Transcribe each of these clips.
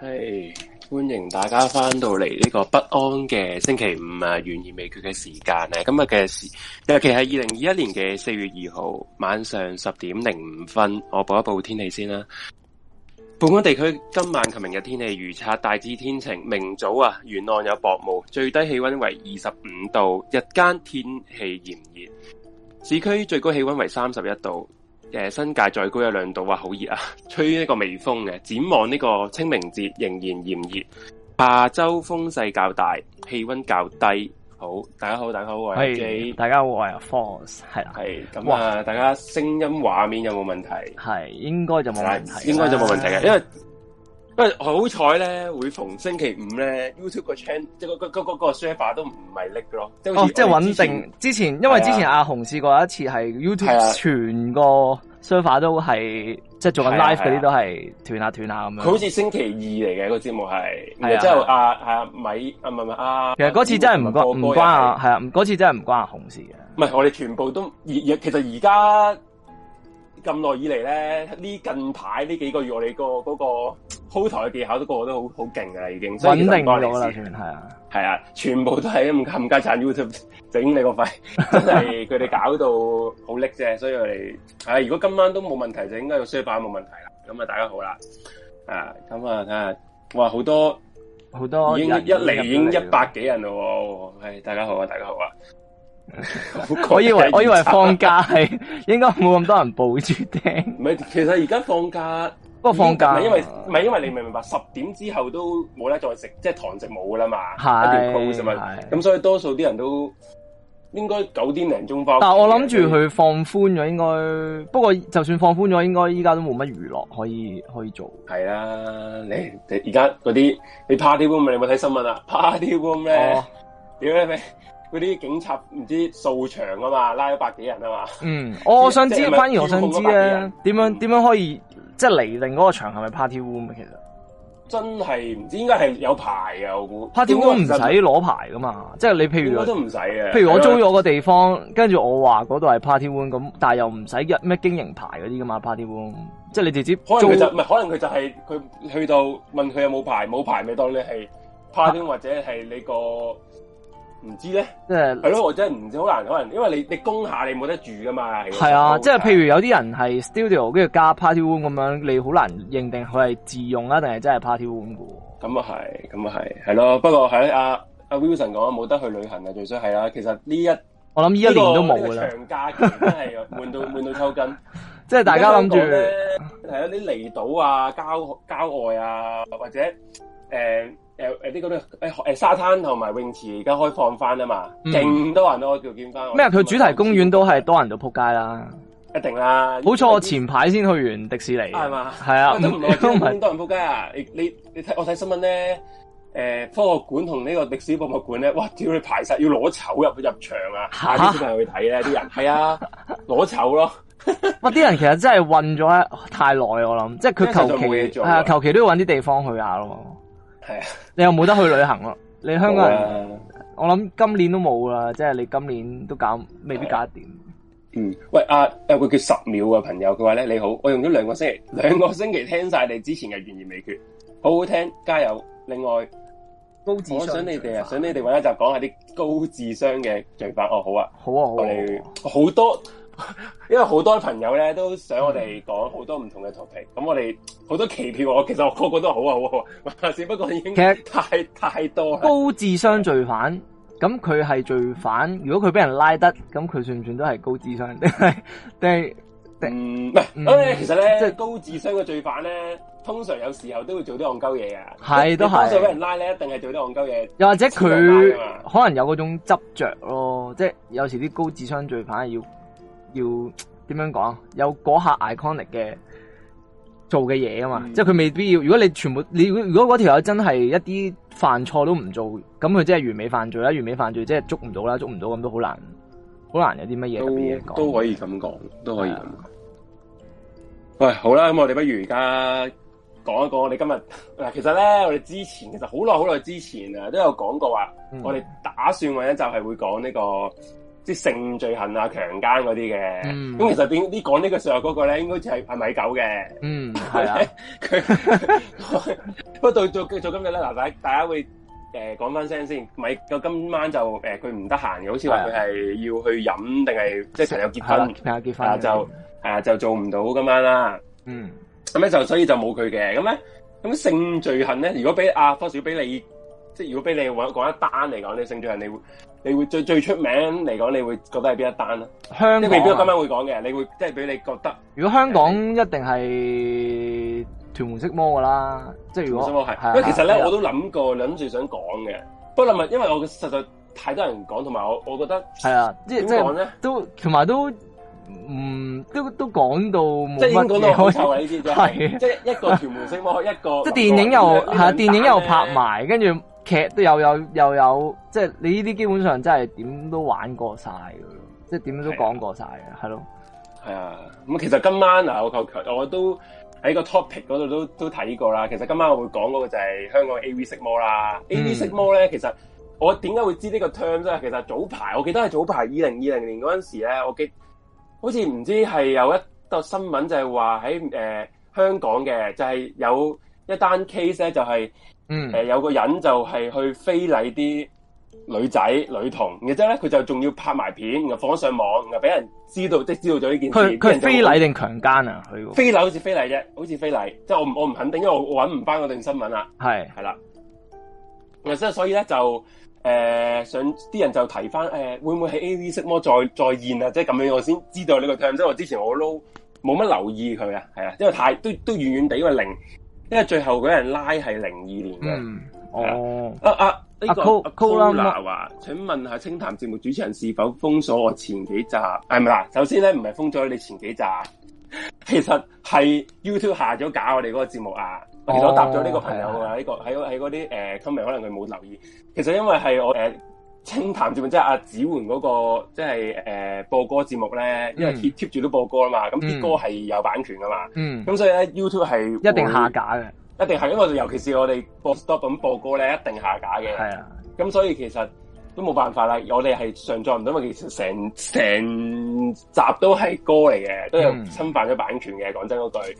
係、hey，歡迎大家翻到嚟呢個不安嘅星期五啊，懸而未決嘅時間咧。今日嘅日期係二零二一年嘅四月二號晚上十點零五分。我報一報天氣先啦。本港地區今晚及明日天氣預測大致天晴，明早啊沿岸有薄霧，最低氣溫為二十五度，日間天氣炎熱，市區最高氣溫為三十一度。誒，新界再高一兩度啊，好熱啊！吹呢個微風嘅，展望呢個清明節仍然炎熱。下周風勢較大，氣温較低。好，大家好，大家好，我係、hey, 大家好，我係 Force，係咁啊，啊！大家聲音畫面有冇問題？係應該就冇問題，應該就冇問題嘅、啊啊，因為、啊、因為好彩咧，會逢星期五咧，YouTube 個 channel 即係嗰嗰嗰嗰個 server 都唔係搦嘅咯。即係、那個哦哦、穩定。之前因為之前、啊、因為之前阿紅試過一次係 YouTube 是、啊、全個。相法都係即係做緊 live 嗰啲都係斷下斷下咁樣。佢好似星期二嚟嘅個節目係，之後阿阿米啊唔係，啊,啊,啊,啊,啊,啊,啊,啊，其實嗰次真係唔關唔關啊，係啊，嗰次真係唔關啊紅事嘅。唔係我哋全部都而其實而家咁耐以嚟咧，呢近排呢幾個月我哋個嗰個。鋪台技巧都個個都好好勁噶啦，已經穩定我啦，係啊，係啊，全部都係咁冚家鏟 YouTube 整你個肺，真係佢哋搞到好叻啫。所以我哋係、哎、如果今晚都冇問題，就應該個 server 冇問題啦。咁啊、 哦，大家好啦，啊，咁啊，睇下，哇，好多好多，一嚟已經一百幾人咯，係大家好啊，大家好啊。 我以為， 我，以為我以為放假係 應該冇咁多人抱住聽，唔 係，其實而家放假。不過放假，唔、嗯、係因為唔係因為你明唔明白？十點之後都冇得，再食即係堂食冇噶啦嘛，一定 close 咁所以多數啲人都應該九點零鐘返。但係我諗住佢放寬咗，應該不過就算放寬咗，應該依家都冇乜娛樂可以可以做。係啦、啊，你你而家嗰啲你 party room 你有冇睇新聞啊？party room 咧、哦，點咧？咩？嗰啲警察唔知掃場啊嘛，拉咗百幾人啊嘛。嗯，我想知，反 而我想知啊，點樣點、嗯、樣可以？即係嚟定嗰個場合係咪 party room 啊？其實真係唔知應該係有牌噶，我估 party room 唔使攞牌噶嘛。即係你譬如我都唔使嘅。譬如我租咗個地方，跟住我話嗰度係 party room，咁但係又唔使入咩經營牌嗰啲噶嘛？party room，即係你直接做就唔係？可能佢就係、係、佢去到問佢有冇牌，冇牌咪當你係 party room 或者係你個。唔知咧，即係係咯，我真係唔知，好難，可能，因為你你供下你冇得住噶嘛。係啊，即係譬如有啲人係 studio 跟住加 party room 咁樣，你好難認定佢係自用啦，定係真係 party room 嘅。咁啊係，咁啊係，係咯。不過喺阿阿 Wilson 講冇得去旅行啊，最衰係啦。其實呢一我諗呢一年、這個這個、都冇啦。這個、長假期真係悶到悶到抽筋， 即係大家諗住係啊啲離島啊郊郊外啊或者誒。呃誒、呃、誒，啲誒誒，沙灘同埋泳池而家開放翻啊嘛，勁、嗯、多人咯，叫見翻。咩啊？佢主題公園都係多人到撲街啦，一定啦。冇錯，我前排先去完迪士尼，係嘛？係啊，啊嗯、都唔 多人撲街啊！你你你睇我睇新聞咧，誒、呃，科學館同呢個歷史博物館咧，哇！屌你排晒，要攞籌入去入場啊！下啲小朋友去睇咧，啲人係啊，攞籌、 啊、咯 哇！啲人其實真係混咗太耐，我諗，即係佢求其係啊，求其都要揾啲地方去下咯。係啊，你又冇得去旅行咯。你香港人，啊、我諗今年都冇啦，即係你今年都搞，未必搞得掂，啊。嗯，喂啊，有個叫十秒嘅朋友，佢話咧：你好，我用咗兩個星期，兩、嗯，個星期聽晒你之前嘅懸完未決，好好聽，加油。另外高智商，我想你哋啊，想你哋或者就講下啲高智商嘅做法。哦，好啊，好啊，好啊，我哋好多。 因為好多朋友咧都想我哋講好多唔同嘅 topic，咁我哋好多奇票，我其實個個都好啊，只不過已經太太多高智商罪犯，咁佢係罪犯，如果佢俾人拉得，咁佢算唔算都係高智商？定係定唔係？其實咧，即係高智商嘅罪犯咧，通常有時候都會做啲戇鳩嘢啊，係都係，如果俾人拉咧，一定係做啲戇鳩嘢，又或者佢可能有嗰種執着咯，即係有時啲高智商罪犯要。要點樣講？有嗰下 iconic 嘅做嘅嘢啊嘛，嗯、即係佢未必要。如果你全部你如果嗰條友真係一啲犯錯都唔做，咁佢即係完美犯罪啦，完美犯罪即係捉唔到啦，捉唔到咁都好難，好難有啲乜嘢嘢講。都可以咁講，都可以咁講、啊。喂，好啦，咁我哋不如而家講一講，我哋今日嗱，其實咧，我哋之前其實好耐好耐之前啊，都有講過話，我哋打算或者就係會講呢、這個。即性罪行啊，強奸嗰啲嘅。咁其實點呢講呢個上日嗰個咧，應該就係係咪狗嘅。嗯，係、嗯、啊。不過到到到今日咧，嗱，大大家會誒講翻聲先。咪狗今晚就誒佢唔得閒嘅，好似話佢係要去飲，定係即朋友結婚。係啊，平結婚就係啊，就做唔到今晚啦。嗯。咁咧就所以就冇佢嘅。咁咧咁性罪行咧，如果俾阿、啊、科少俾你？即係如果俾你揾講一單嚟講，你最中人你，你會你會最最出名嚟講，你會覺得係邊一單咧？香港啲未必今晚會講嘅，你會即係俾你覺得，如果香港是一定係《屯門色魔》噶啦，即係如果屯門色魔係，因為其實咧我都諗過諗住想講嘅，不過唔係因為我實在太多人講，同埋我我覺得係啊，即係點講咧？都同埋都唔、嗯、都都講到即係講到好受維呢啲就即係一個屯門色魔， 一個即係電影又嚇，電影又拍埋跟住。啊劇都有有又有，即係、就是、你呢啲基本上真係點都玩過晒嘅，即係點都講過晒嘅，係咯。係啊，咁、啊嗯、其實今晚啊，我求強，我都喺個 topic 嗰度都都睇過啦。其實今晚我會講嗰個就係香港 A V 色魔啦。A V 色魔咧，其實我點解會知道這個呢個 term 咧？其實早排，我記得係早排二零二零年嗰陣時咧，我記得好似唔知係有一個新聞就係話喺誒香港嘅就係、是、有一單 case 咧就係、是。嗯，誒、呃，有個人就係去非禮啲女仔女童，然之後咧佢就仲要拍埋片，然後放上網，然後俾人知道，即知道咗呢件事。佢佢非禮定強奸啊？佢非禮好似非禮啫，好似非禮，即係我唔我唔肯定，因為我我搵唔翻嗰段新聞啦。係係啦，誒，所以咧就誒、呃，想啲人就提翻誒、呃，會唔會喺 A. V. 色魔再再現啊？即係咁樣，我先知道呢個 term 即係我之前我都冇乜留意佢啊，係啊，因為太都都遠遠地，因為零。因為最後嗰人拉係零二年嘅、嗯，哦，啊啊，呢、啊這個蘇拉話，請問下清談節目主持人是否封鎖我前幾集？係咪嗱？首先咧，唔係封咗你前幾集，其實係 YouTube 下咗架我哋嗰個節目啊。其實我答咗呢個朋友啊，呢、哦這個喺喺嗰啲誒、呃、comment 可能佢冇留意。其實因為係我誒。呃清談節目即係阿、啊、子桓嗰、那個即係誒、呃、播歌節目咧，mm. 因為 keep keep 住都播歌啦嘛，咁、mm. 啲歌係有版權噶嘛，咁、mm. 所以咧 YouTube 係一定下架嘅，一定係，因為尤其是我哋播 stop 咁播歌咧，一定下架嘅。係啊，咁所以其實都冇辦法啦，我哋係上載唔到，因為其實成成集都係歌嚟嘅，都有侵犯咗版權嘅。講、mm. 真嗰句。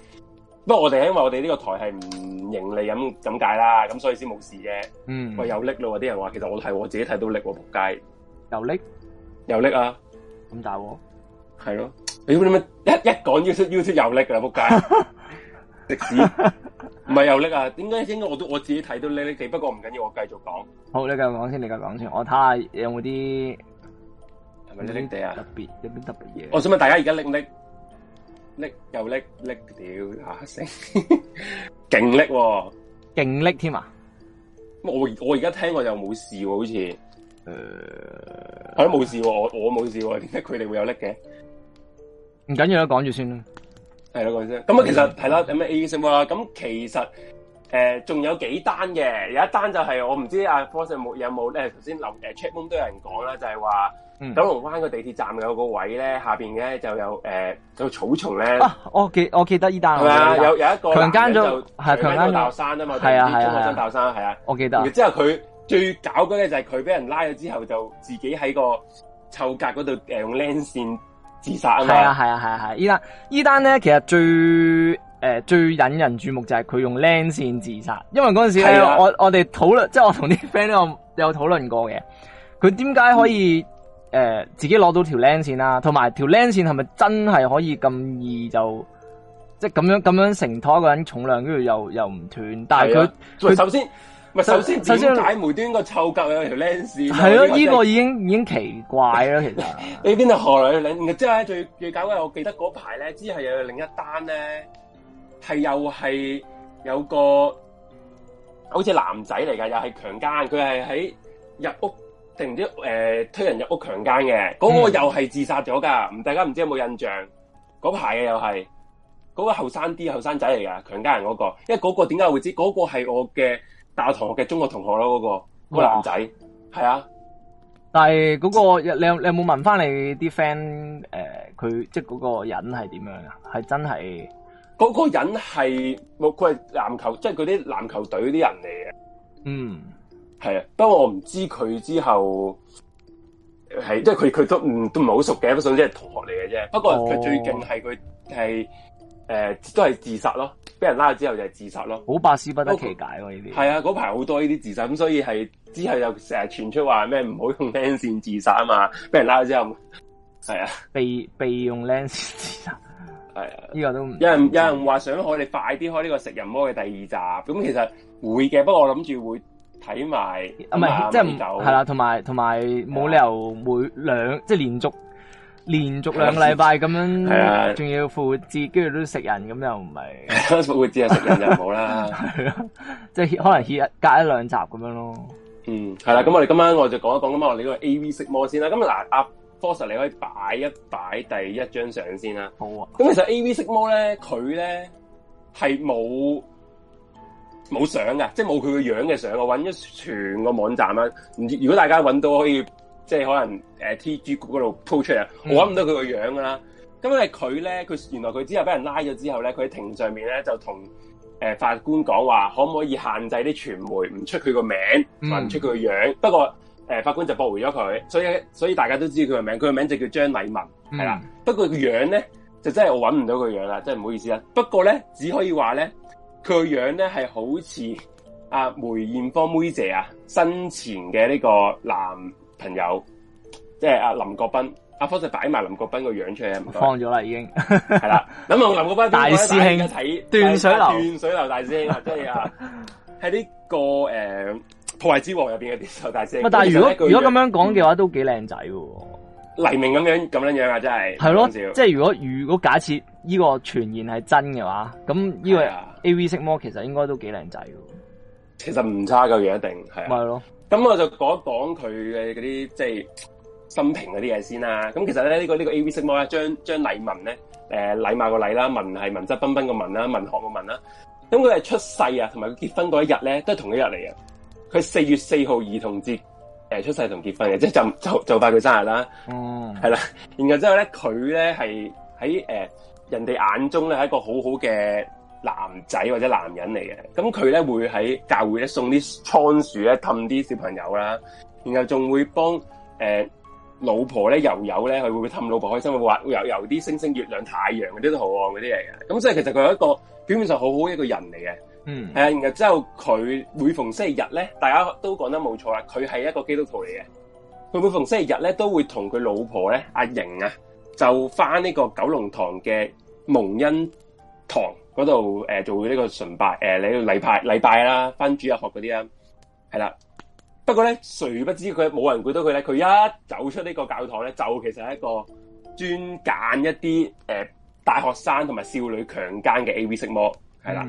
不過我哋係因為我哋呢個台係唔盈利咁咁解啦，咁所以先冇事嘅。嗯，喂又力咯，啲人話其實我係我自己睇到叻，仆街又力又力啊！咁大鑊係咯，你點解一一講 YouTube YouTube 又叻噶啦仆街？歷史唔係又力啊？點解？應該我都我自己睇到叻叻地，不過唔緊要，我繼續講。好，你繼續講先，你繼續講先，我睇下有冇啲係咪叻叻地啊？特別有啲特別嘢。我想問大家而家叻唔叻？搦又搦搦屌啊！聲勁搦勁搦添啊！我我而家聽我又冇事喎，好似誒、呃哎，我都冇事喎，我我冇事喎，點解佢哋會有搦嘅？唔緊要啦，講住先啦，係啦，講先。咁啊，其實係啦，有咩 A A 新聞啦？咁其實誒，仲、呃、有幾單嘅，有一單就係、是、我唔知阿方 Sir 有冇咧，頭先留誒 check，咁都有，有、啊、人講啦，就係、是、話。九龍灣個地鐵站有個位咧，下邊咧就有誒，呃、有草叢咧。啊，我記我記得依單係咪啊？有有一個強奸咗，係強奸山啊嘛。係啊係啊，啊，啊，啊，啊，啊，中學生山係啊，啊，我記得、啊。然後之後佢最搞嘅個就係佢俾人拉咗之後，就自己喺個臭格嗰度誒用 lan 線自殺啊嘛。係啊係啊係啊係，依、啊、單依單咧其實最誒、呃、最引人注目就係佢用 lan 線自殺，因為嗰陣時候是、啊是啊、我我哋討論，即係我同啲 friend 咧有有討論過嘅，佢點解可以、嗯？誒，自己攞到條靚線啦、啊，同埋條靚線係咪真係可以咁易就即係咁樣咁樣承托一個人重量，跟住又又唔斷？但係佢、啊、首先唔係首先首先解無端個臭腳有條靚線係咯，呢、這個已經已經奇怪啦，其實 你邊度何來靚？即係最最搞嘅，我記得嗰排咧，之後又有另一單咧，係又係有個好似男仔嚟㗎，又係強姦佢係喺入屋。定唔知誒推人入屋強姦嘅，嗰、嗰個又係自殺咗噶唔、嗯、大家唔知有冇印象？嗰排嘅又係嗰個後生啲後生仔嚟噶強姦人嗰、嗰個。因為嗰個點解會知？嗰、嗰個係我嘅大學同學嘅中國同學咯，嗰、嗰個、嗰個男仔係啊。但係嗰、嗰個你有，有你有冇問翻你啲 friend 誒？佢、呃、即係嗰個人係點樣啊？係真係嗰、嗰個人係佢係籃球，即係佢啲籃球隊啲人嚟嘅。嗯。係啊，不過我唔知佢之後係，即係佢佢都唔、嗯、都唔係好熟嘅，加上即係同學嚟嘅啫。不過佢最勁係佢係誒，都係自殺咯。俾人拉咗之後就係自殺咯，好百思不得其解喎呢啲。係啊，嗰排好多呢啲自殺，咁所以係之後又成日傳出話咩唔好用 lan 線自殺啊嘛。俾人拉咗之後係啊，被被用 lan 線自殺。係啊，呢、呢個都有人有人話想開，你快啲開呢個食人魔嘅第二集。咁其實會嘅，不過我諗住會。睇埋啊，唔係即係係啦，同埋同埋冇理由每兩即係連續連續兩個禮拜咁樣，係啊，仲要復活節跟住都食人咁又唔係？復活節係食人就冇啦，係咯，即係可能歇一隔一兩集咁樣咯。嗯，係啦，咁我哋今晚我就講一講咁嘛。我哋個 A V 色魔先啦。咁嗱，阿 Foster 你可以擺一擺第一張相先啦。好啊。咁其實 A V 色魔咧，佢咧係冇。是沒有冇相噶，即係冇佢個樣嘅相。我揾咗全個網站啦。如如果大家揾到可以，即係可能誒 T G 股嗰度 po 出嚟，我揾唔到佢個樣噶啦。咁因為佢咧，佢原來佢之後俾人拉咗之後咧，佢喺庭上面咧就同誒法官講話，可唔可以限制啲傳媒唔出佢個名，唔、嗯、出佢個樣？不過誒、呃、法官就駁回咗佢，所以所以大家都知佢個名，佢個名就叫張禮文係啦。不過個樣咧就真係我揾唔到佢樣啦，真係唔好意思啦。不過咧只可以話咧。佢個樣咧係好似阿梅艷芳妹姐啊生前嘅呢個男朋友，即係阿林國斌，阿方就擺埋林國斌個樣出嚟，放咗啦已經，係啦。咁啊，林國斌大師兄，睇斷水流，斷水流大師兄 啊，即係、這個、啊，喺呢個誒破壞之王入邊嘅選手大師兄。但係如果如果咁樣講嘅話，都幾靚仔喎。黎明咁樣咁樣樣啊，真係係咯，即係如果如果假設呢個傳言係真嘅話，咁呢個。A.V. 色魔其實應該都幾靚仔喎，其實唔差嘅嘢一定係啊。咁、係咯、我就講一講佢嘅嗰啲即係心平嗰啲嘢先啦。咁其實咧呢、呢個呢、呢個 A.V. 色魔咧，張張禮文咧，禮貌個禮啦，文係文質彬彬個文啦，文學個文啦。咁佢係出世啊，同埋佢結婚嗰一日咧都係同一日嚟嘅。佢四月四號兒童節出世同結婚嘅，即係就就就快佢生日啦。嗯，係啦。然後之後咧，佢咧係喺誒人哋眼中咧係一個好好嘅。男仔或者男人嚟嘅，咁佢咧會喺教會咧送啲倉鼠咧氹啲小朋友啦，然後仲會幫誒、呃、老婆咧遊遊咧，佢會氹老婆開心，會畫會遊遊啲星星、月亮、太陽嗰啲都好旺嗰啲嚟嘅。咁即係其實佢係一個表面上好好一個人嚟嘅，嗯，係啊。然後之後佢每逢星期日咧，大家都講得冇錯啦，佢係一個基督徒嚟嘅。佢每逢星期日咧都會同佢老婆咧阿瑩啊，就返呢個九龍塘嘅蒙恩堂。嗰度誒做呢個崇拜誒，你、呃、禮拜禮拜啦，返主日學嗰啲啦，係啦。不過咧，誰不知佢冇人估到佢咧，佢一走出呢個教堂咧，就其實係一個專揀一啲誒、呃、大學生同埋少女強姦嘅 AV 色魔，係啦。咁、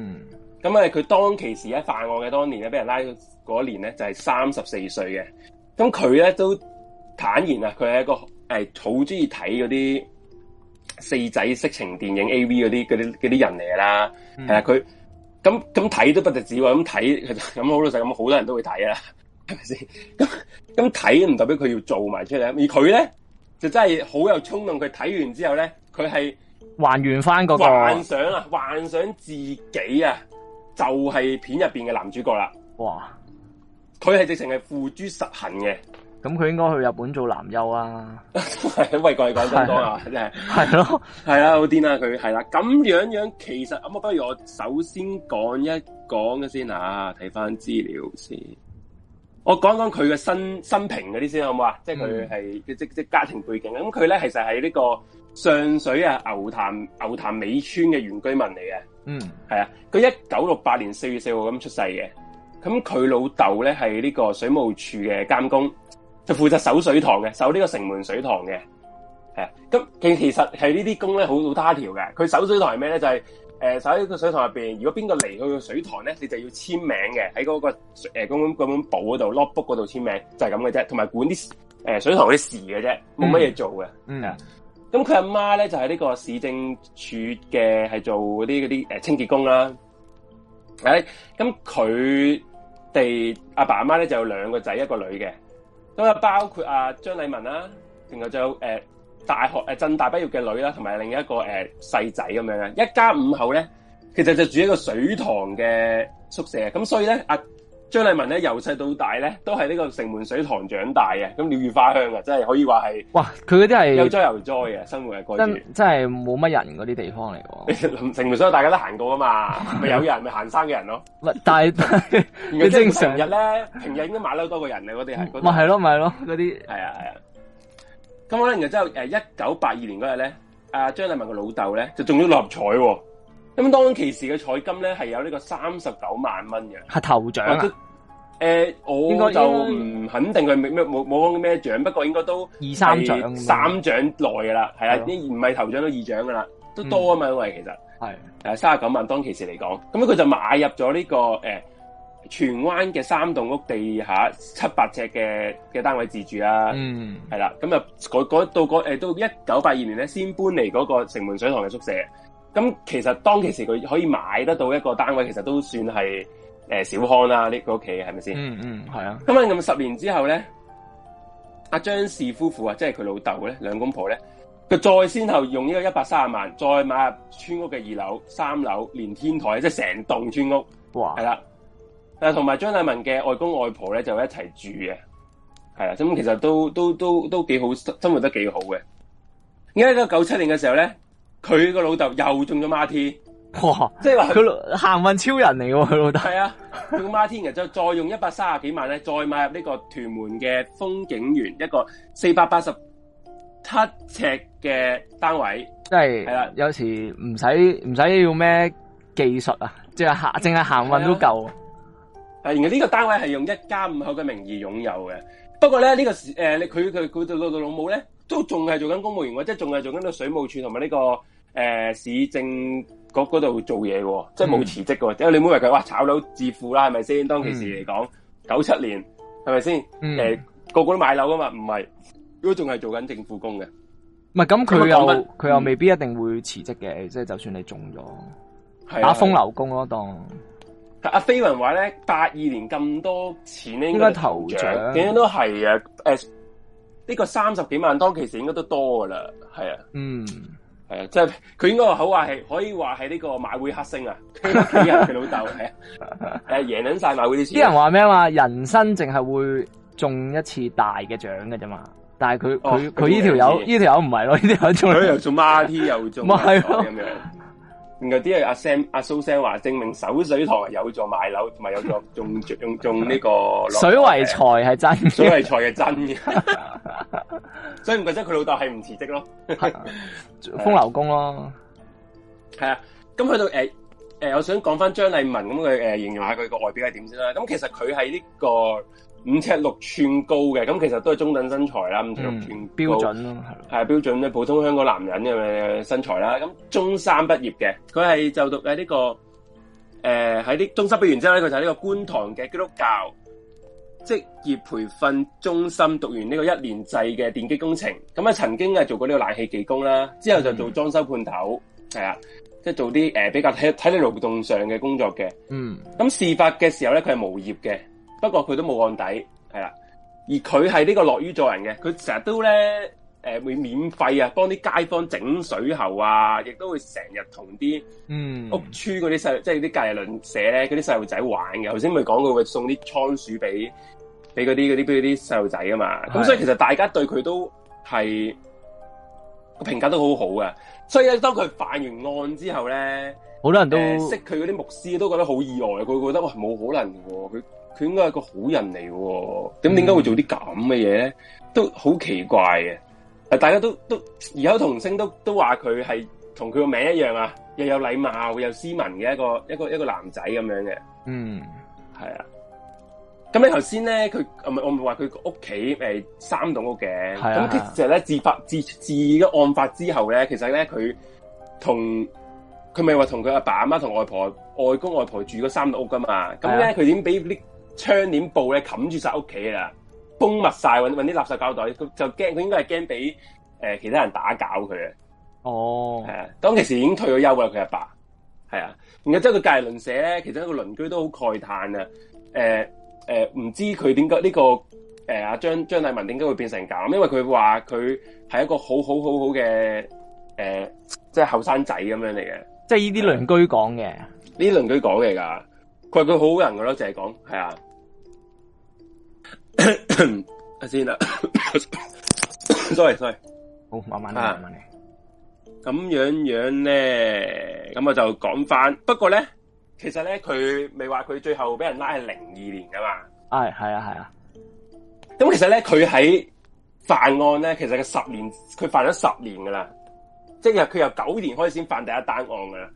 嗯、啊，佢當其時咧犯案嘅當年咧，俾人拉嗰年咧就係三十四歲嘅。咁佢咧都坦言啊，佢係一個好中意睇嗰啲四仔色情電影 A V 嗰啲啲啲人嚟啦，係啊佢咁咁睇都不值只話咁睇，咁好老實咁，好多人都會睇啦，係咪先？咁咁睇唔代表佢要做埋出嚟，而佢咧就真係好有衝動，佢睇完之後咧，佢係還原翻嗰個幻想啊，幻想自己啊，就係片入邊嘅男主角啦。哇！佢係直情係付諸實行嘅。咁佢應該去日本做男優啊， 啊？喂，貴講真多啊，真係係咯，係啦好癲啦佢係啦，咁樣樣其實咁啊，不如我首先講一講先啊，睇翻資料先。我講講佢嘅身身平嗰啲先好唔好啊，嗯？即係佢係即即家庭背景咁，佢咧其實係呢個上水啊牛潭牛潭尾村嘅原居民嚟嘅。嗯，係啊，佢一九六八年四月四號咁出世嘅。咁佢老豆咧係呢個水務處嘅監工。就負責守水塘嘅，守呢個城門水塘嘅，係咁。其實係呢啲工咧，好好單調嘅。佢守水塘係咩咧？就係、是、誒、呃，守喺個水塘入邊。如果邊個嚟去個水塘咧，你就要簽名嘅，喺嗰、那個誒咁咁咁簿嗰度、notebook 嗰度簽名，就係咁嘅啫。同埋管啲誒、呃、水塘啲事嘅啫，冇乜嘢做嘅。咁佢阿媽咧就係、是、呢個市政處嘅，係做啲嗰啲誒清潔工啦。咁佢哋阿爸阿媽咧就有兩個仔一個女嘅。咁啊，包括阿張麗文啦，然後仲有誒大學誒鎮大畢業嘅女啦，同埋另一個誒細仔咁樣咧，一家五口咧，其實就住一個水塘嘅宿舍，咁所以咧阿。張麗文咧由細到大咧都係呢個城門水塘長大嘅，咁鳥語花香嘅，真係可以話係。哇！佢嗰啲係又災又災嘅生活嘅過住，真係冇乜人嗰啲地方嚟嘅。城門所以大，大家都行過啊嘛，咪 有人咪行山嘅人咯。唔係，但係佢正成日咧，平日應該馬騮多過人嚟，我哋係。咪係咯，咪係咯，嗰啲係啊係啊。咁咧，就是就是就是，然後之後誒，一九八二年嗰日咧，阿張麗文個老豆咧就中咗六合彩。咁當其時嘅彩金咧，係有呢個三十九萬蚊，嘅係頭獎啊！誒、呃，我就唔肯定佢咩冇冇講咩獎，不過應該都，都二三獎，三獎內噶啦，係啦，啲唔係頭獎都二獎噶啦，都多啊嘛，因為其實係誒三十九萬當其時嚟講，咁佢就買入咗呢、這個誒荃灣嘅三棟屋地下七八尺嘅嘅單位自住啊，嗯，係啦，咁就嗰嗰到誒都一九八二年咧先搬嚟嗰個城門水塘嘅宿舍。咁其實當其時佢可以買得到一個單位，其實都算係誒、呃、小康啦、啊、呢、這個屋企係咪先？嗯嗯，係啊。咁樣咁十年之後咧，阿張氏夫婦啊，即係佢老豆咧，兩公婆咧，佢再先後用呢個一百三十萬，再買入村屋嘅二樓、三樓，連天台，即係成棟村屋。哇！係啦、啊，同埋張麗文嘅外公外婆咧就一齊住嘅，係啦、啊。咁其實都都都都,都幾好，生活得幾好嘅。而家呢個九七年嘅時候咧。佢個老豆又中咗孖 T，哇！即係話佢行運超人嚟嘅喎，佢老豆係啊，佢個孖 T 然之後再用一百三十幾萬咧，再買入呢個屯門嘅風景園一個四百八十七尺嘅單位，即係係啦，有時唔使唔使要咩技術、嗯、啊，即係行淨係行運都夠。係而家呢個單位係用一家五口嘅名義擁有嘅，不過咧呢、呢個時誒，佢佢佢老老母咧都仲係做緊公務員，或者仲係做緊個水務處同埋呢個。誒、呃，市政局嗰度做嘢喎，即係冇辭職喎。嗯、因為你唔好以為佢哇炒樓致富啦，係咪先？當其時嚟講，九、嗯、七年係咪先？誒、嗯呃，個個都買樓噶嘛，唔係如果仲係做緊政府工嘅。唔係咁佢又佢又未必一定會辭職嘅，即、嗯、係就，就算你中咗、啊、打風流工咯、啊啊呃這個，當阿飛云話咧，八二年咁多錢咧，應該頭獎點樣都係誒，呢個三十幾萬當其時應該都多噶啦，係啊，嗯。即係佢應該好話係，可以話係呢個馬會黑星啊，佢老豆係啊，誒贏捻晒馬會啲錢。啲人話咩啊嘛？人生淨係會中一次大嘅獎嘅啫嘛，但係佢佢佢呢條友呢條友唔係咯，呢條友中咗又做孖 T 又做咪有啲係阿 Sam 阿蘇 Sir 話證明守水塘係有助買樓，同埋有助仲仲仲呢個 水為財係真嘅， 水為財係真嘅。 所以唔怪得佢老豆係唔辭職、啊 啊、風流咯，係風流工咯。係啊，咁去到、呃呃、我想講翻張麗文咁佢誒形容下佢個外表係點先啦。咁其實佢係呢個。五尺六寸高嘅，咁其實都係中等身材啦。五尺六寸標準係係啊，標準咧、啊，普通香港男人嘅身材啦。咁中三畢業嘅，佢係就讀喺呢、這個誒喺啲中三畢業之後咧，佢就喺呢個觀塘嘅基督教職業培訓中心讀完呢個一年制嘅電機工程。咁啊，曾經係做過呢個冷氣技工啦，之後就做裝修判頭，係啊，即係做啲誒比較體體力勞動上嘅工作嘅。嗯。咁、就是呃嗯、事發嘅時候咧，佢係無業嘅。不過佢都冇案底，係啦。而佢係呢個樂於助人嘅，佢成日都咧誒、呃、會免費啊幫啲街坊整水喉啊，亦都會成日同啲屋邨嗰啲細即係啲隔籬鄰社咧嗰啲細路仔玩嘅。頭先咪講過會送啲倉鼠俾俾嗰啲嗰啲嗰啲細路仔啊嘛。咁所以其實大家對佢都係評價都好好嘅。所以當佢犯完案之後咧，好多人都、呃、識佢嗰啲牧師都覺得好意外，佢覺得喂，冇可能嘅佢。佢應該係個好人嚟，哦，咁點解會做啲咁嘅嘢咧？嗯、都好奇怪嘅。誒，大家都都異口同聲都都話佢係同佢個名一樣啊，又有禮貌，又斯文嘅一個一個一個男仔咁樣嘅。嗯，係啊。咁你頭先咧，佢我咪話佢屋企誒三棟屋嘅，咁、啊、其實咧、啊，自發自自咗案發之後咧，其實咧佢同佢咪話同佢阿爸阿媽同外婆外公外婆住嗰三棟屋噶嘛？咁咧，佢點俾呢？窗簾布咧冚住晒屋企啦，封密晒，揾揾啲垃圾膠袋，袋，佢就驚佢應該係驚俾誒其他人打攪佢啊。哦，係啊，當其時已經退咗休嘅佢阿爸，係啊，然之後佢隔籬鄰舍咧，其中一個鄰居都好慨嘆啊，誒、呃、誒，唔、呃、知佢點解呢個誒阿張張麗雯點解會變成咁？因為佢話佢係一個好好好好嘅誒、呃，即係後生仔咁樣嚟嘅，即係呢啲鄰居講嘅，呢啲鄰居講嘅噶。佢佢好好人噶咯，就係講，係啊。先啦，sorry sorry，好慢慢嚟，慢慢嚟。咁樣樣咧，咁我就講翻。不過咧，其實咧，佢未話佢最後俾人拉係零二年噶嘛。係係啊係啊。咁其實咧，佢喺犯案咧，其實佢十年，佢犯咗十年噶啦。即係佢由九年開始先犯第一單案噶啦，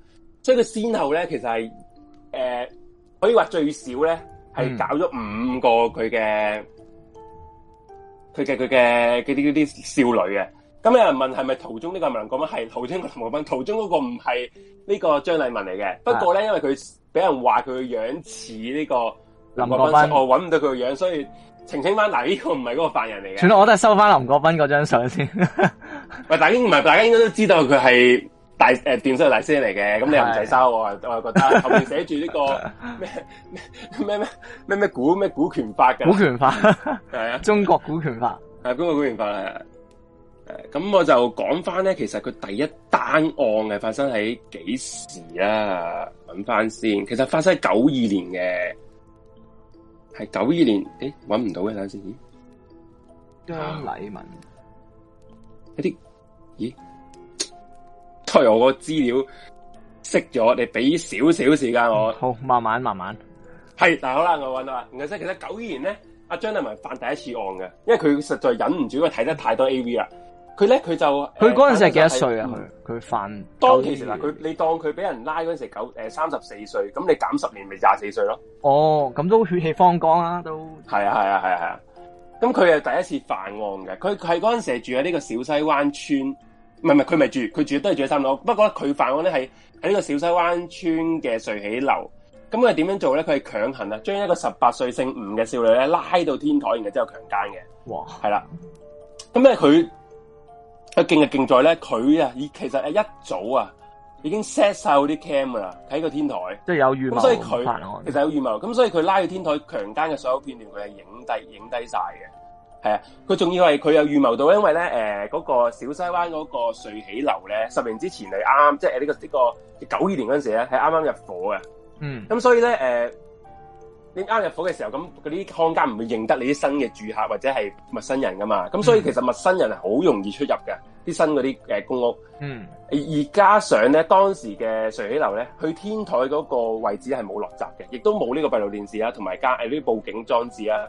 所以佢先後咧，其實係誒。呃可以話最少咧，係搞咗五個佢嘅，佢嘅佢嘅嗰啲嗰啲少女嘅。咁有人問係咪途中呢、這個林國斌係途中個林國斌？途中嗰個唔係呢個張麗文嚟嘅。不過咧，因為佢俾人話佢個樣似呢個林國斌，國斌，我搵唔到佢個樣，所以澄清翻。嗱、這、呢個唔係個犯人嚟嘅。全咁我都係收翻林國斌嗰張相先。喂，大家唔係大家應該都知道佢係。大誒電商大師嚟嘅，咁、呃、你又唔使收我，我覺得後面寫住呢個咩咩咩咩咩股咩股權法嘅股權法係啊，中國股權法係中國股權法係。誒，咁我就講翻咧，其實佢第一單案係發生喺幾時啊？揾翻先，其實發生喺九二年嘅，係九二年。誒、欸，揾唔到嘅，等陣先。張、欸、禮文一啲，咦、欸？退我個資料，識咗。你俾少少時間我、嗯，好慢慢慢慢。係慢慢，但係好啦，我搵到啦。其實其實九二年咧，阿張立文犯第一次案嘅，因為佢實在忍唔住，佢睇得太多 A V 啦。佢咧佢就，佢嗰陣時係幾多歲啊？佢、嗯、佢犯，當其實嗱，佢你當佢俾人拉嗰陣時九誒三十四歲，咁你減十年咪廿四歲咯？哦，咁都血氣方剛啦，都係啊係啊係啊係啊。咁佢係第一次犯案嘅，佢係嗰陣時住喺呢個小西灣村唔係唔係，佢咪住，佢住都係住喺三樓。不過咧，佢犯案咧係喺呢個小西灣村嘅瑞喜樓。咁佢點樣做咧？佢係強行將強勁勁啊，將一個十八歲姓吳嘅少女咧拉到天台，然之後之後強姦嘅。哇！係啦，咁咧，佢，佢勁嘅勁在咧，佢啊，其實一早啊已經 set 晒嗰啲 cam 噶啦，喺個天台，即係有預謀。所以佢其實有預謀，咁所以佢拉去天台強姦嘅所有片段，佢係影低影低晒嘅。佢仲要係佢有預謀到，因為咧，誒、呃，嗰、那個小西灣嗰個瑞喜樓咧，十年之前係啱，即係、這個這個、呢個呢個九二年嗰陣時咧，係啱啱入伙嘅。嗯，咁所以咧，誒、呃，你啱入伙嘅時候，咁嗰啲看家唔會認得你啲新嘅住客或者係陌生人噶嘛，咁所以其實陌生人係好容易出入嘅，啲新嗰啲嘅公屋。嗯，而加上咧，當時嘅瑞喜樓咧，去天台嗰個位置係冇落閘嘅，亦都冇呢個閉路電視啊，同埋加誒呢啲報警裝置啊。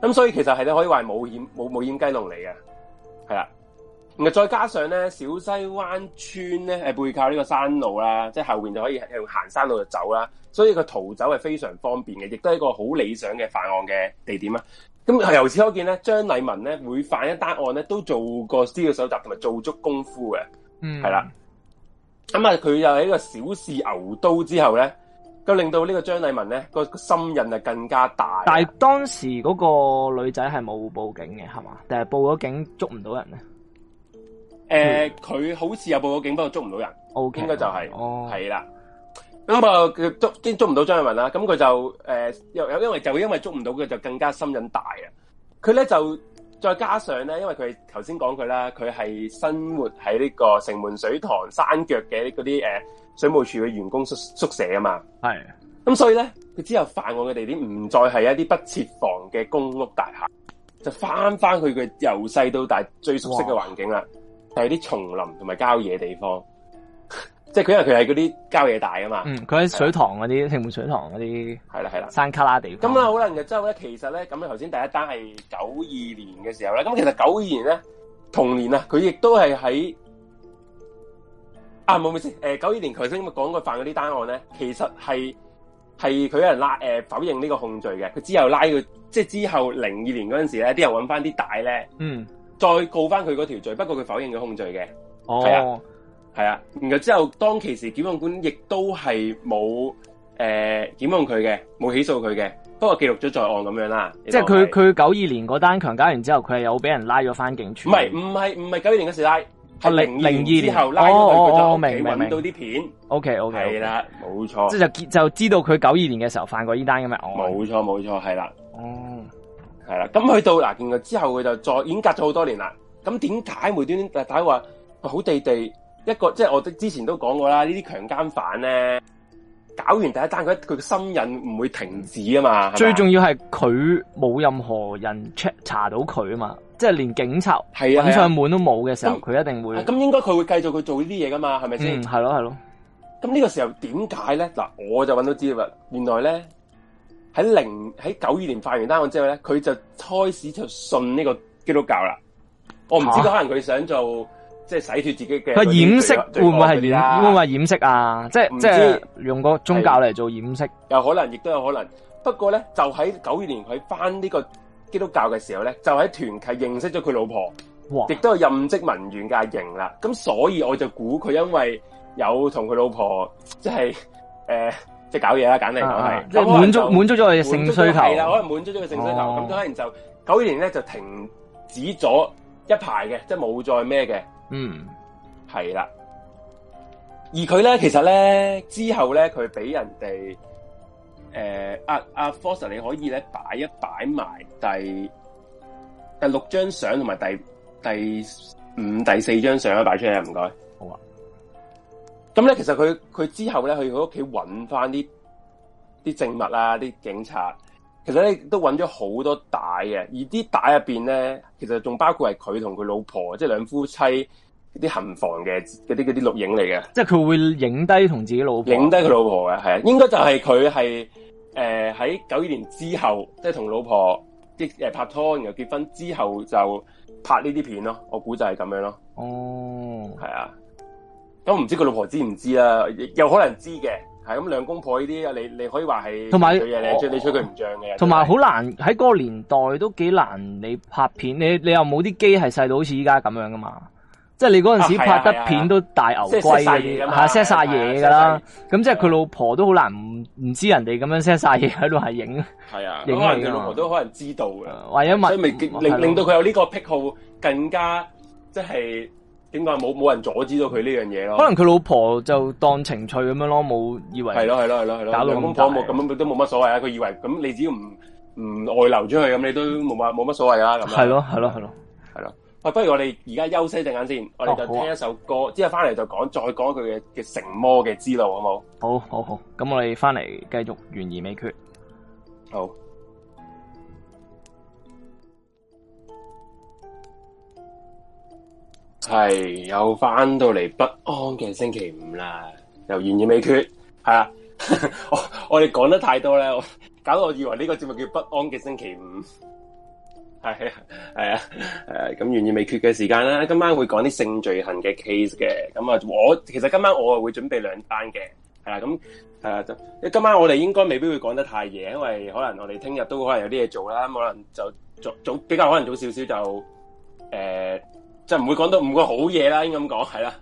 咁所以其實係咧，可以話係冇險冇冇險雞籠嚟嘅，係啦。再加上咧，小西灣村咧係背靠呢個山路啦，即係後邊就可以係用行山路就走啦，所以個逃走係非常方便嘅，亦都係一個好理想嘅犯案嘅地點啦。咁由此可見咧，張麗文咧每犯一單案咧都做過資料搜集同埋做足功夫嘅，係、嗯、啦。咁啊，佢又喺個小試牛刀之後咧。咁令到個張禮呢個張麗文咧，個心癮啊更加大但、呃嗯。但係當時嗰個女仔係冇報警嘅係嘛？定係報咗警捉唔到人咧？誒，佢好似有報咗警，不過捉唔到人。應該就係，係啦。咁啊，捉捉唔到張麗文啦。咁佢就誒，有、呃、因為就因為捉唔到佢就更加心癮大啊。佢咧就再加上咧，因為佢頭先講佢啦，佢係生活喺呢個城門水塘山腳嘅嗰啲誒。呃水務署嘅員工宿宿舍啊嘛，係，咁所以咧，佢之後犯案嘅地點唔再係一啲不設防嘅公屋大廈，就翻翻去佢由細到大最熟悉嘅環境啦，係啲叢林同埋郊野地方，即係佢因為佢係嗰啲郊野大啊嘛，嗯，佢喺水塘嗰啲，停滿水塘嗰啲，係啦係啦，山卡拉地方。咁啊好啦，然之後咧，其實咧，咁頭先第一單係九二年嘅時候咧，咁其實九二年咧，同年啊，佢亦都係喺。啊，冇冇事。誒、呃，九二年頭先咁啊，講佢犯嗰啲單案咧，其實係係佢有人拉誒、呃、否認呢個控罪嘅。佢之後拉佢，即係之後零二年嗰陣時咧，啲人揾翻啲帶咧，嗯，再告翻佢嗰條罪。不過佢否認咗控罪嘅。哦，係啊，啊，然後之後當其時檢控官亦都係冇誒檢控佢嘅，冇起訴佢嘅，不過記錄咗在案咁樣啦。即係佢佢九二年嗰單強姦完之後，佢係有俾人拉咗翻警署。唔係唔係唔係九二年嗰時拉。零零二年之後拉咗佢出嚟，揾到啲片。O K O K 係啦，冇、哦 okay, okay, okay. 錯。即係就就知道佢九二年嘅時候犯過呢單咁樣。冇錯冇錯，係啦。哦，係啦。咁、哦、去到嗱，完佢之後，佢就再間隔咗好多年啦。咁點解無端端大家話好地地一個？即、就、係、是、我之前都講過啦，呢啲強奸犯咧，搞完第一單佢佢個心癮唔會停止啊嘛。最重要係佢冇任何人 check 查,查到佢啊嘛。即係連警察搵上門都冇嘅時候，佢、啊啊、一定會咁、啊、應該佢會繼續佢做呢啲嘢噶嘛？係咪先？嗯，係咯，係咯。咁呢個時候點解咧？嗱，我就搵到資料啦。原來咧喺零喺九二年發完單案之後咧，佢就開始就信呢個基督教啦。我唔知道可能佢想做即係洗脫自己嘅，佢掩飾會唔會係會唔會係掩飾啊？即係、啊啊、即係用個宗教嚟做掩飾，有可能亦都有可能。不過咧，就喺九二年佢翻呢個。基督教嘅時候咧，就喺團契認識咗佢老婆，亦都有任職文員嘅阿瑩啦。咁所以我就估佢因為有同佢老婆，就是，即係誒，即係搞嘢啦，簡單嚟講係，即係滿足滿足咗佢性需求。係啦，可能滿足咗佢性需求。咁可能就九二、哦、年咧就停止咗一排嘅，即係冇再咩嘅。嗯，係啦。而佢咧，其實咧之後咧，佢俾人哋。誒，阿阿 Foster 你可以咧擺一擺埋第第六張相，同埋第第五、第四張相咧擺出嚟，唔該，好啊。咁咧，其實佢佢之後咧去佢屋企揾翻啲啲證物啦，啲警察，其實咧都揾咗好多帶嘅，而啲帶入邊咧，其實仲包括係佢同佢老婆，即係兩夫妻啲行房嘅嗰啲嗰啲錄影嚟嘅。即係佢會影低同自己老婆影低佢老婆嘅，係啊，應該就係佢係。誒，喺九二年之後，即係同老婆結誒拍拖，然後結婚之後就拍呢啲片咯。我估就係咁樣咯。哦，係啊。咁唔知佢老婆知唔知啊？又可能知嘅，係咁兩公婆呢啲，你你可以話係同埋嘢你出佢唔賬嘅。同埋好難喺嗰個年代都幾難，你拍片，你你又冇啲機係細到好似依家咁樣噶嘛。即係你嗰陣時拍得片都大牛龜嗰啲，吓 set 晒嘢噶啦，咁、啊啊啊啊啊啊啊、即係佢老婆都好難唔唔知人哋咁樣 set 晒嘢喺度係影，係啊，可能佢老婆都可能知道㗎。或者問，咪令、啊、令到佢有呢個癖好，更加即係點講冇冇人阻止到佢呢樣嘢咯。可能佢老婆就當情趣咁樣咯，冇以為係咯係咯係咯係咯，打到咁樣都冇乜所謂啊。佢、啊啊、以為咁你只要唔唔外流出去咁，你都冇乜冇乜所謂啊。係咯係咯係咯係咯。啊、不如我哋而家休息一陣間先，我哋就聽一首歌，哦啊、之後翻嚟就講，再講一句嘅嘅成魔嘅之路，好冇？好好好，咁我哋翻嚟繼續懸而未決。好，係又翻到嚟不安嘅星期五啦，又懸而未決。係啊， 我哋講得太多咧，搞到我以為呢個節目叫不安嘅星期五。係啊，係啊，誒、啊，咁、嗯、懸疑未決嘅時間啦，今晚會講啲性罪行嘅 case 嘅，咁啊，我其實今晚我啊會準備兩單嘅，係啦、啊，咁、嗯、誒，因為、啊、今晚我哋應該未必會講得太夜，因為可能我哋聽日都可能有啲嘢做啦、嗯，可能就早早比較可能早少少就誒、呃，就唔會講到五個好嘢啦，應該咁講，係啦、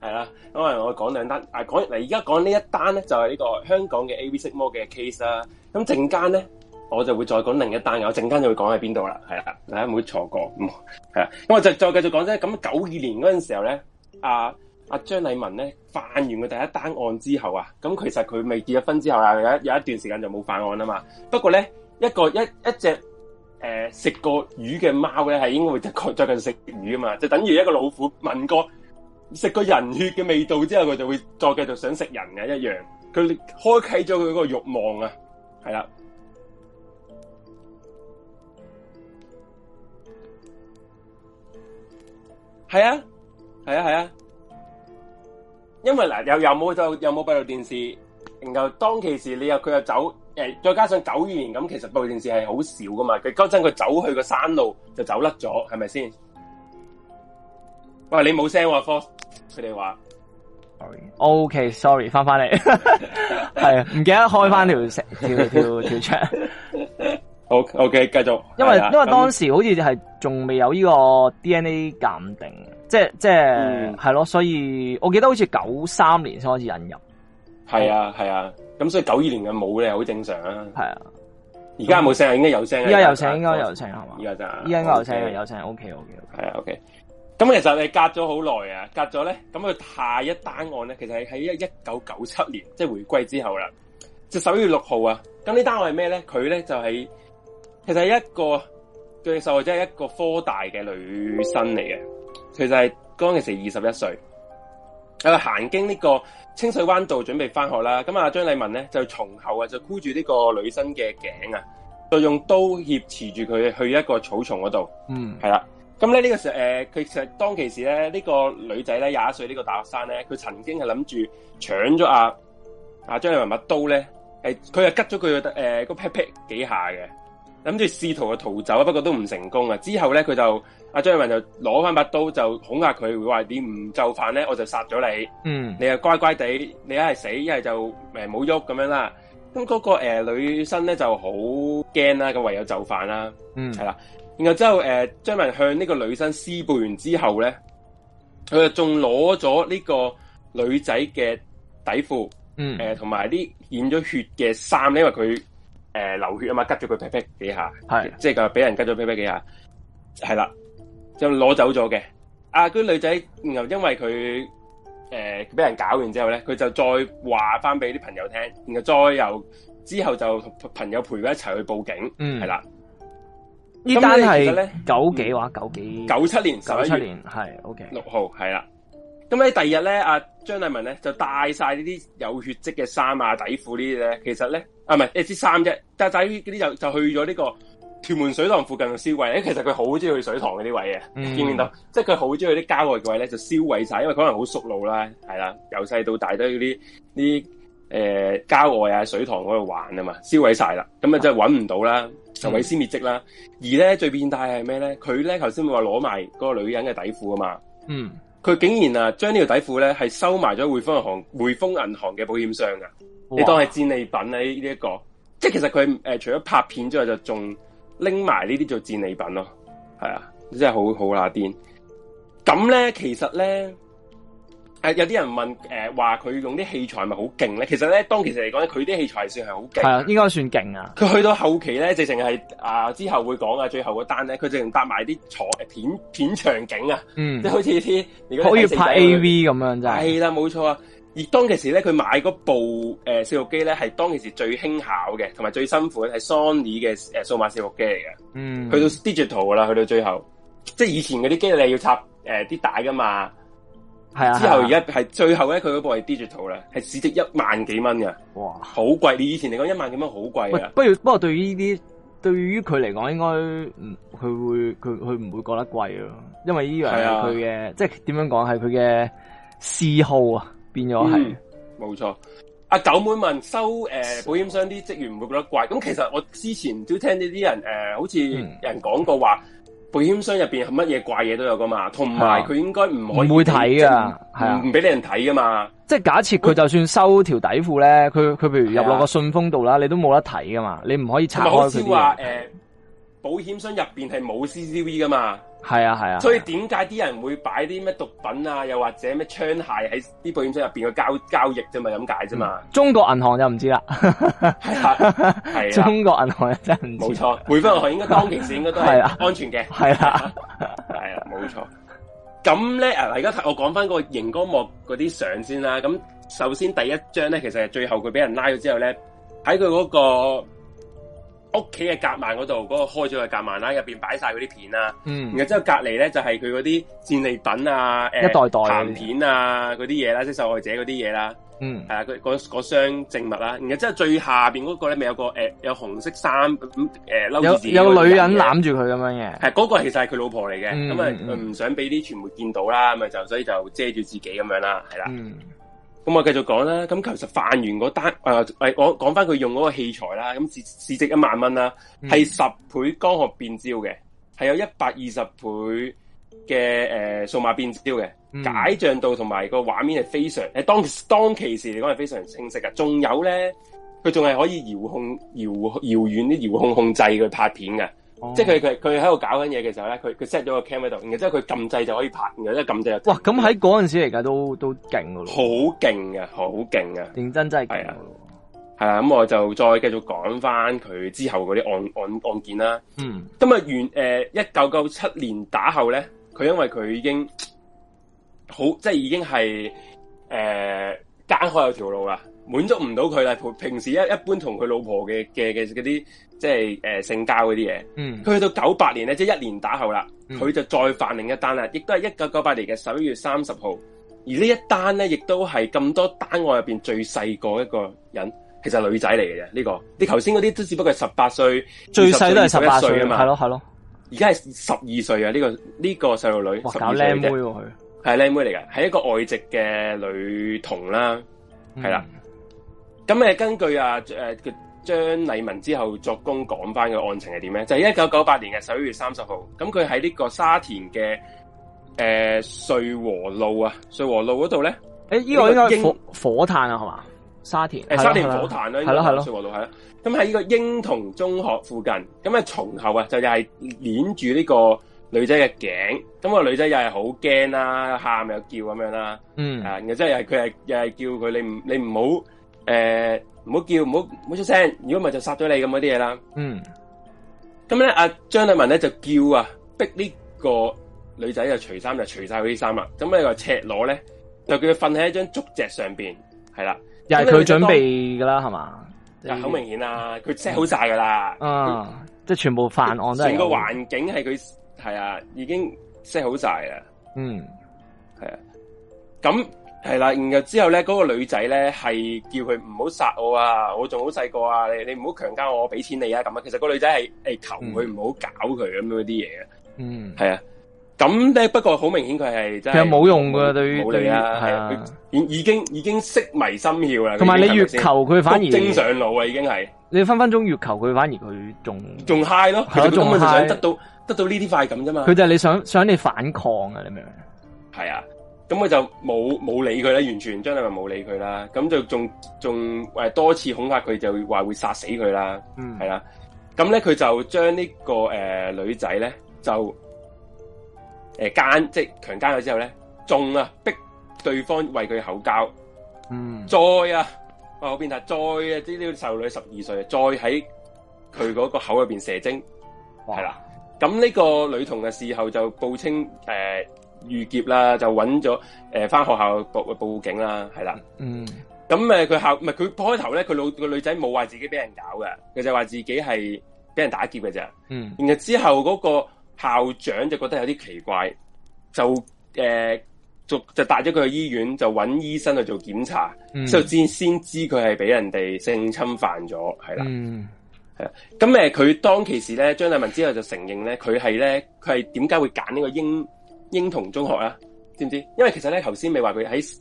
啊，係啦、啊，咁、嗯、啊我講兩單，啊講嚟而家講呢一單咧就係呢個香港嘅 A V 色魔嘅 case 啦，咁陣間咧。我就會再講另一單嘅我陣間就會講喺邊度啦，係啦，大家唔好錯過。係啊，咁我就再繼續講啫。咁九二年嗰陣時候咧，阿、啊、阿、啊、張麗文咧犯完佢第一單案之後啊，咁其實佢未結咗婚之後啊，有有一段時間就冇犯案啊嘛。不過咧，一個一一隻誒食、呃、過魚嘅貓咧，係應該會就近最近食魚啊嘛，就等於一個老虎聞過食過人血嘅味道之後，佢就會再繼續想食人嘅一樣，佢開啟咗佢個個欲望啊，係啦。係啊，係啊，係啊，啊，因為嗱，又又冇就又冇閉路電視，然後當其時你又佢又走，誒，再加上走完咁，其實閉路電視係好少噶嘛，佢嗰陣佢走去個山路就走甩咗，係咪先？喂你冇聲啊，科，佢哋、okay, 話，sorry，ok，sorry，翻翻嚟，係， 唔記得開翻條條條條窗。 O，O，K、okay, 繼續。因為、啊、因為當時好似係仲未有呢個 D，N，A 鑑定，嗯、即即係咯，所以我記得好似九三年先開始引入。係啊係，啊，咁、哦啊、所以九二年嘅冇咧，好正常啊。係啊，而家有冇聲啊？應該有聲。依家有聲，應該有聲係嘛？依家就依家有聲，有聲 o k o k 係 o k，咁其實你隔咗好耐啊，隔咗咧，咁佢下一單案咧，其實係喺一九九七年，即、就、係、是、回歸之後啦。就十、是、一月六號啊，咁呢單案係咩咧？佢咧就係、是。其實是一個對受害者係一個科大嘅女生嚟嘅，其實係當其時二十一歲，喺度行經呢個清水灣道準備翻學啦。咁啊張麗文咧就從後啊就箍住呢個女生嘅頸啊，就用刀挾持住佢去一個草叢嗰度。嗯是，係啦。咁咧呢個時誒，佢、呃、其實當其時咧呢、這個女仔咧廿一歲呢歲、這個大學生咧，佢曾經係諗住搶咗阿阿張麗文把刀咧，誒佢又拮咗佢嘅誒個 pat 幾下嘅。諗住試圖去逃走，不過都唔成功啊！之後咧，佢就阿張文就攞翻把刀就恐吓佢，話你唔就範咧，我就殺咗你。嗯，你又乖乖地，你一係死，一係就誒冇喐咁樣啦。咁、那、嗰個誒、呃、女生咧就好驚啦，咁唯有就範啦。嗯，係啦。然後之後誒，張文、呃、向呢個女生施暴完之後咧，佢就仲攞咗呢個女仔嘅底褲，嗯、呃，誒同埋啲染咗血嘅衫，因為佢。誒，流血啊嘛，拮住佢劈劈幾下，係即係佢俾人拮咗劈劈幾下，係啦，就攞走咗嘅。阿、啊、女仔，然後因為佢誒俾人搞完之後咧，佢就再話翻俾啲朋友聽，然後再由之後就同朋友陪佢一齊去報警，係、嗯、啦。這呢單係九幾話九幾九七年九七年係，OK 六號係啦。咁咧，第二日咧，阿張麗文咧就帶晒呢啲有血迹嘅衫啊、底褲呢啲咧，其實咧。唔、啊、係，一啲三啫，但仔嗰啲就就去咗呢個屯門水塘附近度燒毀誒，其實佢好中意去水塘嗰啲位嘅，見、嗯、唔見到？即係佢好中意啲郊外嘅位咧，就燒毀晒，因為可能好熟路啦，係啦，由細到大都嗰啲呢誒郊外啊水塘嗰度玩啊嘛，燒毀晒啦，咁啊真係搵唔到啦，就毀屍滅跡啦。而咧最變態係咩咧？佢咧頭先話攞埋嗰個女人嘅底褲啊嘛，嗯。佢竟然啊，將呢條底褲咧係收埋咗匯豐行、匯豐銀行嘅保險箱啊，你當係戰利品啊呢一個，即係其實佢誒、呃、除咗拍片之外，就仲拎埋呢啲做戰利品咯，係啊，真係好好乸癲。咁咧，其實咧。誒有啲人問誒話佢用啲器材咪好勁咧？其實咧，當其時嚟講咧，佢啲器材算係好勁，係啊，應該算勁啊。佢去到後期咧，直情係啊，之後會講啊，最後嗰單咧，佢直情搭埋啲場片片場景啊，即、嗯、好似啲可以拍 AV 咁樣就係啦，冇錯啊。而當其時咧，佢買嗰部誒攝錄機咧，係當其時最輕巧嘅，同埋最辛苦嘅係 Sony 嘅誒、呃、數碼攝錄機嚟嘅。嗯，去到 digital 噶啦，去到最後，即係以前嗰啲機你要插誒啲、呃、帶噶嘛。係啊，之後而家係最後咧，佢嗰部係 digital 啦，係市值一萬幾蚊嘅，哇，好貴！你以前嚟講一萬幾蚊好貴，不如不過對於呢啲，對於佢嚟講，應該嗯，佢會佢佢唔會覺得貴咯，因為呢樣係佢嘅，即係點樣講係佢嘅嗜好啊，變咗係。冇、嗯、錯，阿九妹問收誒、呃、保險箱啲職員唔會覺得貴？咁其實我之前都聽呢啲人誒、呃，好似有人講過話。保險箱入邊係乜嘢怪嘢都有噶嘛，同埋佢應該唔可以唔會睇噶，係啊，唔俾你人睇噶嘛。即係假設佢就算收條底褲咧，佢佢譬如入落個信封度啦，啊，你都冇得睇噶嘛，你唔可以拆開佢啲嘢。唔係好似話誒，保險箱入邊係冇 C C V 噶嘛？係啊，係啊，所以點解啲人會擺啲咩毒品啊，又或者咩槍械喺啲保險箱入邊個交交易啫嘛，咁解啫嘛。中國銀行就唔知啦，係 啊，係啊。中國銀行啊，真係唔知。冇錯，匯豐銀行應該當其時應該都係安全嘅。係啦，係啊，冇錯。咁咧啊，而家、啊 啊、我講翻嗰個熒光幕嗰啲相先啦。咁首先第一張咧，其實係最後佢俾人拉咗之後咧，喺佢嗰個。屋企嘅夾萬嗰度，嗰、那個開咗嘅夾萬啦，入邊擺晒嗰啲片啦，嗯，然後即係隔籬咧就係佢嗰啲戰利品啊，誒、呃，殘片啊，嗰啲嘢啦，即係受害者嗰啲嘢啦，嗯，係啊，嗰箱證物啦、啊，然後即係最下邊嗰個咧咪有一個誒、呃、有紅色衫誒、呃，有有個女人攬住佢咁樣嘅，係、那、嗰個其實係佢老婆嚟嘅，咁啊佢唔想俾啲傳媒見到啦，咁啊就所以就遮住自己咁樣啦，係啦。嗯咁我繼續講啦，咁其實犯完嗰單誒，誒講講翻佢用嗰個器材啦，咁市市值一萬蚊啦，係、嗯、十倍光學變焦嘅，係有一百二十倍嘅誒數碼變焦嘅，嗯，解像度同埋個畫面係非常誒當當其時嚟講係非常清晰嘅。仲有咧，佢仲係可以遙控遙遙遠啲遙控控制佢拍片㗎。哦、即係佢佢佢喺度搞緊嘢嘅時候咧，佢佢 set 咗個 cam 喺度，然後之後佢撳掣就可以拍，然後即係撳掣又哇！咁喺嗰陣時嚟講都都勁噶咯，好勁啊，好勁啊，認真真係係啊，係啊，咁我就再繼續講翻佢之後嗰啲案案案件啦。嗯，咁啊原誒一九九七年打後咧，佢因為佢已經好即係已經係誒，呃、耕開有條路啦，滿足唔到佢啦。平時一一般同佢老婆嘅嘅嘅嗰啲。即係誒、呃、性交嗰啲嘢，佢、嗯、去到九八年咧，即係一年打後啦，佢就再犯另一單啦，亦都係一九九八年嘅十一月三十號。而呢一單咧，亦都係咁多單案入邊最細個一個人，其實女仔嚟嘅啫。呢、這個。你頭先嗰啲都只不過係十八歲，最細都係十八歲啊嘛，係咯係咯，12這個這個、12而家係十二歲啊呢個呢個細路女，搞靚妹佢係靚妹嚟嘅，係一個外籍嘅女童啦，係、嗯、啦。咁誒根據啊誒、呃將禮文之後作供講翻個案情係點咧？就係一九九八年嘅十一月三十號，咁佢喺呢個沙田嘅誒、呃、瑞和路啊，瑞和路嗰度咧，誒、欸、呢、這個呢、這個火火炭啊，係嘛沙田誒、欸、沙田火炭啦、啊，係咯係咯，瑞和路係啦，咁喺呢個英童中學附近，咁啊從後啊就又係捏住呢個女仔嘅頸，咁、那個女仔又係好驚啦，喊又叫咁樣啦、啊，嗯啊，然即係佢係又係叫佢你唔你唔好誒。唔好叫，唔好唔好出聲，如果唔係就殺咗你咁嗰啲嘢啦。嗯，咁咧阿張立文咧就叫啊，逼呢個女仔就除衫，就除晒佢啲衫啦。咁、咧、呢個赤裸咧就叫佢瞓喺一張竹席上邊，係啦，又係佢準備噶啦，係嘛，好明顯啦，佢 set 好晒噶啦，嗯，嗯、啊、即係全部犯案，整個環境係佢係啊，已經 set 好晒啦，嗯，係啊，咁。係啦，然後之後咧，嗰、那個女仔咧係叫佢唔好殺我啊，我仲好細個啊，你你唔好強奸我，我俾錢你啊，咁啊。其實個女仔係係求佢唔好搞佢咁樣啲嘢嘅。嗯，係啊。咁咧，不過好明顯佢係，佢又冇用噶，對於你啊，係啊。已、啊、已經已經色迷心竅啦。同埋你越求佢，反而精上腦啊，已經係。你分分鐘越求佢，反而佢仲仲嗨 i g 咯。其、啊、想得到得到呢啲快感啫嘛。佢就係你想想你反抗啊，你明唔明？係啊。咁佢就冇冇理佢啦，完全將佢咪冇理佢啦。咁就仲仲誒多次恐嚇佢，就話會殺死佢啦。係、嗯、啦，咁咧佢就將呢、這個誒、呃、女仔咧就誒、呃、奸，即係強奸佢之後咧，仲啊逼對方為佢口交。嗯，再啊，我變態再啊，啲啲細女十二歲啊，再喺佢嗰個口入邊射精。係啦，咁呢個女童嘅事後就報稱誒。呃遇劫啦，就揾咗誒，翻、呃、學校報報警啦，係啦，嗯，咁誒，佢校唔係佢開頭咧，佢老個女仔冇話自己俾人搞嘅，佢就話自己係俾人打劫嘅啫，嗯，然後之後嗰個校長就覺得有啲奇怪，就誒、呃，就就帶咗佢去醫院，就揾醫生去做檢查，之後先先知佢係俾人哋性侵犯咗，係啦，嗯，係，咁誒，佢、呃、當其時咧，張大文之後就承認咧，佢係咧，佢係點解會揀呢個英？英童中學啊，知唔知？因為其實咧，頭先咪話佢喺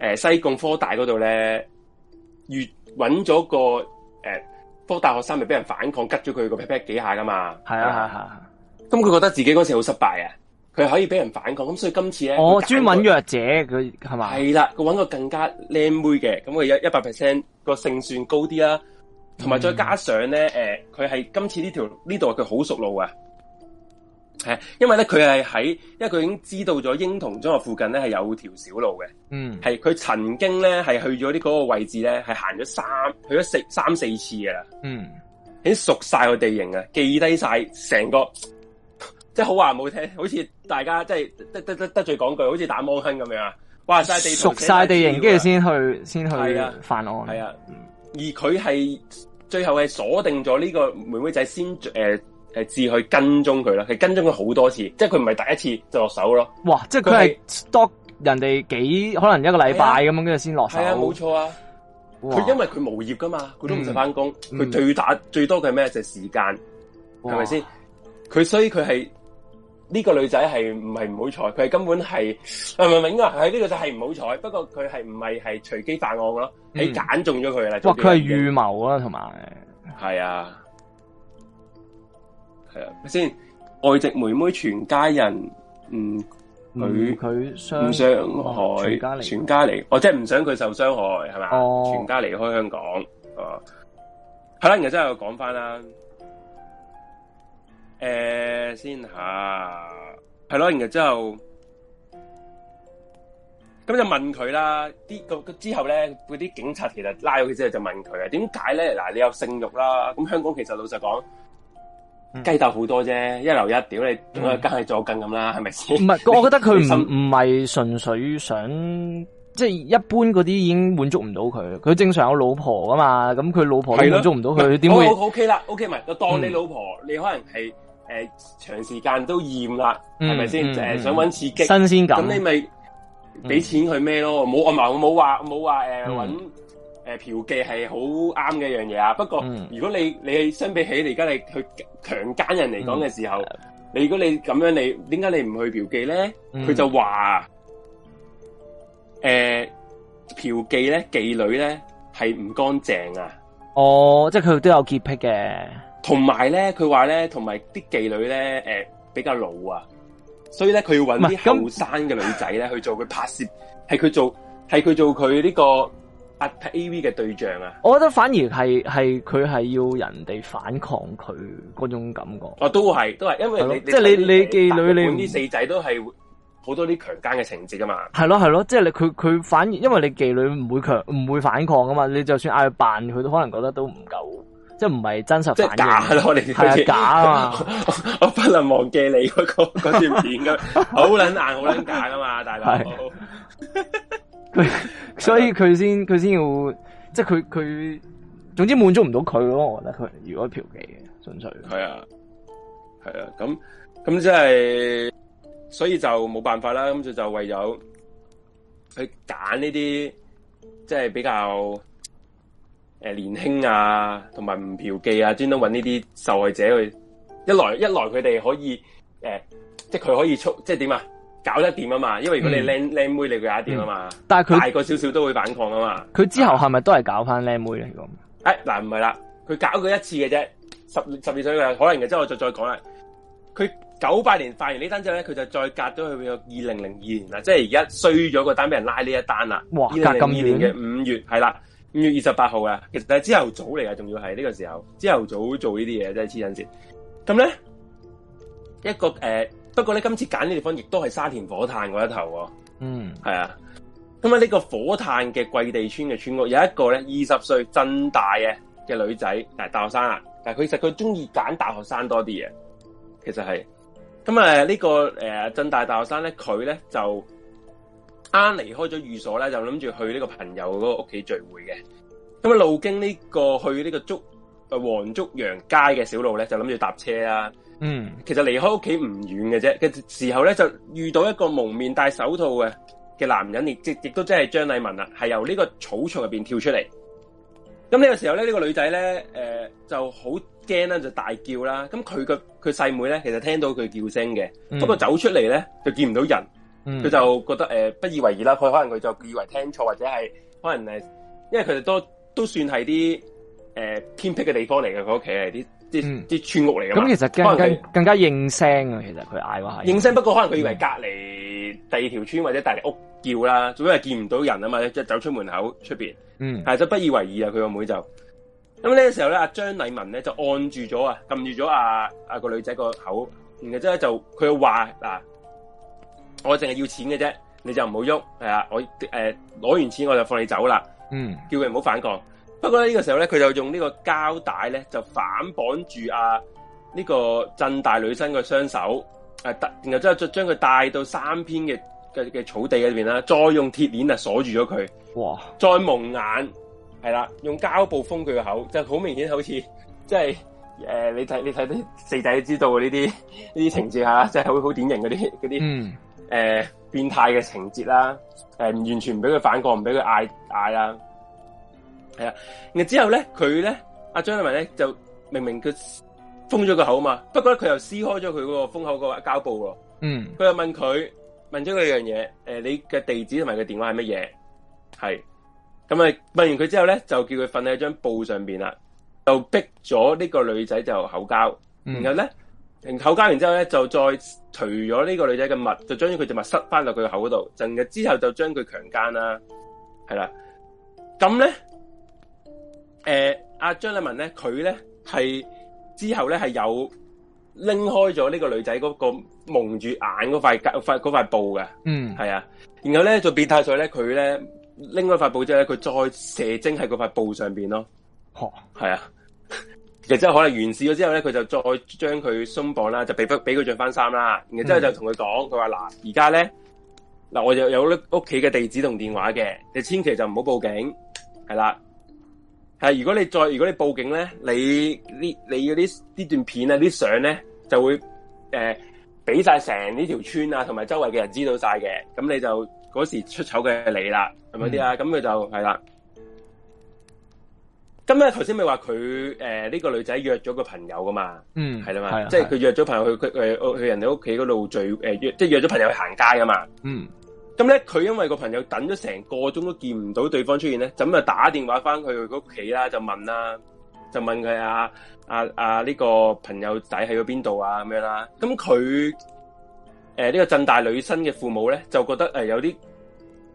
誒西貢科大嗰度咧，越揾咗個誒、呃、科大學生，咪俾人反抗，拮咗佢個 pat 幾下噶嘛。係啊係啊係啊，咁佢、啊啊、覺得自己嗰時好失敗啊，佢可以俾人反抗，咁所以今次咧，我專揾弱者佢係嘛？係啦，佢揾個更加靚妹嘅，咁佢有一百 percent 個勝算高啲啦、啊。同埋再加上咧，誒、嗯，佢、呃、係今次呢條呢度佢好熟路啊。係，因為咧佢係喺，因為佢已經知道咗英童中學附近咧係有條小路嘅。嗯，係佢曾經咧係去咗啲嗰個位置咧，係行咗三去咗四三四次嘅啦。嗯，已經熟晒個地形呀，記低晒成個，即係好話唔好聽，好似大家即係得得得得罪講句，好似打摩亨咁樣啊，挖晒地熟晒地形，跟住先去先去犯案。係啊，啊嗯、而佢係最後係鎖定咗呢個妹妹仔先誒。呃係至去跟蹤佢啦，佢跟蹤佢好多次，即係佢唔係第一次就落手咯。哇！即係佢係 stalk 人哋幾可能一個禮拜咁樣，跟住先落手。係啊，冇錯啊。佢、啊、因為佢無業噶嘛，佢都唔使翻工，佢、嗯、最打、嗯、最多嘅係咩就係時間係咪先？佢所以佢係呢個女仔係唔係唔好彩？佢係根本係明唔明啊？係呢個就係唔好彩，不過佢係唔係係隨機犯案噶咯？你、嗯、揀中咗佢啦。哇！佢係預謀啊，同埋係啊。係咪先？外籍妹妹全家人，唔，佢佢傷傷害全家嚟、全家嚟，我即係唔想佢受傷害，係嘛？哦，全家離開香港，哦，係啦。然後之後講翻啦，誒，先下，係咯。然後之後，咁就問佢啦。啲個個之後咧，嗰啲警察其實拉咗佢之後就問佢啊，點解咧？嗱，你有性慾啦，咁香港其實老實講。雞豆好多啫，一流一，屌你跟，梗係坐更咁啦，係咪先？唔係，我覺得佢唔唔係純粹想，即係一般嗰啲已經滿足唔到佢，佢正常有老婆噶嘛，咁佢老婆滿足唔到佢，點會？好，O K 啦，O K 唔係，就當你老婆，你可能係誒、呃、長時間都厭啦，係咪先？想搵刺激，新鮮感，咁你咪俾錢佢咩咯？冇、嗯、話、嗯、我冇話冇話誒揾誒、呃，嫖妓係好啱嘅一樣嘢啊！不過、嗯、如果你你相比起你而家你去強姦人嚟講嘅時候，嗯、你如果你咁樣你點解你唔去嫖妓咧？佢、嗯、就話誒、呃，嫖妓咧，妓女咧係唔乾淨啊！哦，即係佢都有潔癖嘅。同埋咧，佢話咧，同埋啲妓女咧，誒、呃、比較老啊，所以咧佢要搵啲後生嘅女仔咧去做佢拍攝，係佢做，係佢做佢呢、這個。拍 AV 嘅對象啊，我覺得反而係係佢係要人哋反抗佢嗰種感覺。哦，都係都係，因為你即係你你妓女你啲四仔都係好多啲強姦嘅情節啊嘛。係咯係咯，即係你佢佢反而因為你妓女唔會強唔會反抗啊嘛，你就算嗌佢扮佢，佢都可能覺得都唔夠，即係唔係真實反應，即，即係假咯。係啊，假啊嘛 我，我不能忘記你嗰、嗰個嗰條片嘅，好 撚硬，好撚假啊嘛，大概。 佢 所以佢先佢先要即係佢佢總之滿足唔到佢咯，我覺得佢如果是嫖妓嘅純粹的是的，係啊係啊咁咁即係所以就冇辦法啦，咁就就唯有去揀呢啲即係比較誒年輕啊，同埋唔嫖妓啊，專登揾呢啲受害者去一來一來佢哋可以誒、欸、即係佢可以出即係點啊？搞得掂啊嘛，因為如果你靚靚妹，你佢搞得掂啊嘛。但係佢大一個少少都會反抗啊嘛。佢之後係咪都係搞翻靚妹嚟？咁、啊、誒，嗱唔係啦，佢搞過一次嘅啫。十十二歲嘅可能嘅，我我我之後再再講啦。佢九八年發完呢單之後咧，佢就再隔咗去到二零零二年啦。即係而家衰咗個單，俾人拉呢一單啦。哇，隔咁遠，二零零二年嘅五月係啦，五月二十八號嘅，其實係朝頭早嚟嘅，仲要係呢、這個時候朝頭早做呢啲嘢真係黐緊線。咁咧一個誒。呃不過咧，今次揀呢地方，亦都係沙田火炭嗰一頭、哦。嗯，係啊。咁啊，呢個火炭嘅桂地村嘅村屋，有一個咧二十歲浸大嘅嘅女仔，但係大學生啊。但係佢其實佢中意揀大學生多啲嘅，其實係。咁、嗯、啊、呢、這個誒、呃、浸大大學生咧，佢咧就啱離開咗寓所咧，就諗住去呢個朋友嗰個屋企聚會嘅。咁啊，路經呢、這個去呢個竹誒黃竹洋街嘅小路咧，就諗住搭車啦、啊。嗯，其實離開屋企唔遠嘅啫，嘅時候咧就遇到一個蒙面戴手套嘅嘅男人，亦亦亦都即係張麗文啦，係由呢個草叢入邊跳出嚟。咁呢個時候咧，呢、這個女仔咧，誒、呃、就好驚啦，就大叫啦。咁佢個佢細妹咧，其實聽到佢叫聲嘅、嗯，不過走出嚟咧就見唔到人，佢、嗯、就覺得誒、呃、不以為意啦。佢可能佢就以為聽錯，或者係可能誒，因為佢哋都都算係啲誒偏僻嘅地方嚟嘅，佢屋企係啲。啲啲村屋嚟嘅，咁其實可能更更加應聲啊。其實佢嗌話係應聲，不過可能佢以為隔離第二條村或者大啲屋叫啦，最尾係見唔到人啊嘛。即走出門口出邊。嗯，係就不以為意啊。佢個妹就咁，呢個時候咧，阿張禮文咧就按住咗啊，撳住咗啊阿個、啊、女仔個口，然後之後就佢話嗱，我淨係要錢嘅啫，你就唔好喐，係啊，我誒攞、呃、完錢我就放你走啦，嗯，叫佢唔好反抗。不過呢個時候咧，佢就用呢個膠帶咧，就反綁住啊呢個鎮大女生嘅雙手，誒，然後之後就將佢帶到三片嘅嘅嘅草地裏邊啦，再用鐵鏈啊鎖住咗佢，哇！再蒙眼，係啦，用膠布封佢個口，就好明顯，好似即係誒，你睇你睇啲四仔都知道呢啲呢啲情節吓，即係好好典型嗰啲嗰啲，誒、嗯呃，變態嘅情節啦，誒、呃，完全唔俾佢反抗，唔俾佢嗌嗌啦。係啊，然後之後咧，佢咧，阿張立文咧就明明佢封咗個口嘛，不過咧佢又撕開咗佢嗰個封口個膠布咯。嗯，佢又問佢，問咗佢一樣嘢，誒、呃，你嘅地址同埋個電話係乜嘢？係，咁啊問完佢之後咧，就叫佢瞓喺張布上邊啦，就逼咗呢個女仔就口交，嗯、然後咧，口交完之後咧，就再除咗呢個女仔嘅襪，就將佢隻襪塞翻落佢個口度，成日之後就將佢強奸啦，係啦、啊，咁咧。誒、呃，阿張立文咧，佢咧係之後咧係有拎開咗呢個女仔嗰個蒙住眼嗰塊塊塊布嘅，嗯，係啊。然後咧就變態在咧，佢咧拎開塊布之後咧，佢再射精喺嗰塊布上邊咯，哦，係啊。其實之後可能完事咗之後咧，佢就再將佢鬆綁啦，就俾俾佢着翻衫啦。然後之後、嗯、就同佢講，佢話嗱，而家咧嗱，我就有有屋企嘅地址同電話嘅，你千祈就唔好報警，係啦、啊。係，如果你再如果你報警咧，你啲你嗰啲呢段片啊，啲相咧，就會誒俾晒成呢條村啊，同埋周圍嘅人知道晒嘅，咁你就嗰時出醜嘅你啦，係咪啲啊？咁、嗯、佢就係啦。咁咧，頭先咪話佢誒呢個女仔約咗個朋友噶嘛，嗯，係啦嘛，即係佢約咗朋友去佢誒去人哋屋企嗰度聚，誒即係約咗朋友去行街噶嘛，嗯。咁咧，佢因為個朋友等咗成個鐘都見唔到對方出現咧，咁就打電話翻去佢屋企啦，就問啦，就問佢阿啊啊呢、啊這個朋友仔喺、啊呃這個邊度啊咁樣啦。咁佢誒呢個鎮大女生嘅父母咧，就覺得誒、呃、有啲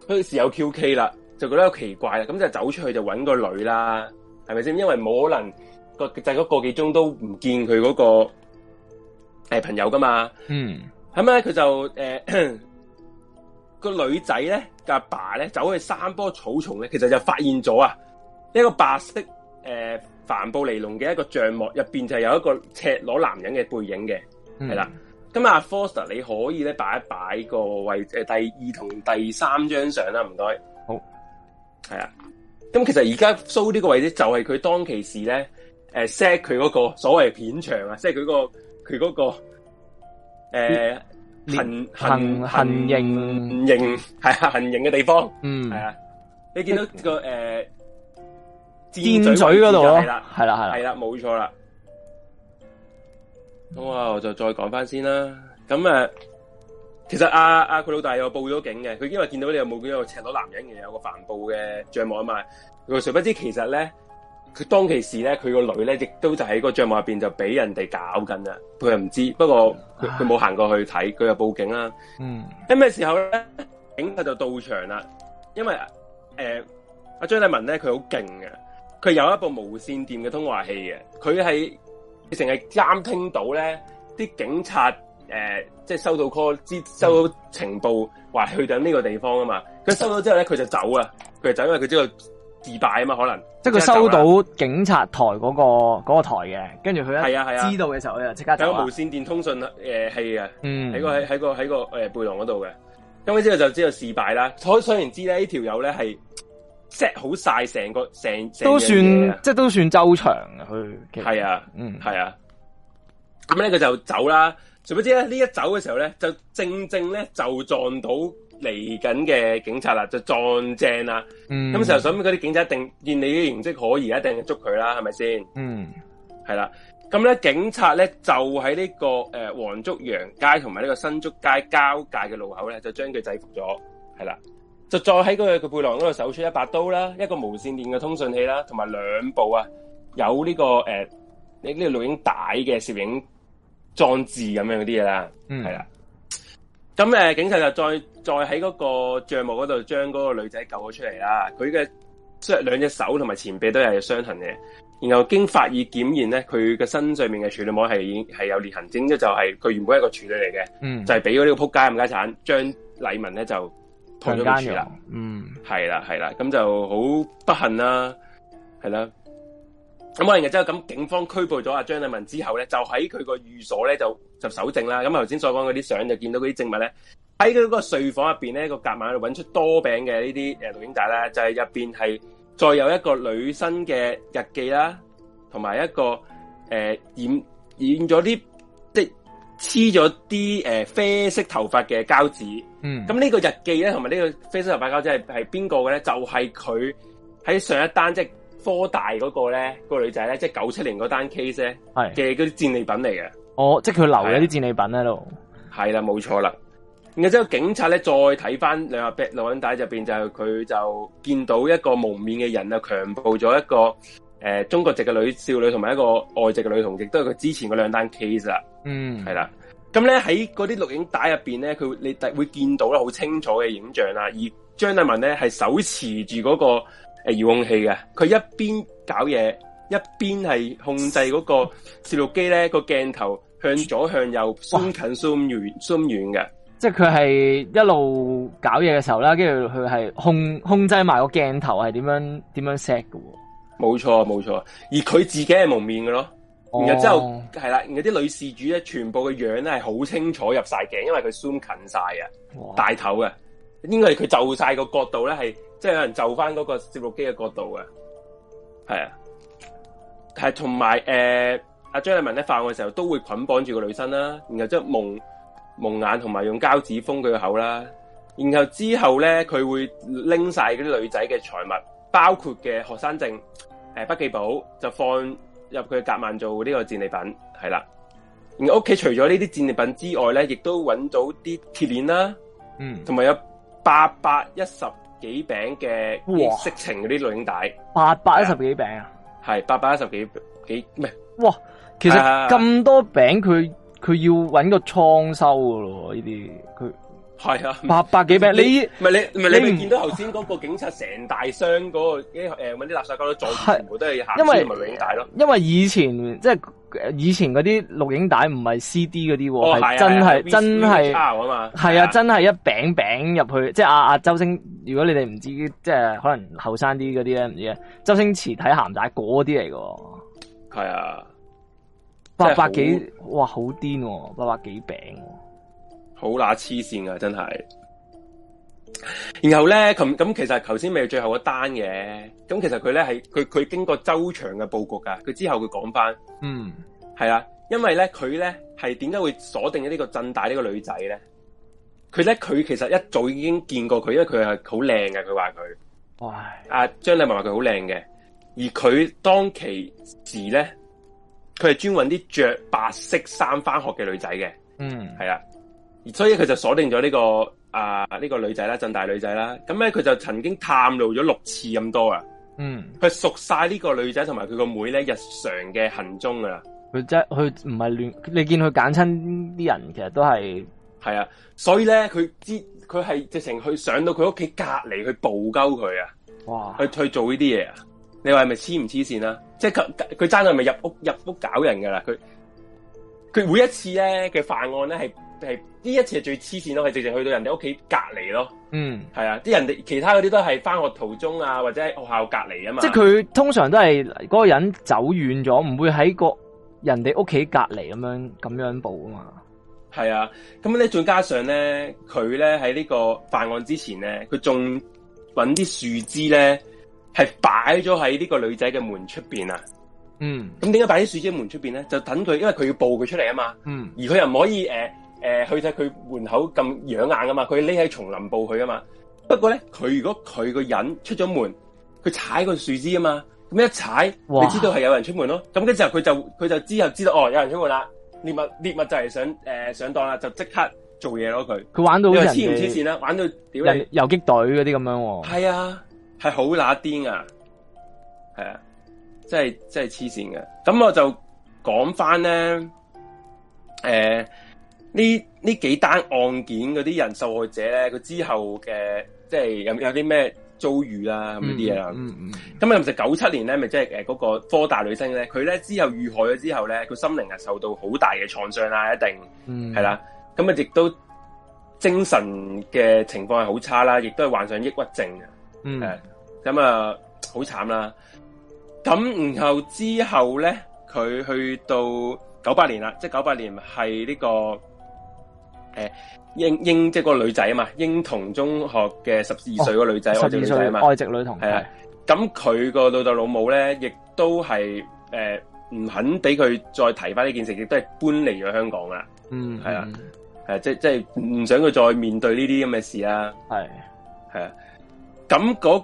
佢事有 qk 啦，就覺得好奇怪啦，咁就走出去就搵個女啦，係咪先？因為冇可能個就咗、是、個幾鐘都唔見佢嗰、那個誒、呃、朋友噶嘛。嗯，咁咧佢就誒。個女仔咧，個阿爸咧，走去山坡草叢咧，其實就發現咗啊，一個白色誒帆、呃、布尼龍嘅一個帳幕入邊就有一個赤裸男人嘅背影嘅，係、嗯、啦。咁、嗯、啊 Forster 你可以咧擺一擺個位誒、呃，第二同第三張相啦，唔該，好係啊。咁、嗯、其實而家 show 呢個位置就係佢當其時咧，誒 set 佢嗰個所謂片場啊，即係佢個佢嗰、嗰個誒。呃嗯行行行形，營係啊，行營嘅地方，嗯，係啊，你見到個誒箭嘴嗰度咯，係、呃、啦，係、like、啦，係啦，冇錯啦。咁啊，我就再講翻先啦。咁其實阿阿佢老豆又報咗警嘅，佢因為見到你有冇見到赤裸男人，嘅，有個帆布嘅帳幕啊嘛，佢話誰不知其實咧。佢當其時咧，佢個女咧亦都就喺個帳目入面就，就俾人哋搞緊啦。佢又唔知，不過佢冇行過去睇，佢又報警啦。咁、嗯、咩時候咧，警察就到場啦。因為誒阿、呃、張立文咧，佢好勁嘅，佢有一部無線電嘅通話器嘅，佢係你成日監聽到咧啲警察誒，即、呃、係、就是、收到 call、收到情報話去到呢個地方啊嘛。佢收到之後咧，佢就走啊，佢就走，因為佢知道。是失敗啊嘛，可能即係佢收到警察台嗰、那個、那個台嘅，跟住佢係啊係啊，知道嘅時候啊即刻有個無線電通訊誒器啊，喺個喺個喺個誒背囊嗰度嘅，咁佢之後就知道事敗啦。所雖然知咧呢條友咧係 set 好晒成個成，都算即係都算周長是啊，佢係啊，嗯係啊。咁咧佢就走啦，誰不知咧呢一走嘅時候咧，就正正咧就撞到。嚟緊嘅警察啦，就撞正啦。咁、嗯、時候想，嗰啲警察一定見你啲形迹可疑，一定捉佢啦，係咪先？嗯，係啦。咁咧，警察咧就喺呢、這個誒、呃、黃竹洋街同埋呢個新竹街交界嘅路口咧，就將佢制服咗。係啦，就再喺佢佢背囊嗰度搜出一把刀啦，一個無線電嘅通訊器啦，同埋兩部啊有呢、這個誒呢呢個錄影帶嘅攝影裝置咁樣嗰啲嘢啦。嗯，係啦。咁誒，警察就再。再喺嗰個帳幕嗰度將嗰個女仔救咗出嚟啦，佢嘅即係兩隻手同埋前臂都係有傷痕嘅。然後經法醫檢驗咧，佢嘅身上面嘅處女膜係已經係有裂痕症。咁就係佢原本係一個處女嚟嘅，就係俾咗呢個撲街冚家鏟，張禮文咧就判咗入監獄啦。嗯，係啦，係啦，咁就好不幸啦，係啦。咁然之後，咁警方拘捕咗阿張禮文之後咧，就喺佢個寓所咧就就搜證啦。咁頭先所講嗰啲相就見到嗰啲證物咧。喺佢嗰個睡房入邊咧，個夾萬度揾出多餅嘅呢啲誒錄影帶啦，就係入邊係再有一個女生嘅日記啦，同埋一個誒、呃、染染咗啲即係黐咗啲誒啡色頭髮嘅膠紙。嗯，咁呢個日記咧，同埋呢個啡色頭髮膠紙係係邊個嘅咧？就係佢喺上一單即係科大嗰個咧，個女仔咧，即係九七年嗰單 case 咧嘅嗰啲戰利品嚟嘅。哦，即係佢留咗啲戰利品喺度。係啦，冇錯啦。然之後，警察咧再睇翻兩百錄影帶入邊，就佢就見到一個蒙面嘅人啊，強暴咗一個誒、呃、中國籍嘅女少女，同埋一個外籍嘅女童，亦都係佢之前嗰兩單 case 啦。嗯，係啦。咁咧喺嗰啲錄影帶入邊咧，佢你會見到咧好清楚嘅影像啦。而張德文咧係手持住嗰個誒遙控器嘅，佢一邊搞嘢，一邊係控制嗰個攝錄機咧個鏡頭向左向右縮近縮遠縮遠嘅。即係佢係一路搞嘢嘅時候啦，跟住佢係控控制埋個鏡頭係點樣點樣 set 嘅。哦。冇錯冇錯，而佢自己係蒙面嘅咯。然後之後係啦，然後啲女事主咧，全部嘅樣咧係好清楚入晒鏡，因為佢 zoom 近晒啊，大頭啊。應該係佢就晒個角度咧，係即係有人就翻嗰個攝錄機嘅角度嘅。係啊，係同埋誒，阿張藝文咧犯案嘅時候都會捆綁住個女生啦，然後即係蒙。蒙眼同埋用膠紙封佢個口啦，然後之後咧，佢會拎晒嗰啲女仔嘅財物，包括嘅學生證、誒筆記簿，就放入佢夾萬做呢個戰利品，係啦。而屋企除咗呢啲戰利品之外咧，亦都揾到啲鐵鏈啦，嗯，同埋有八百一十幾餅嘅色情嗰啲錄像帶，八百一十幾餅啊，係八百一十幾幾，咩哇，其實咁多餅佢。啊佢要揾個倉修噶咯，呢啲佢係啊八百幾餅，你唔係你唔係你唔見到頭先嗰個警察成大箱嗰、嗰個誒，搵 啲垃圾膠都做。全部都係鹹仔錄影帶咯。因為以前即係以前嗰啲錄影帶唔係 C D 嗰啲，哦、啊啊、真係、啊、真係係啊嘛，係啊真係一餅餅入去，即係阿、啊啊、周星，如果你哋唔知即係可能後生啲嗰啲咧唔知啊。周星馳睇鹹帶嗰啲嚟噶，係啊。八百幾哇，好癲、啊！八百幾餅、啊，好乸黐線噶，真係。然後咧，咁咁其實頭先未最後一單嘅，咁其實佢咧係佢佢經過周詳嘅布局噶，佢之後佢講翻，嗯，係啦、啊，因為咧佢咧係點解會鎖定咗呢個振大呢個女仔咧？佢咧佢其實一早已經見過佢，因為佢係好靚嘅，佢話佢，啊張麗文話佢好靚嘅，而佢當其時咧。佢係專揾啲着白色衫翻學嘅女仔嘅，嗯這個，嗯，係啊，所以佢就鎖定咗呢個啊呢個女仔啦，鎮大女仔啦，咁咧佢就曾經探路咗六次咁多啊，嗯，佢熟晒呢個女仔同埋佢個妹咧日常嘅行蹤噶啦，佢即係佢唔係亂，你見佢揀親啲人，其實都係，係啊，所以咧佢知佢係直情去上到佢屋企隔籬去布鳩佢啊，哇去，去去做呢啲嘢啊！你話係咪黐唔黐線啦？即係佢佢爭係咪入屋入屋搞人噶啦？佢佢每一次咧嘅犯案咧係係呢一次係最黐線咯，係直接去到人哋屋企隔離咯。嗯，係啊，啲人哋其他嗰啲都係翻學途中啊，或者喺學校隔離啊嘛。即係佢通常都係嗰個人走遠咗，唔會喺個人哋屋企隔離咁樣咁樣報啊嘛。係啊，咁咧再加上咧，佢咧喺呢個犯案之前咧，佢仲搵啲樹枝咧。係擺咗喺呢個女仔嘅門出邊啊！嗯，咁點解擺喺樹枝門出邊咧？就等佢，因為佢要報佢出嚟啊嘛。嗯，而佢又唔可以誒誒、呃呃、去晒佢門口咁養眼啊嘛，佢匿喺叢林布佢啊嘛。不過咧，佢如果佢個人出咗門，佢踩個樹枝啊嘛，咁一踩，你知道係有人出門咯。咁跟時候，佢就佢就之後知道哦，有人出門啦。獵物獵物就係想誒上當啦，就即刻做嘢咯。佢佢玩到黐唔黐線啦，玩到游擊隊嗰啲咁樣。係啊。係好乸癲啊！係啊，真係真係黐線嘅。咁我就講翻咧，誒、呃，呢呢幾單案件嗰啲人受害者咧，佢之後嘅即係有有啲咩遭遇啊、啦，咁啲嘢啦。咁、嗯、啊，嗯、就其實九七年咧，咪即係誒嗰個科大女生咧，佢咧之後遇害咗之後咧，佢心靈係受到好大嘅創傷啦，一定係啦。咁、嗯、啊，亦都精神嘅情況係好差啦，亦都係患上抑鬱症。誒、嗯，咁、嗯、啊，好慘啦！咁然後之後咧，佢去到九八年啦，即係九八年係呢、這個誒英、欸、英，即係、就是、個女仔啊嘛，英童中學嘅十二歲個女仔，十二歲啊嘛，外籍女童係啊。咁佢個老豆老母咧，亦都係誒唔肯俾佢再提翻呢件事，亦都係搬離咗香港啦。嗯，係啊，係即即係唔想佢再面對呢啲咁嘅事啦。係，係啊。嗯咁、那、嗰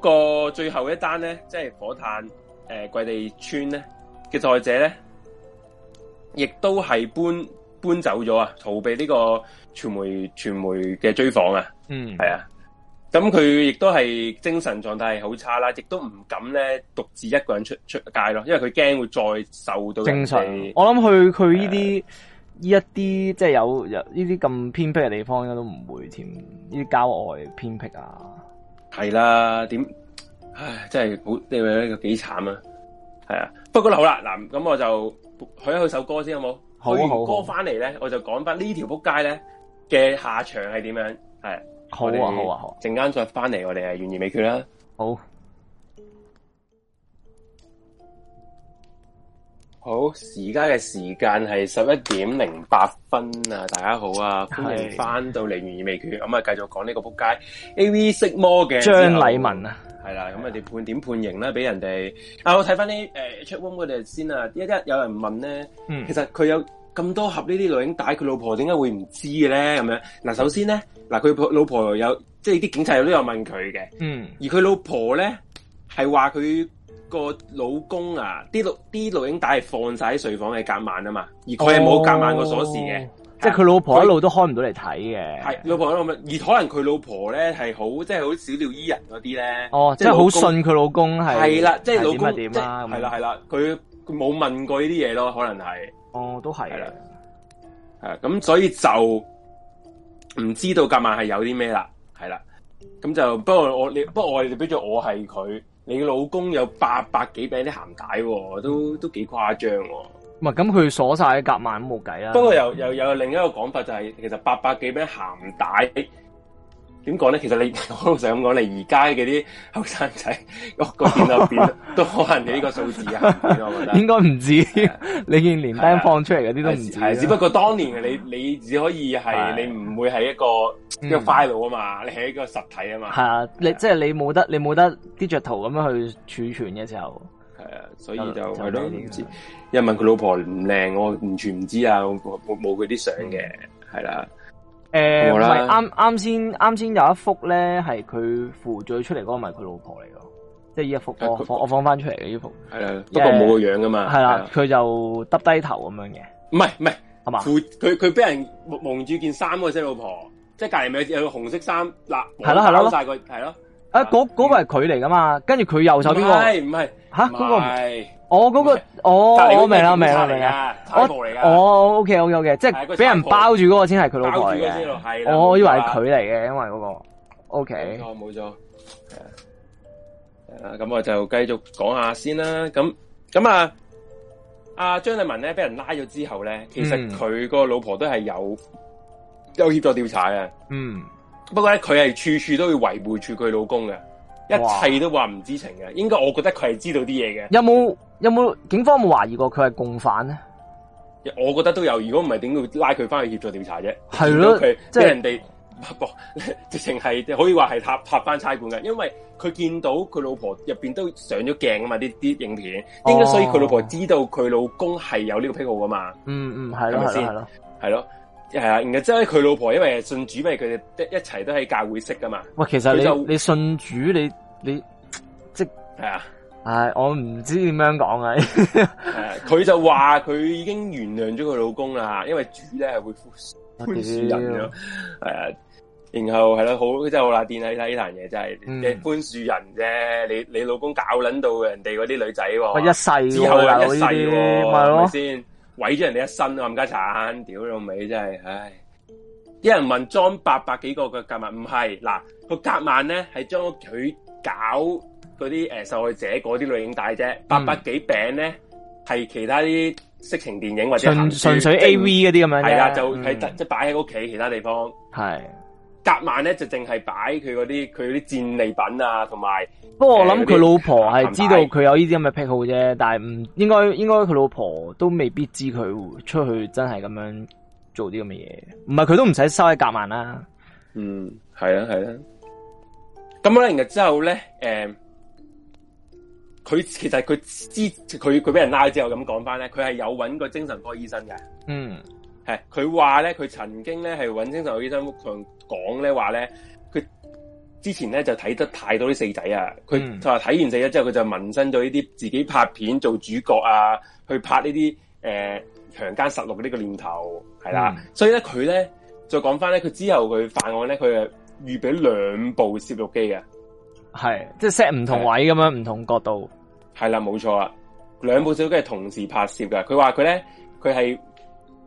個最後一單咧，即係火炭誒桂、呃、地村咧嘅在者咧，亦都係搬搬走咗啊！逃避呢個傳媒傳媒嘅追訪、嗯、啊！嗯，係啊。咁佢亦都係精神狀態好差啦，亦都唔敢咧獨自一個人出出街咯，因為佢驚會再受到。精神我諗佢佢呢啲呢一啲即係有有呢啲咁偏僻嘅地方應該都唔會添，呢啲郊外偏僻啊。係啦，點唉真係好，你話呢個幾慘啊，係啊。不過啦好啦，嗱咁我就去一首歌先，好冇？好、啊，啊、去完歌翻嚟咧，我就講翻呢條扑街咧嘅下場係點樣，係好啊好啊好。陣間再翻嚟，我哋係懸而未決啦，好、啊。好，而家嘅時間係十一點零八分啊！大家好啊，歡迎翻到嚟《懸疑未決》，咁啊繼續講呢個撲街 A V 色魔嘅張禮文啊，係啦，咁啊，你哋判點判刑咧？俾人哋啊，我睇翻啲誒，出 room 佢哋先啊，一啲有人問咧、嗯，其實佢有咁多盒呢啲女影帶，佢老婆點解會唔知嘅咧？咁樣嗱、啊，首先咧，嗱佢老婆有，即係啲警察有都有問佢嘅，嗯，而佢老婆咧係話佢。是說個老公啊，啲錄啲錄影帶係放晒喺睡房嘅夾萬啊嘛，而佢係冇夾萬個鎖匙嘅、哦，即係佢老婆一路都開唔到嚟睇嘅。係老婆一路咁，而可能佢老婆咧係好即係好小鳥依人嗰啲咧。哦，即係好信佢老公係。係啦，即係老公係啦，係啦係啦，佢冇問過呢啲嘢咯，可能係。哦，都係。啦。係咁所以就唔知道夾萬係有啲咩啦，係啦。咁就不過我，不我，畀咗我係佢。你老公有八百幾餅啲鹹帶，都都幾誇張啊。唔係咁佢鎖晒夾萬都冇計啦。不過又又有另一個講法就係、是，其實八百幾餅鹹帶。點講咧？其實你，我老實咁講，你而家嘅啲後生仔， 我個點都變都可能係呢個數字啊，應該唔止。你見連 b 放出嚟嗰啲都唔止。只不過當年你，你只可以係你唔會係一個、嗯這個 file 啊嘛，你係一個實體啊嘛。係啊，你即係、就是、你冇得，你冇得 digital 咁樣去儲存嘅時候。係啊，所以就係咯，因為，問佢老婆唔靚，我完全唔知啊，我冇冇佢啲相嘅，係啦。嗯誒、呃，唔係啱啱先，啱先有一幅咧，係佢扶住出嚟嗰個，咪佢老婆嚟咯，即係依一幅，我、啊、我放翻出嚟呢一幅，係啦，不過冇個樣噶嘛，係、欸、啦，佢就耷低頭咁樣嘅，唔係唔係，係嘛，佢佢俾人蒙住件衫嗰隻老婆，即係隔籬咪有個紅色衫，嗱係咯係咯，晒佢係咯，誒嗰嗰個係佢嚟噶嘛，跟住佢右手邊、啊那個，唔係吓嗰個唔係。我、哦、嗰、那個，我我明啦，明啦，明啦，我，我 O K O K ok, okay, okay、啊、即係俾人包住嗰個先係佢老婆嘅，我我以為係佢嚟嘅，因為嗰、那個 O K，冇錯，係、okay, 嗯、啊，咁我就繼續講下先啦，咁咁啊，阿張麗文咧俾人拉咗之後咧，其實佢個老婆都係有有協助調查嘅，嗯，不過咧佢係處處都要違背住佢老公嘅，一切都話唔知情嘅，應該我覺得佢係知道啲嘢嘅，有冇？有冇，警方有冇懷疑過佢係共犯咧？我覺得都有，如果唔係點會拉佢翻去協助調查啫？係咯，即係人哋直情係可以話係拍拍翻差館嘅，因為佢見到佢老婆入邊都上咗鏡啊嘛，呢啲影片，應、哦、該所以佢老婆知道佢老公係有呢個癖好噶嘛。嗯嗯，係咪先係咯？係咯，係啊。然後之後佢老婆因為信主，咪佢哋一齊都喺教會識噶嘛。喂，其實你就你信主你，你你即係啊。係，我唔知點樣講啊！佢就話佢已經原諒咗佢老公啦，因為主咧會寬恕人。係啊，然後係喇，好真係好難掂啊！睇呢壇嘢真係，你寬恕人啫，嗯、你你老公搞卵到人哋嗰啲女仔喎，一世之後一世喎，係咪先毀咗人哋一身啊？冚家鏟，屌你老尾真係，唉！啲人問裝八百幾個嘅夾萬，唔係嗱個夾萬咧係將佢搞。嗰啲誒受害者嗰啲女影帶啫，八百幾餅咧係其他啲色情電影或者純純、嗯、粹 A V 嗰、就、啲、係、咁樣，係啦就係即係擺喺屋企其他地方，係夾萬咧就淨係擺佢嗰啲佢啲戰利品啊，同埋不過我諗佢老婆係知道佢有呢啲咁嘅癖好啫，但係唔應該應該佢老婆都未必知佢出去真係咁樣做啲咁嘅嘢，唔係佢都唔使收喺夾萬啦，嗯，係啊係啊，咁咧，然之後咧，誒、嗯。佢其實佢知佢佢俾人拉之後咁講翻咧，佢係有搵過精神科醫生嘅。嗯，係佢話咧，佢曾經咧係揾精神科醫生講講咧話咧，佢之前咧就睇得太多啲四仔啊，佢話睇完四仔之後，佢就萌生咗呢啲自己拍片做主角啊，去拍呢啲誒強姦實錄呢個念頭，係啦，嗯。所以咧佢咧再講翻咧，佢之後佢犯案咧，佢係預備兩部攝錄機嘅。係，即係 set 唔同位咁樣，唔同角度。係啦，冇錯啊，兩部小機係同時拍攝噶。佢話佢咧，佢係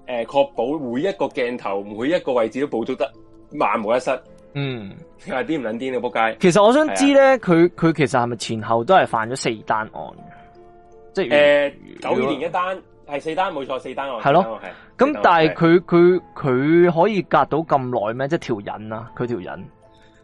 誒確保每一個鏡頭、每一個位置都捕捉得萬無一失。嗯，係癲唔撚癲到，撲街！其實我想知咧，佢佢其實係咪前後都係犯咗四單案？即係誒，九二年一單係四單，冇錯，四單案。係咯，咁但係佢佢佢可以隔到咁耐咩？即係條癮啊，佢條癮。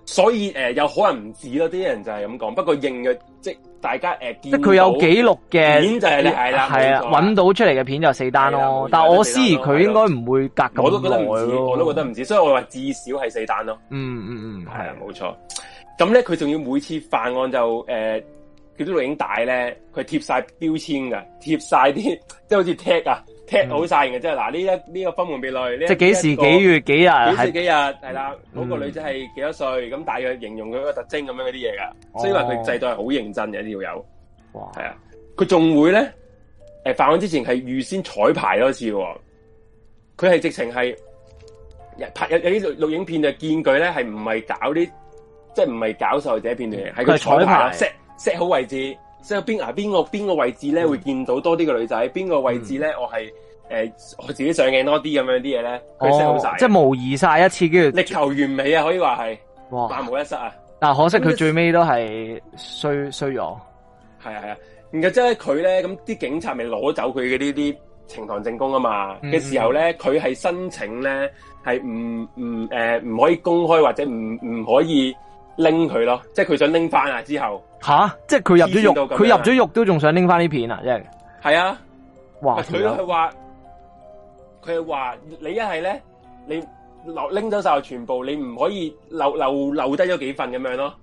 所以誒、呃，有可能唔止咯，啲人就係咁講。不過認嘅即係大家誒，即、呃、佢有記錄嘅片就係、是、咧，係啦，係啊，揾到出嚟嘅片就係四單咯。但係我思疑佢應該唔會隔咁耐咯。我都覺得唔止，我都覺得唔止。所以我話至少係四單咯。嗯嗯嗯，係、嗯、啊，冇錯。咁咧，佢、嗯、仲要每次犯案就誒，佢啲錄影帶咧，佢貼晒標籤噶，貼晒啲即係好似 tag 啊。check 好晒嘅，即係嗱呢一呢個分門別類。即係幾時幾月幾日？幾時幾日係啦？嗰、嗯嗰個女仔係幾多歲？咁、嗯、大約形容佢個特徵咁樣嗰啲嘢噶。所以話佢制度係好認真嘅，要有。哇！係啊，佢仲會咧，誒、欸，犯案之前係預先彩排多次。佢係直情係拍有有啲錄影片就見據咧，係唔係搞啲即係唔係搞笑嘅第一片段？係、嗯、佢彩排，set set 好位置。即係邊啊邊個邊個位置咧會見到多啲個女仔，邊、嗯、個位置咧我係誒、呃、我自己上鏡多啲咁樣啲嘢咧，佢 set 好晒，即係模擬晒一次叫力求完美啊，可以話係哇，萬無一失啊！但可惜佢最尾都係衰衰咗，係啊係啊，然之後咧佢咧咁啲警察咪攞走佢嘅呢啲呈堂證供啊嘛嘅、嗯、時候咧，佢係申請咧係唔唔誒唔可以公開或者唔唔可以。拎佢咯，即係佢想拎翻啊！之後吓，即係佢入咗肉，佢入咗肉都仲想拎翻呢片啊！即係係啊，哇！佢佢話佢係話你一係咧，你留拎走晒全部，你唔可以留留留低咗幾份咁樣咯。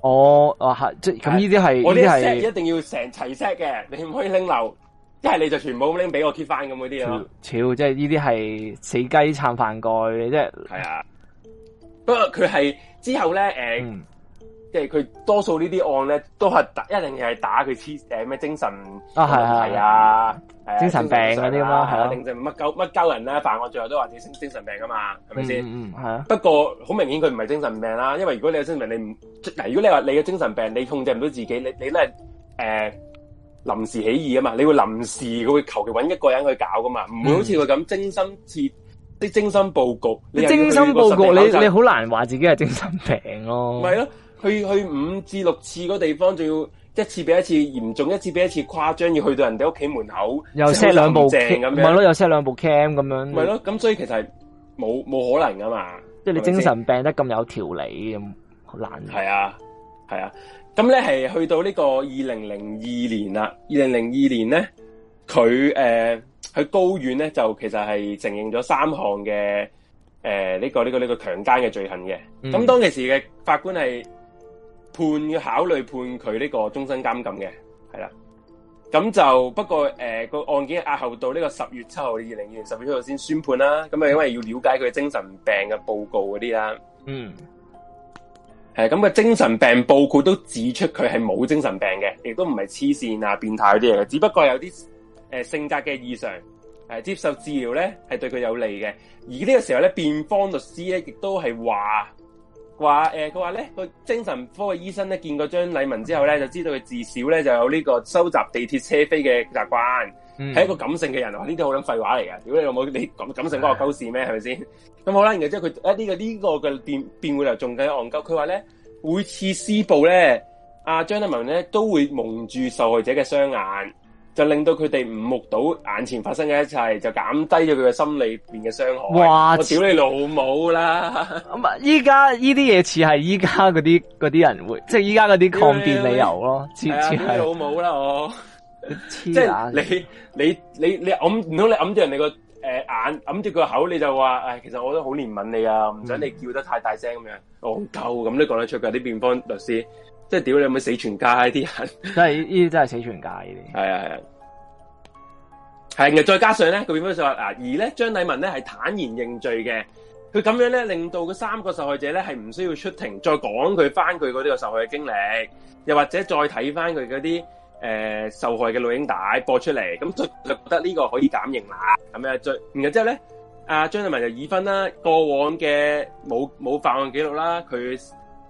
哦哦、啊，即係咁呢啲係，我啲 set 一定要成齊 set 嘅，你唔可以拎漏。一係你就全部拎俾我 keep 翻咁嗰啲啊。超，即係呢啲係死雞撐飯蓋，即係係啊。不過佢係。之後咧，誒、嗯，即係佢多數呢啲案咧，都係一定係打佢痴誒咩精神啊係啊、哦，精神病啲咯、啊，係咯，精乜鳩乜鳩人咧犯案，最後都話你精精神病啊嘛，係咪先？嗯，係啊。不過好明顯佢唔係精神病啦，因為如果你有精神病，你唔嗱，如果你話你嘅精神病，你控制唔到自己，你你咧誒臨時起意啊嘛，你會臨時佢會求其搵一個人去搞噶嘛，唔會好似佢咁精心設啲精心布局，局，你精心布局，你你好難話自己係精神病咯、啊。唔係咯，去去五至六次個地方，仲要一次比一次嚴重，一次比一次誇張，要去到人哋屋企門口，又 set 兩部 cam，係咯，又 set 兩部 cam 咁樣。唔係咯，咁所以其實冇冇可能㗎嘛。即係你精神病得咁有條理咁好難。係啊，係啊。咁咧係去到個2002 2002呢個二零零二年啦。二零零二年咧，佢、呃、誒。去高院咧就其實係承認咗三項嘅誒呢個呢、這個呢、這個強姦嘅罪行嘅。咁、mm -hmm. 當其時嘅法官係判要考慮判佢呢個終身監禁嘅，係啦。咁就不過誒、呃、個案件押後到呢個十月七號二零二二年，十月七號先宣判啦。咁啊因為要了解佢精神病嘅報告嗰啲啦。嗯、mm -hmm. 呃，係咁嘅精神病報告都指出佢係冇精神病嘅，亦都唔係黐線啊變態嗰啲嘢，只不過有啲。誒，性格嘅異常，誒、呃，接受治療咧係對佢有利嘅。而呢個時候咧，辯方律師咧亦都係話，話，誒、呃，佢話咧，個精神科嘅醫生咧見過張禮文之後咧，就知道佢至少咧就有呢個收集地鐵車飛嘅習慣，係、嗯、一個感性嘅人。呢啲好撚廢話嚟㗎，如果你老母，你感感性關我鳩事咩？係咪先？咁好啦，然後之後佢一啲嘅呢個嘅辯辯護又仲更加戇鳩。佢話咧，每次施暴咧，阿、啊、張禮文咧都會蒙住受害者嘅雙眼，就令到佢哋唔目睹眼前發生嘅一切，就減低咗佢嘅心裡面嘅傷害。哇！我屌你老母啦！咁啊，依家依啲嘢似係依家嗰啲嗰啲人會，即係依家嗰啲抗辯理由咯。似、哎、你、哎、老母啦我！你即你你你你揞唔通你揞住人哋個誒眼揞住個口，你就話唉，其實我都好憐憫你啊，唔想你叫得太大聲咁、嗯哦、樣，好鳩咁都講得出㗎啲辯方律師。即係屌你，可唔可以死全家啲人？真係呢啲真係死全家呢啲。係啊係啊，係。啊， 再加上咧，佢變咗就話，嗱而咧，張麗文咧係坦然認罪嘅。佢咁樣咧，令到個三個受害者咧係唔需要出庭再講佢翻佢嗰啲個受害嘅經歷，又或者再睇翻佢嗰啲誒受害嘅錄影帶播出嚟。咁就覺得呢個可以減刑啦。咁樣最，然後之後咧，阿張麗文就已婚啦，過往嘅冇冇犯案記錄啦，佢。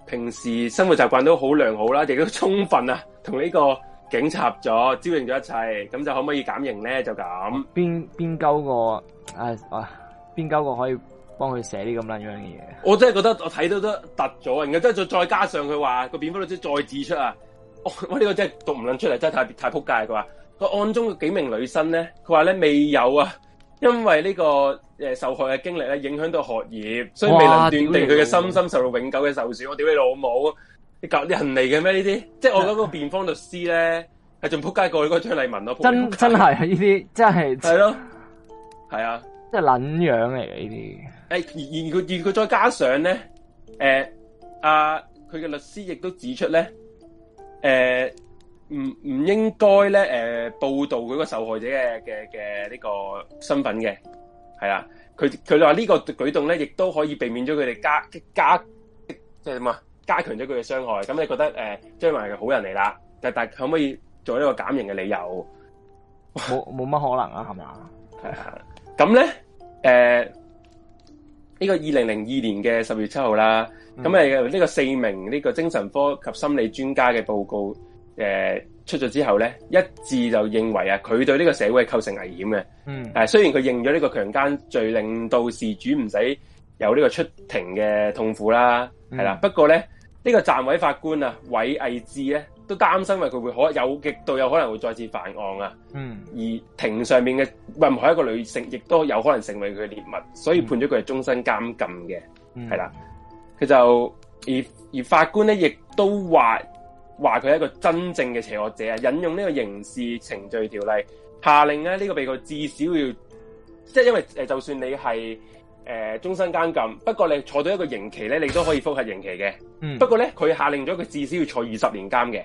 平時生活習慣都好良好啦，亦都充分啊，同呢個警察合作招應咗一切，咁就可唔可以減刑咧？就咁邊邊溝個誒啊，邊溝個可以幫佢寫啲咁捻樣嘅嘢？我真係覺得我睇到都突咗，而家再再加上佢話個辯護律師再指出啊，我、哦、呢、這個真係讀唔捻出嚟，真係太太撲街。佢話個案中嘅幾名女生咧，佢話咧未有啊。因為呢個誒受害嘅經歷咧，影響到學業，所以未能斷定佢嘅身心受到永久嘅受損。我屌你老母，你教啲人嚟嘅咩呢啲？即係我嗰個辯方律師咧，係仲扑街過嗰個張麗文咯。真真係呢啲，真係係咯，係啊，即係捻樣嚟嘅呢啲。誒，而佢而佢再加上咧，誒、呃，佢嘅律師亦都指出咧，誒、呃。唔唔應該咧，誒、呃、報道佢個受害者嘅嘅嘅呢個身份嘅，係啦，佢佢話呢個舉動咧，亦都可以避免咗佢哋加加即係點啊，加強咗佢嘅傷害。咁你覺得誒張曼係個好人嚟啦，但係可唔可以做一個減刑嘅理由？冇冇乜可能啊，係 嘛？係啊，咁、呃、咧，誒、這、呢個二零零二年嘅十月七號啦，咁係呢個四名呢、這個精神科及心理專家嘅報告。誒，出咗之後咧，一致就認為啊，佢對呢個社會係構成危險嘅。嗯，但雖然佢認咗呢個強奸罪，令到事主唔使有呢個出庭嘅痛苦啦，係、嗯、啦。不過咧，呢、這個暫委法官啊，韋毅志咧，都擔心佢會可有極度有可能會再次犯案啊。嗯，而庭上面嘅，任何一個女性，亦都有可能成為佢嘅獵物，所以判咗佢係終身監禁嘅。係、嗯、啦，佢就而而法官咧，亦都話。話佢係一個真正嘅邪惡者啊！引用呢個刑事程序條例，下令咧，呢個被告至少要，即係因為誒，就算你係誒終身監禁，不過你坐到一個刑期咧，你都可以復核刑期嘅。嗯。不過咧，佢下令咗佢至少要坐二十年監嘅，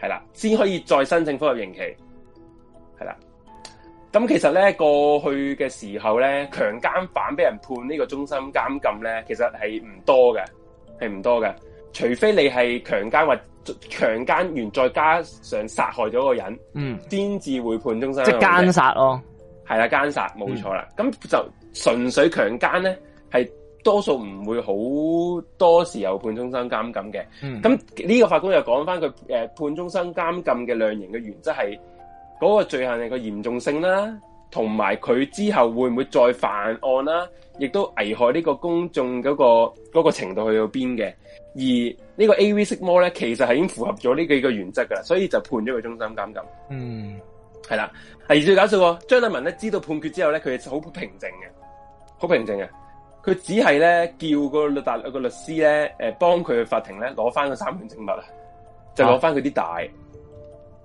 係啦，先可以再申請復合刑期，係啦。咁其實咧，過去嘅時候咧，強姦犯俾人判呢個終身監禁咧，其實係唔多嘅，係唔多嘅，除非你係強姦或。強姦完再加上殺害咗個人，嗯，先至會判終身即姦殺咯、啊，係啦，姦殺冇錯啦，咁、嗯、就純粹強姦咧，係多數唔會好多時有判終身監禁嘅。咁、嗯、呢個法官又講翻佢誒判終身監禁嘅量刑嘅原則係嗰個罪行係個嚴重性啦。同埋佢之後會唔會再犯案啦、啊？亦都危害呢個公眾嗰、嗰個嗰、嗰個程度去到邊嘅？而個 AV 呢個 AV 色魔咧，其實係已經符合咗呢幾個原則噶啦，所以就判咗佢終身監禁。嗯，係啦。而最搞笑，張立文咧，知道判決之後咧，佢好平靜嘅，好平靜嘅。佢只係咧叫個律大、個律師咧，誒幫佢去法庭咧攞翻個三件證物啊，就攞翻佢啲帶，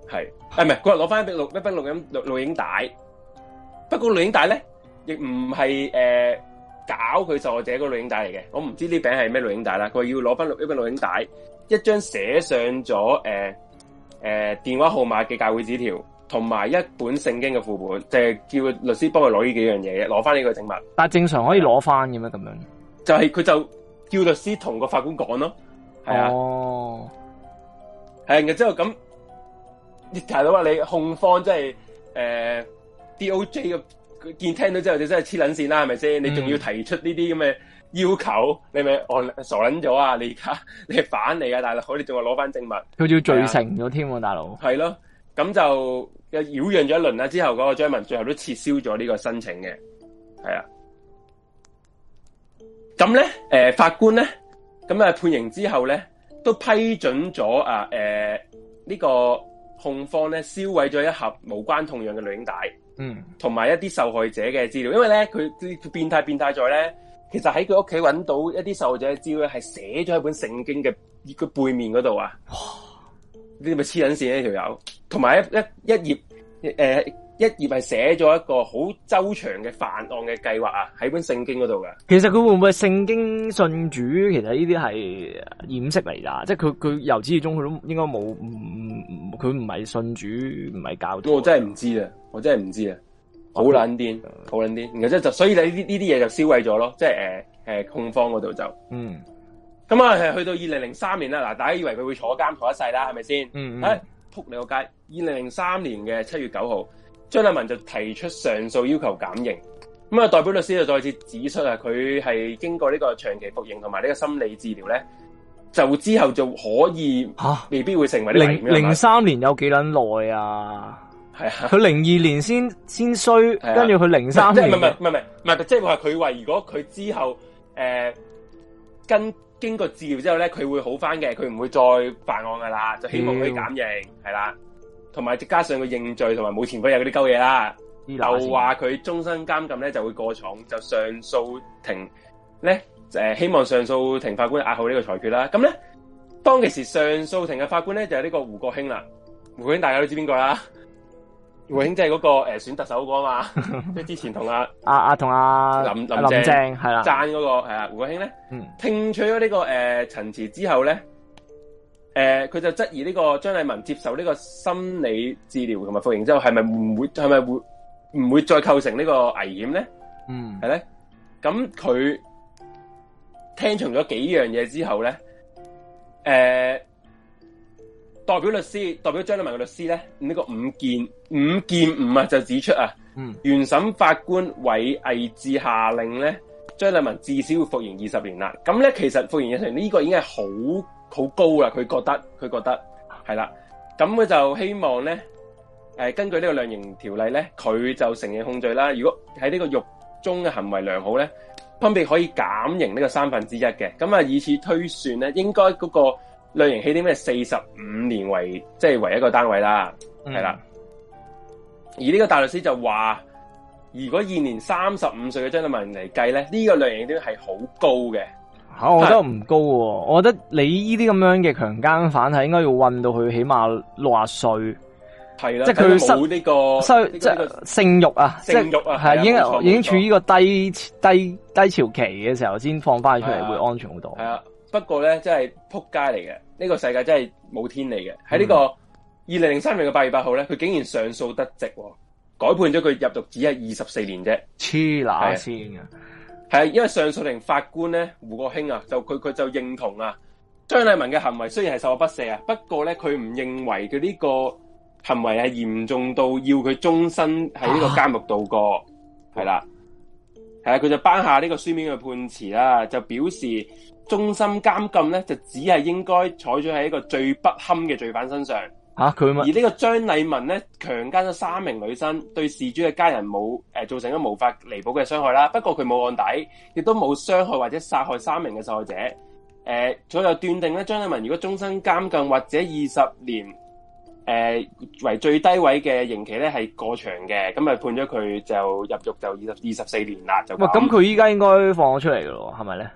係係唔係嗰日攞翻一啲錄一啲錄音錄錄影帶。不過錄影帶咧，亦唔係誒搞佢受害者嗰個錄影帶嚟嘅。我唔知呢餅係咩錄影帶啦。佢要攞翻錄一本錄影帶，一張寫上咗誒誒電話號碼嘅教會紙條，同埋一本聖經嘅副本，就係、係、叫律師幫佢攞呢幾樣嘢，攞翻呢個證物。但係正常可以攞翻嘅咩？咁樣就係、係、佢就叫律師同個法官講咯。係、哦、啊，係、哦啊。然之後咁，你提到話你控方即係誒。呃 D.O.J 嘅見聽到之後是是、嗯，你真係黐捻線啦，係咪先？你仲要提出呢啲咁嘅要求，你咪戇傻捻咗啊！你而家你係反嚟啊，大佬！你仲要攞翻證物，佢仲要罪成咗添，大佬。係咯，咁就擾攘咗一輪啦。之後嗰個張文最後都撤銷咗呢個申請嘅，係啊。咁咧，誒、呃，法官咧，咁啊判刑之後咧，都批准咗啊，誒、呃，呢、這個控方咧銷毀咗一盒無關痛癢嘅女嬰帶。嗯，同埋一啲受害者嘅資料，因為咧佢佢變態變態在咧，其實喺佢屋企揾到一啲受害者嘅資料，係寫咗喺本聖經嘅佢背面嗰度啊！哇，你哋咪黐緊線呢條友，同埋一一一頁誒。呃一頁係寫咗一個好周詳嘅犯案嘅計劃啊，喺本聖經嗰度嘅。其實佢會唔會聖經信主？其實呢啲係掩飾嚟噶，即係佢佢由始至終佢都應該冇，唔唔佢唔係信主，唔係教我。我真係唔知啊，我真係唔知啊，好撚癲，好撚癲。然後即係就，所以呢啲呢啲嘢就銷毀咗咯。即係誒誒，控方嗰度就嗯。咁啊，去到二零零三年啦。嗱，大家以為佢會坐監坐一世啦，係咪先？嗯，嗯、啊。哎，撲你個街！二零零三年嘅七月九號。張立文就提出上訴要求減刑，咁啊，代表律師就再次指出啊，佢係經過呢個長期服刑同埋呢個心理治療咧，就之後就可以吓，未必會成為零零三年有幾撚耐啊，係啊，佢零二年先先衰跟住佢零三，即係唔係唔係唔係唔係，即係話佢話如果佢之後誒、呃、跟經過治療之後咧，佢會好翻嘅，佢唔會再犯案噶啦，就希望佢以減刑，係、嗯、啦。同埋再加上佢認罪同埋冇前科有嗰啲鳩嘢啦，又話佢終身監禁呢就會過重，就上訴庭呢，希望上訴庭法官押後呢個裁決啦。咁呢，當其時上訴庭嘅法官呢，就係呢個胡國興啦，胡國興大家都知邊個啦 跟、 啊啊啊那個，胡國興即係嗰個選特首嗰個嘛，即之前同阿阿阿同林鄭係讚嗰個胡國興咧，聽取咗呢、呢個誒、呃、陳詞之後呢。誒、呃，佢就質疑呢個張麗文接受呢個心理治療同埋服刑之後，係咪唔會、係咪會唔會再構成呢個危險咧？嗯是，係咧。咁佢聽從咗幾樣嘢之後咧，誒、呃，代表律師代表張麗文嘅律師咧，呢、這個五件五件五啊，就指出啊，嗯、原審法官韋毅志下令咧，張麗文至少會服刑二十年啦。咁咧，其實服刑二十年呢個已經係好。好高啦，佢覺得佢覺得係啦，咁佢就希望咧，誒、呃，根據呢個量刑條例咧，佢就承認控罪啦。如果喺呢個獄中嘅行為良好咧，分別可以減刑呢個三分之一嘅。咁啊，以此推算咧，應該嗰個量刑起點係四十五年為即係為一個單位啦，係、嗯、啦。而呢個大律師就話，如果現年三十五歲嘅張德文嚟計咧，呢、這個量刑點係好高嘅。吓，我覺得唔高喎。我覺得你呢啲咁樣嘅強姦犯係應該要韫到佢起碼六啊歲，係啦，即係佢冇呢個，即係、這個、性慾啊，性慾啊，係已經已經處於個低低低潮期嘅時候，先放翻佢出嚟，會安全好多。係啊，不過咧真係撲街嚟嘅，呢、這個世界真係冇天理嘅。喺呢個二零零三年嘅八月八號咧，佢竟然上訴得直，改判咗佢入獄只係二十四年啫，黐乸先、啊。係，因為上訴庭法官咧，胡國興啊，就佢佢就認同啊，張麗文嘅行為雖然係十惡不赦啊，不過咧佢唔認為佢呢個行為係嚴重到要佢終身喺呢個監獄度過，係啦，係啊，佢就頒下呢個書面嘅判詞啦、啊，就表示終身監禁咧就只係應該採取喺一個最不堪嘅罪犯身上。吓、啊、佢，而個張呢個張麗文咧強姦咗三名女生，對事主嘅家人冇誒、呃、造成咗無法彌補嘅傷害啦。不過佢冇案底，亦都冇傷害或者殺害三名嘅受害者。誒、呃，所以斷定咧，張麗文如果終身監禁或者二十年誒、呃、為最低位嘅刑期咧係過長嘅，咁咪判咗佢就入獄就二十二十四年啦。就咁，咁佢依家應該放咗出嚟噶咯，係咪咧？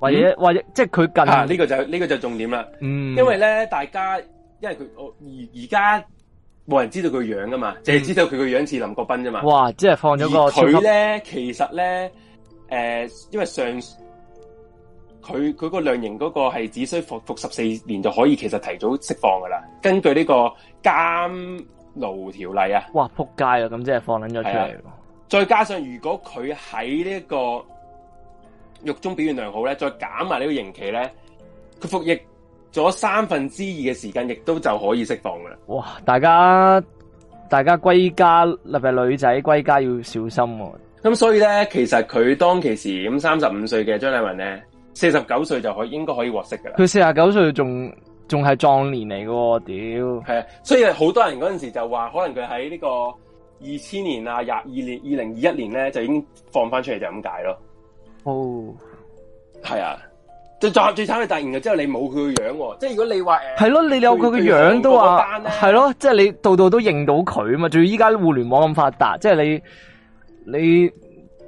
或者或者即係佢近呢、啊這個就呢、這個就重點啦。嗯，因為咧大家。因為佢我而而家冇人知道佢樣㗎嘛，淨、嗯、係知道佢個樣似林國斌啫嘛。哇！即係放咗個佢咧，其實咧，誒、呃，因為上佢佢個量刑嗰個係只需服服十四年就可以，其實提早釋放噶啦。根據呢個監牢條例啊，哇！撲街啊，咁即係放撚咗出嚟。再加上如果佢喺呢個獄中表現良好咧，再減埋呢個刑期咧，佢服役。做咗三分之二嘅時間，亦都就可以釋放噶啦。哇！大家大家歸家，特別是女仔歸家要小心啊。咁所以咧，其實佢當其時咁三十五歲嘅張麗文咧，四十九歲就可以應該可以獲釋噶啦。佢四十九歲仲仲係壯年嚟噶喎，屌係啊，啊！所以好多人嗰陣時就話，可能佢喺呢個二千年啊，廿二年、二零二一年咧，就已經放翻出嚟就咁解咯。哦，係啊。就作最慘嘅，但係然後之後你冇佢個樣，即係、 就是、如果你話誒，係咯，你有佢，個樣都話，係咯，即、就、係、是、你度度都認到佢嘛？仲要依家互聯網咁發達，即、就、係、是、你你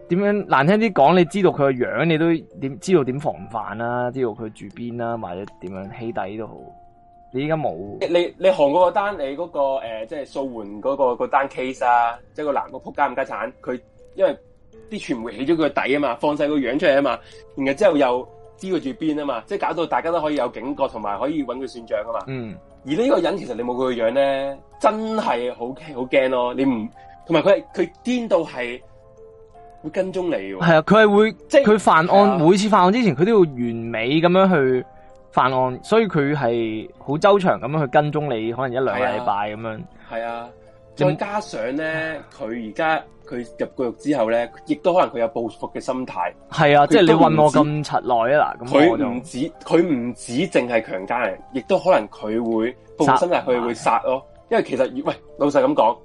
點樣難聽啲講？你知道佢個樣，你都點知道點防範啦、啊？知道佢住邊啦、啊？或者點樣起底都好？你依家冇，你你韓國嗰個單，你嗰、那個誒、呃，即係掃援嗰個個單 case 啊，即係個男個仆街唔家產，佢因為啲傳媒起咗佢個底啊嘛，放晒個樣出嚟啊嘛，然後之後又。知佢住邊啊嘛，即係搞到大家都可以有警覺，同埋可以揾佢算賬啊嘛。嗯，而呢個人其實你冇佢個樣咧，真係好驚好驚咯。你唔同埋佢係佢癲到係會跟蹤你喎。係啊，佢係會即係佢犯案，啊、每次犯案之前佢都要完美咁樣去犯案，所以佢係好周詳咁樣去跟蹤你，可能一兩個禮拜咁樣。係啊。再加上咧，佢而家佢入獄之後咧，亦都可能佢有報復嘅心態。係啊，即係你搵我咁柒耐啊嗱，佢唔止佢唔止淨係強奸人，亦都可能佢會報復心態，佢會殺咯。因為其實喂，老實咁講。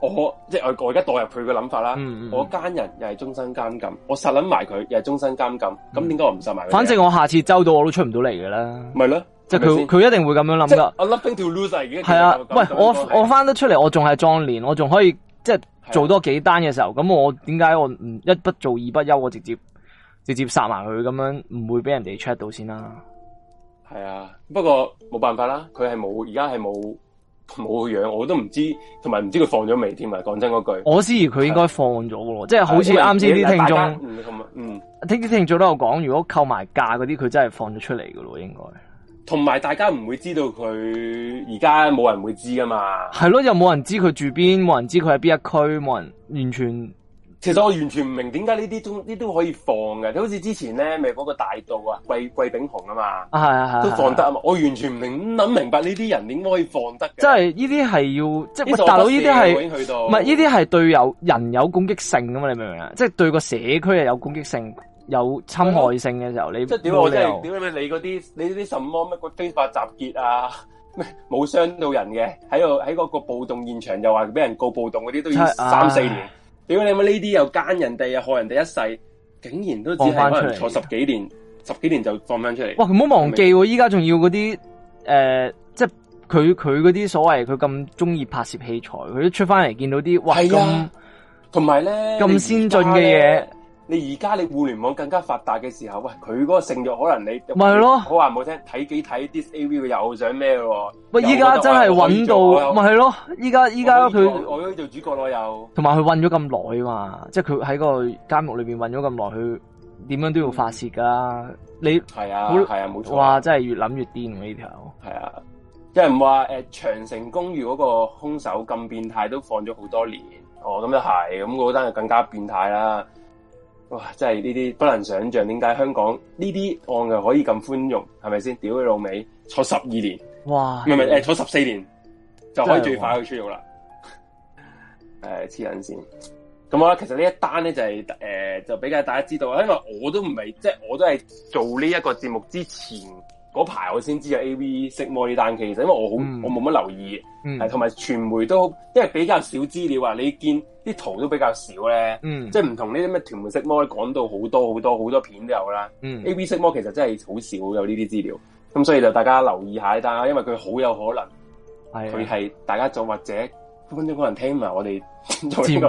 我即係我而家代入佢嘅諗法啦、嗯，我姦人又係終身監禁，我殺撚埋佢又係終身監禁，咁點解我唔殺埋？反正我下次周到我都出唔到嚟噶啦，咪、就、咯、是，即係佢佢一定會咁樣諗噶。I nothing to lose 係啊，喂，我我返得出嚟，我仲係壯年，我仲可以即係做多幾單嘅時候，咁、啊、我點解我唔一不做二不休？我直接直接殺埋佢咁樣，唔會俾人哋 check 到先啦。係啊，不過冇辦法啦，佢係冇而家係冇。冇佢樣，我都唔知，同埋唔知佢放咗未添啊！講真嗰句，我思疑佢應該放咗嘅喎，即係好似啱先啲聽眾，嗯，啲、嗯、聽眾都有講，如果扣埋價嗰啲，佢真係放咗出嚟㗎咯，應該。同埋大家唔會知道佢而家冇人會知噶嘛？係咯，又冇人知佢住邊，冇人知佢喺邊一區，冇人完全。其實我完全唔明點解呢啲中呢都可以放嘅，好似之前咧咪嗰個大盜貴貴紅啊，季季炳雄啊嘛，係啊係，都放得嘛啊嘛，啊，我完全唔明諗明白呢啲人點可以放得嘅。即係呢啲係要，即係大佬呢啲係唔係呢啲係對有人有攻擊性噶嘛？你明唔明啊？即係對個社區係有攻擊性、有侵害性嘅時候，嗯、你即係點我真係點解你嗰啲你啲什麼乜非法集結啊咩冇傷到人嘅喺度喺嗰個暴動現場又話俾人告暴動嗰啲都要三四年，啊。點解你咁呢啲又奸人哋，又害人哋一世，竟然都只係坐十幾年，十幾年就放翻出嚟。哇！佢唔好忘記，依家仲要嗰啲誒，即係佢佢嗰啲所謂，佢咁中意拍攝器材，佢都出翻嚟見到啲，哇咁，同埋咧咁先進嘅嘢。你而家你互聯網更加發達嘅時候，喂，佢嗰個性慾可能你，唔係咯，好話唔好聽，睇幾睇啲 AV 又想咩咯？喂，依家真係揾到，咪係咯？依家依家佢做主角咯又，同埋佢混咗咁耐啊嘛，即係佢喺個監獄裏邊混咗咁耐，佢點樣都要發泄㗎。你係啊，係啊，冇錯，啊。哇，真係越諗越癲呢條。係啊，即係唔話誒長城公寓嗰個兇手咁變態都放咗好多年，哦，咁又係，咁我覺得更加變態啦。哇！真係呢啲不能想象，點解香港呢啲案嘅可以咁寬容？係咪先？屌佢老味，坐十二年，哇！唔係唔係，誒，坐十四年就可以最快去出獄啦。誒黐撚線。咁我啦其實呢一單咧就係、是、誒、呃，就比較大家知道，因為我都唔係，即、就、係、是、我都係做呢一個節目之前。嗰排我先知有 AV 色魔，呢單其實因為我好，我冇乜留意，係同埋傳媒都因為比較少資料啊，你見啲圖都比較少咧，嗯，即係唔同呢啲咩屯門色魔講到好多好多好多片都有啦，AV 色魔其實真係好少有呢啲資料，咁所以就大家留意一下，但因為佢好有可能，佢係大家做或者分分鐘可能聽埋我哋做呢、呢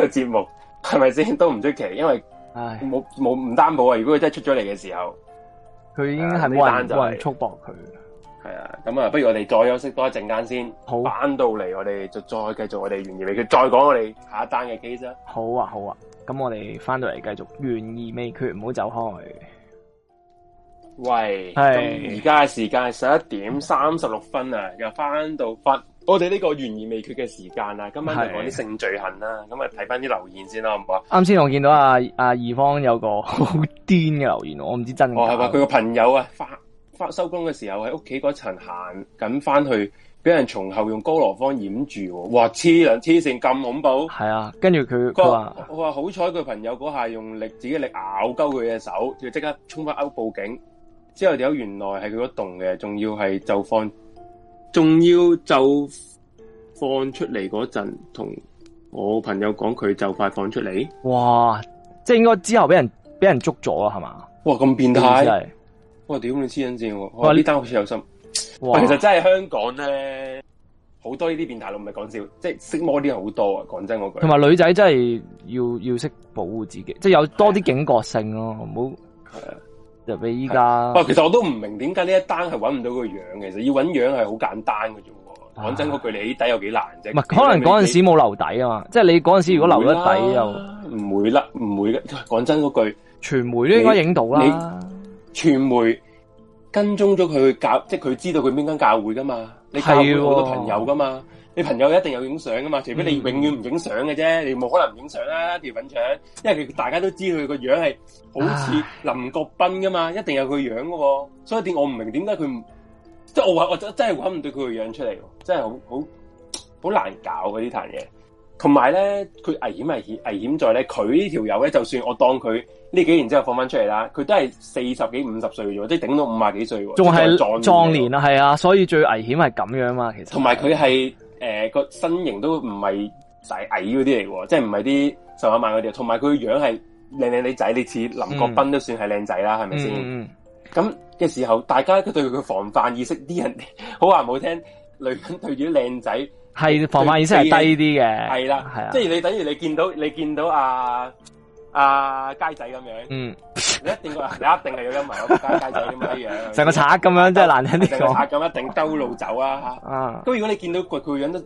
個節目係咪先都唔出奇，因為冇冇唔擔保啊，如果佢真係出咗嚟嘅時候。佢已經係呢單就係束縛佢，係、哎、啊，咁啊，不如我哋再休息多一陣間先，好，翻到嚟，我哋就再繼續我哋懸而未決，再講我哋下一單嘅機啫。好啊，好啊，咁我哋翻到嚟繼續懸而未決，唔好走開。喂，係而家嘅時間係十一點三十六分啊，又翻到翻。我哋呢個懸而未決嘅時間啊，今晚就講啲性罪行啦。咁啊睇翻啲留言先啦，好唔好？啱先我見到阿阿二芳有個好癲嘅留言，我唔知真。哦，係話佢個朋友啊，發發收工嘅時候喺屋企嗰層行緊翻去，俾人從後用高羅芳掩住、啊。哇，黐人黐線，咁恐怖。係啊，跟住佢佢話，我話好彩佢朋友嗰下用力自己力咬鳩佢嘅手，要即刻衝翻屋報警。之後屌，原來係佢個棟嘅，仲要係就放。仲要就放出嚟嗰陣，同我朋友講佢就快放出嚟。哇！即係應該之後俾人俾人捉咗啊？係嘛？哇！咁變態真係。哇！屌你黐緊線！哇！呢單好似有心哇。哇！其實真係香港咧，好多呢啲變態佬唔係講笑，即係識摸啲好多啊！講真嗰句。同埋女仔真係要要識保護自己，即係有多啲警覺性咯，好唔好？係啊。其實我都唔明點解呢一單係揾唔到個樣嘅，其實要揾樣係好簡單嘅啫喎。講、啊、真嗰句，你起底有幾難啫？可能嗰時冇留底啊嘛。即係你嗰時如果留咗底又唔會啦，唔會嘅。講真嗰句，傳媒都應該影到啦你你。傳媒跟蹤咗佢去教，即係佢知道佢邊間教會㗎嘛。你交咗好多朋友噶嘛？你朋友一定有影相噶嘛？除非你永遠唔影相嘅啫，你冇可能唔影相啦。條粉腸，因為佢大家都知佢個樣係好似林國斌噶嘛，一定有佢樣噶。所以點我唔明點解佢唔即係我話我真係搵唔到佢個樣出嚟，真係好好好難搞嗰啲單嘢。同埋咧，佢危險危險危險在咧，佢呢條友咧，就算我當佢。呢幾年之後放翻出嚟啦，佢都係四十幾五十歲咗，即係頂到五十幾歲喎。仲係壯年壯年啊，係啊，所以最危險係咁樣嘛、啊，其實。同埋佢係誒個身形都唔係仔矮嗰啲嚟喎，即係唔係啲上下萬嗰啲。同埋佢個樣係靚靚仔，你似林國斌都、嗯、算係靚仔啦，係咪先？咁、嗯、嘅時候，大家佢對佢防範意識，啲人 好話唔好聽，女人對住靚仔係防範意識係低啲嘅，係啦，係啊。即係你等於你見到你見到、啊阿、啊、街仔咁樣，嗯，你一定你一定係有陰霾我街街仔咁樣，成 個賊咁樣，真係難聽啲講，咁一定兜路走啊，咁、啊啊、如果你見到佢佢，顯得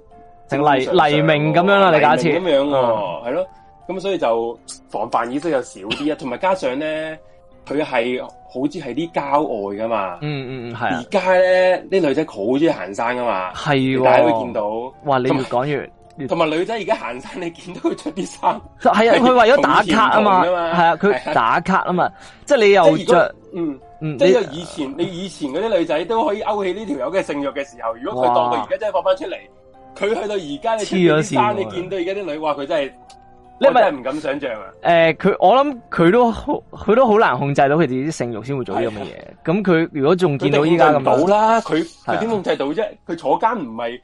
成黎黎明咁樣啦、啊，你假設咁樣、啊，係、嗯、咯，咁所以就防範意識又少啲啊，同、嗯、埋加上咧，佢係好似係啲郊外噶嘛，嗯嗯，係、啊，而家咧啲女仔好中意行山噶嘛，係、啊，但你會見到，哇，你要講完。同埋女仔而家行山，你見到佢着啲衫，係啊，佢為咗打卡啊嘛，係啊，佢打卡啊嘛， 即係你又着，嗯，即係以前你、嗯、以前嗰啲女仔都可以勾起呢條友嘅性欲嘅時候，如果佢當佢而家真係放翻出嚟，佢去到而家你黐咗線，你見到而家啲女，話，佢真係，我真係唔敢想象啊、呃！誒，佢我諗佢都好，佢都好難控制到佢自己啲性欲，先會做咁嘅嘢。咁佢、啊、如果仲見到依家咁，控制到啦，佢佢點控制到啫？佢、啊、坐監唔係？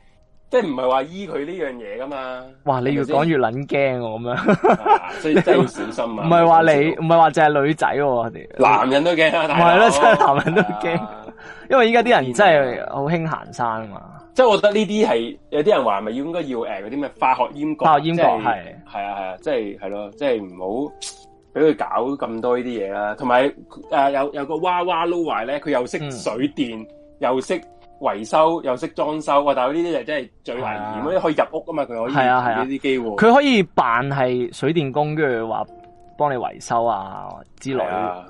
即係唔係話依佢呢樣嘢噶嘛？哇！你越講越捻驚我咁樣，就是啊，所以真係要小心啊！唔係話你，唔係話淨係女仔，啊，我哋男人都驚，啊。唔係咯，真係男人都驚，啊。因為依家啲人真係好興行山啊嘛。即、就、係、是、我覺得呢啲係有啲人話咪要應該要誒嗰啲咩化學閹割，化學閹割係係啊係啊，即係係咯，即係唔好俾佢搞咁多呢啲嘢啦。同埋誒有有個娃娃撈壞咧，佢又識水電，嗯、又識。維修又識裝修，哇！但係呢啲就真係最危險，因為、啊、可以入屋啊嘛，佢可以啊，啊，呢啲機會。佢可以扮係水電工，跟住話幫你維修啊之類。咁、啊、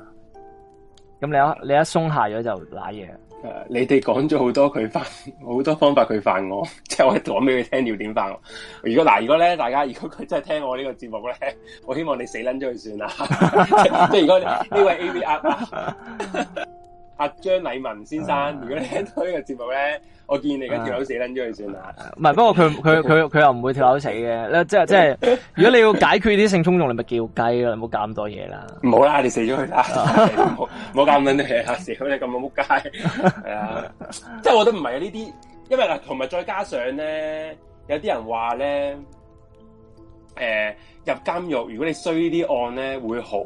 你，你一你一鬆懈咗就瀨嘢。誒，你哋講咗好多佢犯，好多方法佢犯我，即係我講俾佢聽要點犯我。如果嗱，如果咧，大家如果佢真係聽我呢個節目咧，我希望你死捻咗佢算啦，即係如果呢位 A V R。阿張禮文先生，如果你聽到呢個節目咧，我建議你跟跳樓死啦，咗佢算啦。唔係，不過佢佢佢佢又唔會跳樓死嘅。咧即係即係，如果你要解決啲性衝動雞，你咪叫雞咯，你唔好搞咁多嘢啦。唔好啦，你死咗佢啦，唔 好 搞咁多嘢啊！死啦， 你咁冇撲街。係 啊， 即係我都唔係呢啲，因為嗱，同埋再加上咧，有啲人話咧。誒，入監獄，如果你衰啲案咧，會好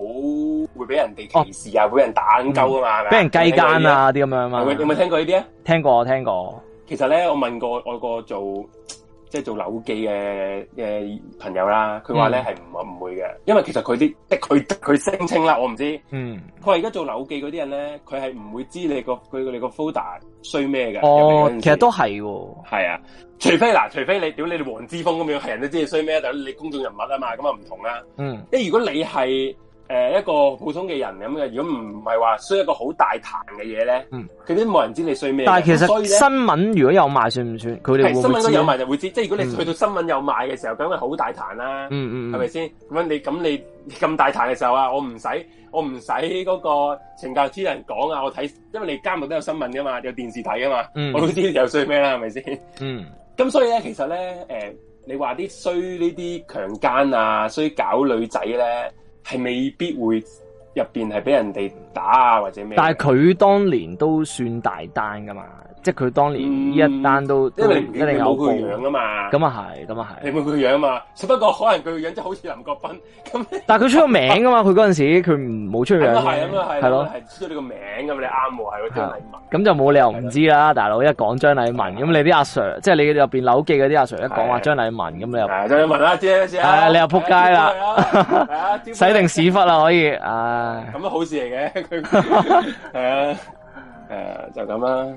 會俾人哋歧視、哦被嗯、被啊，會俾人打眼鳩啊嘛，俾人雞奸啊啲咁樣嘛，有冇有冇聽過呢啲啊？有有聽？聽過我聽過。其實咧，我問過外國做。即係做柳記嘅嘅朋友啦，佢話咧係唔唔會嘅因為其實佢啲即係佢聲稱啦，我唔知，嗯，佢話而家做柳記嗰啲人咧，佢係唔會知你個佢哋個 folder 衰咩嘅。哦，其實都係喎、哦，係啊，除非嗱，除非你屌你哋黃之鋒咁樣，係人都知你衰咩，但你公眾人物啊嘛，咁啊唔同啦，嗯，即如果你係。誒，一個普通嘅人咁嘅，如果唔係話衰一個好大壇嘅嘢咧，嗯，佢都冇人知道你衰咩。但係其實新聞如果有賣算唔算？佢哋係新聞都有賣就會知道，嗯。即係如果你去到新聞有賣嘅時候，咁咪好大壇啦。嗯嗯，係咪先？咁樣你咁你咁大壇嘅時候啊，我唔使，我唔使嗰個懲教署啲人講啊，我睇，因為你監獄都有新聞噶嘛，有電視睇噶嘛，嗯，我都知道你有衰咩啦，係咪先？嗯，咁所以咧，其實咧，誒、呃，你話啲衰呢啲強姦啊，衰搞女仔咧。係未必會入面係畀人哋打啊，或者咩？但係佢當年都算大單㗎嘛。即係佢當年呢一單都一、嗯，因為一定有佢個樣啊嘛。咁啊係，咁啊係。你冇佢個樣啊嘛，只不過可能佢、嗯嗯嗯嗯、個樣真係好似林國斌咁。但係佢出咗名噶嘛，佢嗰陣時佢唔冇出樣嘅，係咯。係出咗個名噶嘛，你啱喎，係張麗文。咁就冇理由唔知啦，大佬一講張麗文，咁你啲阿 sir，即係你入邊扭記嗰啲阿 sir 一講話張麗文咁你又。張麗文阿姐，你又撲街啦，洗定屎忽啦可以，唉。咁啊好事嚟嘅，係啊，誒就咁啦。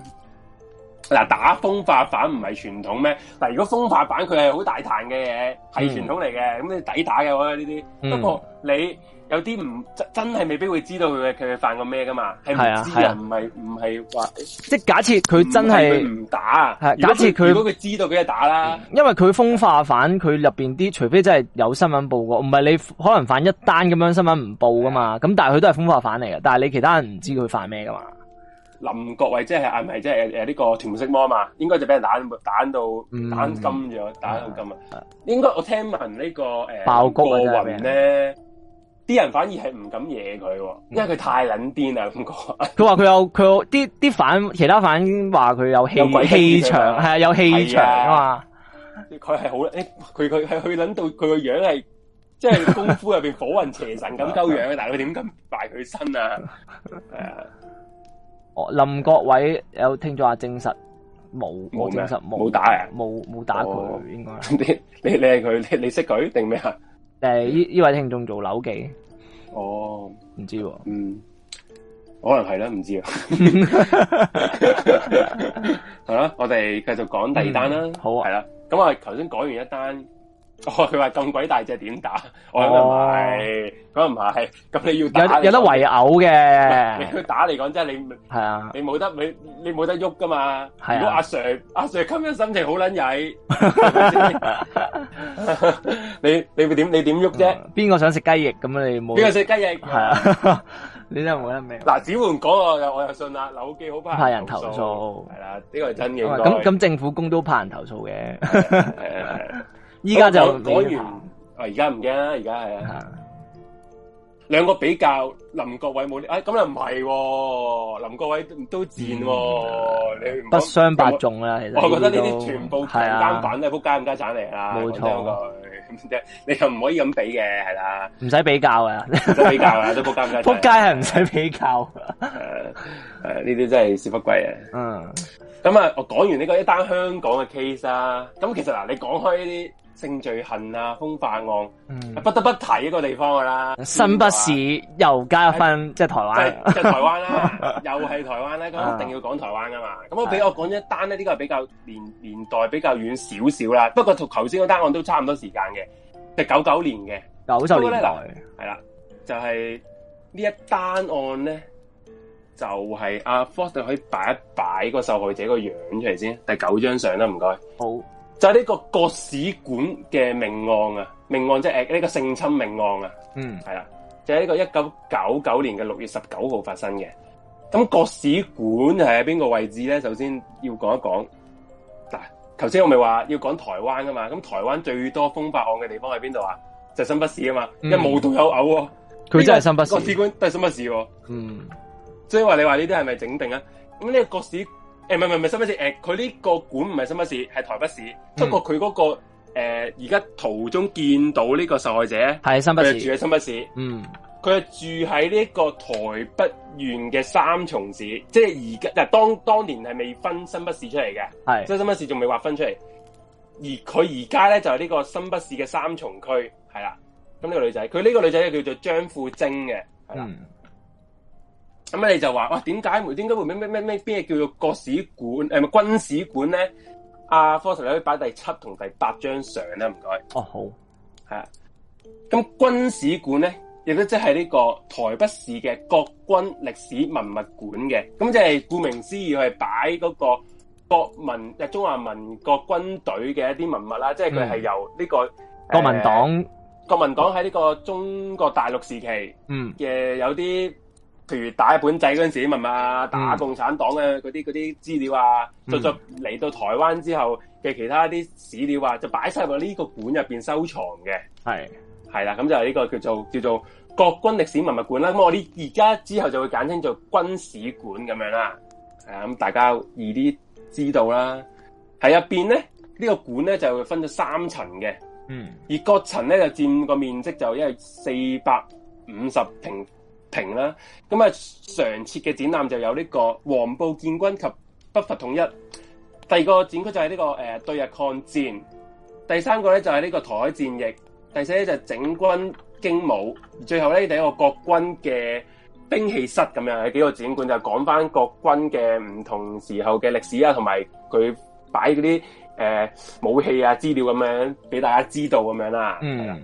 嗱，打風化犯唔係傳統咩？嗱，如果風化犯，佢係好大彈嘅嘢，係傳統嚟嘅，咁你抵打嘅喎呢啲。不過、嗯、你有啲唔真真係未必會知道佢佢犯過咩噶嘛？係啊，係啊，唔係唔係話，即係假設佢真係唔打啊。假設佢如果佢知道佢係打啦、嗯，因為佢風化犯，佢入面啲，除非真係有新聞報過，唔係你可能犯一單咁樣新聞唔報噶嘛。咁、啊、但係佢都係風化犯嚟嘅，但係你其他人唔知佢犯咩噶嘛。林國偉，即係係咪即係誒誒呢個屯門色魔嘛？應該就俾人打，打到打金咗、嗯，打到金啊、嗯！應該我聽聞、這個呃、呢個誒爆菊雲咧，啲人，人反而係唔敢惹佢，因為佢太撚癲啦！咁、嗯、講，佢話佢有佢有啲啲反其他反話佢有氣氣場，係啊有氣場啊嘛！佢係好誒，佢佢係佢撚到佢個樣係即係功夫入邊火雲邪神咁鳩樣，但係佢點敢埋佢身啊？ 啊林國偉有聽咗話證實冇，冇證實冇打嘅，冇冇打佢，應該。你你你係佢，你識佢定咩啊？誒，呢呢位聽眾做扭計。哦，唔知喎。嗯，可能係啦，唔知啊。係啦，我哋繼續講第二單啦。好，係啦。咁啊，頭先講完一單。哦，佢話咁鬼大隻點打？咁又唔係，咁又唔係。咁你要有有得圍毆嘅，佢打嚟講真，你係啊，你冇得你你冇得喐噶嘛？如果阿 Sir 阿 Sir 今日心情好撚曳，你你點你點喐啫？邊個想食雞翼咁啊？你冇邊個食雞翼？係啊，你真係冇得咩。嗱，只換講我我又信啦。嗱，好幾好怕怕人投訴，係啦，呢個係真嘅。咁咁政府工都怕人投訴嘅。係啊。依家就講完，啊，而家唔驚啦，而家係啊，兩個比較林國偉冇，哎，咁又唔係喎，林國偉都賤喎，你不，不相伯仲啦，其實，我覺得呢啲全部係啊，單板都撲街冚家鏟嚟啦，冇錯，你又唔可以咁比嘅，係啦，唔使比較啊。唔使比較嘅，都撲街咁撲街係唔使比較，誒，呢啲真係屎忽鬼啊，嗯，咁啊，我講完呢個一單香港嘅 case 啦，咁其實嗱，你講開呢啲。性罪行啊，風化案、嗯、不得不提一個地方噶啦，新北市又加一分，即係、就是、台灣，即 係台灣啦， 又係台灣啦，咁一定要講台灣噶嘛。咁、啊嗯、我俾我講一單咧，呢、這個係比較年年代比較遠少少啦，不過同頭先嗰單案都差唔多時間嘅，係九九年嘅九十年代，係啦、啊，就係、是、呢一單案咧，就係阿 Ford 可以擺一擺個受害者個樣出嚟先，第九張相啦，唔該，好。就係、是、呢個國史館嘅命案啊，命案即係誒呢個性侵命案啊，嗯係啦、啊，就係、是、呢個一九九九年嘅六月十九號發生嘅。咁國史館係喺邊個位置咧？首先要講一講嗱，頭先我咪話要講台灣噶嘛，咁台灣最多凶殺案嘅地方喺邊度啊？就係、是、新北市啊嘛、嗯，因為無獨有偶、啊，佢真係新北市。國、這、史、個、館都係新北市的，嗯，所以話你話呢啲係咪整定啊？咁呢個國史。誒、欸，唔係唔係唔係新北市，誒、欸，佢呢個管唔係新北市，係台北市。不過佢嗰個誒，而、呃、家途中見到呢個受害者，係新北市住喺新北市，嗯，佢係住喺呢個台北縣嘅三重市，即係而家，但當當年係未分新北市出嚟嘅，係，即係新北市仲未劃分出嚟。而佢而家咧就係、是、呢個新北市嘅三重區，係啦。咁呢個女仔，佢呢個女仔又叫做張富貞嘅，係啦。嗯咁你就話哇，點解會？點解會咩咩咩咩？咩叫做國史館誒？咪、呃、軍事館咧？阿、啊、科特 u 可以擺第七同第八張相啦，唔該。哦好，係啊。咁軍事館咧，亦都即係呢個台北市嘅國軍歷史文物館嘅。咁即係顧名思義，佢係擺嗰個國民誒，中華民國軍隊嘅一啲文物啦。即係佢係由呢個、嗯呃、國民黨國民黨喺呢個中國大陸時期嘅、嗯、有啲。譬如打日本仔嗰陣時啲文物啊，打共產黨嘅嗰啲啲資料啊，就再嚟到台灣之後嘅其他啲史料啊，就擺晒入呢個館入面收藏嘅。係係啦，咁就係呢個叫做叫做國軍歷史文物館啦。咁我哋而家之後就會簡稱做軍史館咁樣啦。係啊，咁大家易啲知道啦。喺入面咧，呢個館咧就分咗三層嘅。嗯，而各層咧就佔個面積就因為四百五十平。平啦，咁啊，常設嘅展覽就有呢個黃埔建軍及北伐統一，第二個展區就係呢、這個誒、呃、對日抗戰，第三個咧就係、是、呢個台海戰役，第四咧就係整軍經武，最後咧第一個國軍嘅兵器室咁樣，幾個展館就講、是、翻國軍嘅唔同時候嘅歷史啊，同埋佢擺嗰啲誒武器啊資料咁樣俾大家知道咁樣啦。嗯，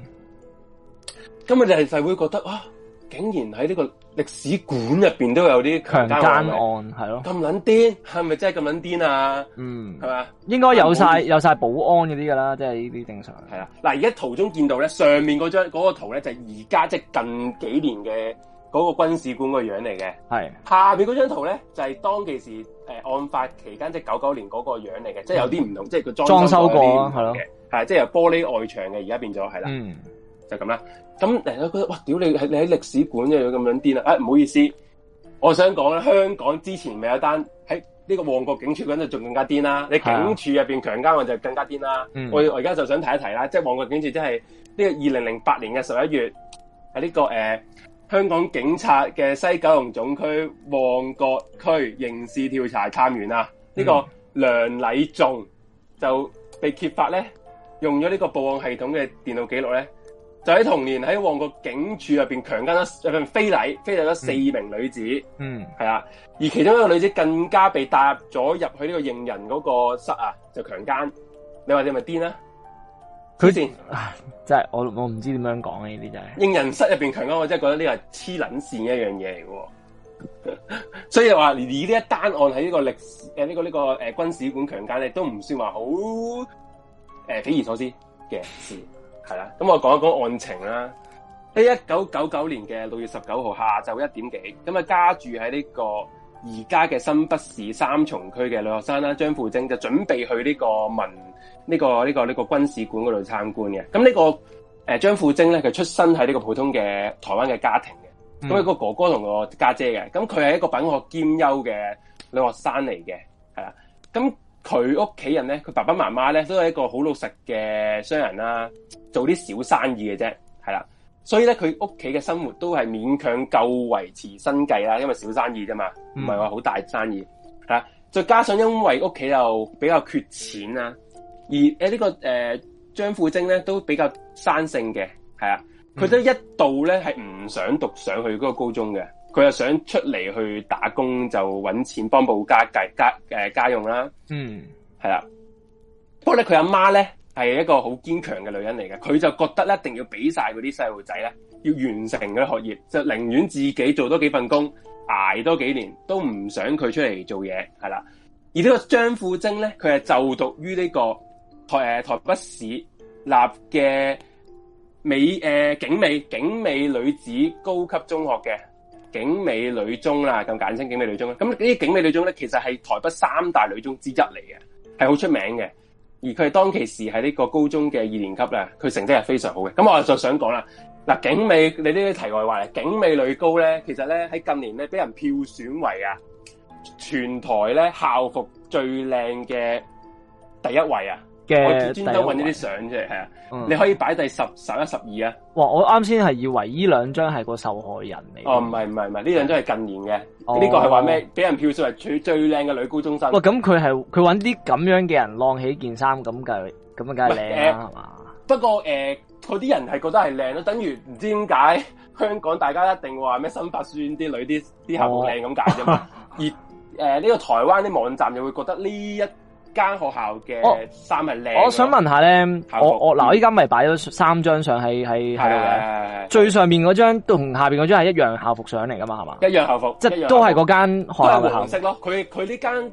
咁就係就會覺得啊。竟然喺呢個歷史館入邊都有啲強奸案，係咯咁撚癲，係咪真係咁撚癲啊？嗯，係嘛？應該有晒有晒保安嗰啲噶啦，即係呢啲正常。係啦，嗱，而家圖中見到咧，上面嗰張嗰個圖咧，就係而家即係近幾年嘅嗰個軍事館個樣嚟嘅。係下面嗰張圖咧，就係當其時誒案發期間即係九九年嗰個樣嚟嘅，就是嗯，即係有啲唔同，即係佢裝修過啊，係咯，係即係由玻璃外牆嘅，而家變咗係啦。嗯咁啦，咁人咧覺得哇屌你你喺歷史館又咁樣癲啦。啊唔好意思，我想講咧，香港之前咪有單喺呢個旺角警署嗰度仲更加癲啦，你警署入邊強姦案就更加癲啦，啊。我我而家就想提一提啦，嗯，即係旺角警署即係呢個二零零八年嘅十一月喺呢、這個誒、呃、香港警察嘅西九龍總區旺角區刑事調查探員啊，呢、這個梁禮仲就被揭發咧，用咗呢個報案系統嘅電腦記錄咧。就喺同年喺旺角警署入面強姦咗入面非禮非禮咗四名女子，嗯，係、嗯、啊，而其中一個女子更加被搭咗入，入去呢個認人嗰個室強是是啊，就強姦，你話你咪癲啦？黐線，真係我我唔知點樣講嘅呢啲就係認人室入面強姦，我真係覺得呢個係黐撚線一樣嘢嚟喎。 所以話以呢一單案喺呢個歷史誒呢、呃這個呢、這個誒、呃、軍事館強姦你都唔算話好誒，匪夷所思嘅事。係啦，咁我講一講案情啦。喺一九九九年嘅六月十九號下晝一點幾，咁啊家住喺呢個而家嘅新北市三重區嘅女學生啦，張富貞就準備去呢個民呢、這個呢、這個呢、這個這個軍事館嗰度參觀嘅。咁、這個呃、呢個誒張富貞咧，佢出生喺呢個普通嘅台灣嘅家庭嘅，咁、嗯、佢個哥哥同個家姐嘅，咁佢係一個品學兼優嘅女學生嚟嘅，係啦，咁。佢屋企人咧，佢爸爸媽媽咧都係一個好老實嘅商人啦，做啲小生意嘅啫，係啦，所以咧佢屋企嘅生活都係勉強夠維持生計啦，因為小生意啫嘛，唔係話好大生意，係啊、嗯、再加上因為屋企又比較缺錢啦，而誒、這個呃、呢個誒張富禎咧都比較生性嘅，係啊，佢都一度咧係唔想讀上去嗰個高中嘅。佢又想出嚟去打工，就揾錢幫補家計家誒家用啦。嗯，係啦。不過咧，佢阿媽咧係一個好堅強嘅女人嚟嘅，佢就覺得一定要俾晒嗰啲細路仔咧要完成佢嘅學業，就寧願自己做多幾份工，捱多幾年，都唔想佢出嚟做嘢係啦。而呢個張富貞咧，佢係就讀於呢個台誒台北市立嘅美誒、呃、景美景美女子高級中學嘅。景美女中啦，咁簡稱景美女中啦。咁呢啲景美女中咧，其實係台北三大女中之一嚟嘅，係好出名嘅。而佢係當其時喺呢個高中嘅二年級咧，佢成績係非常好嘅。咁我就想講啦，嗱，景美，你呢啲題外話，景美女高咧，其實咧喺近年咧，俾人票選為啊全台咧校服最靚嘅第一位啊！嘅，專登揾呢啲相出嚟，啊、嗯，你可以擺第十、十一、十二啊。哇！我啱先係以為呢兩張係個受害人嚟。哦，唔係唔係唔係，呢兩張係近年嘅，呢、哦呢個係話咩？俾人票選為最最靚嘅女高中生。喂，咁佢係佢揾啲咁樣嘅人晾起件衫，咁計咁啊，梗係靚啦。不過誒，嗰、呃、啲人係覺得係靚咯，等於唔知點解香港大家一定話咩新發書院啲女啲啲後輩靚咁解啫嘛。而誒呢、哦 呃呢個台灣啲網站又會覺得呢一。間學校嘅衫係靚，我想問下咧，我我嗱，依家咪擺咗三張相喺喺喺度嘅，最上面嗰張同下邊嗰張係一樣校服相嚟噶嘛，係嘛？一樣校服，即係都係嗰間學校嘅校服色咯。佢佢呢間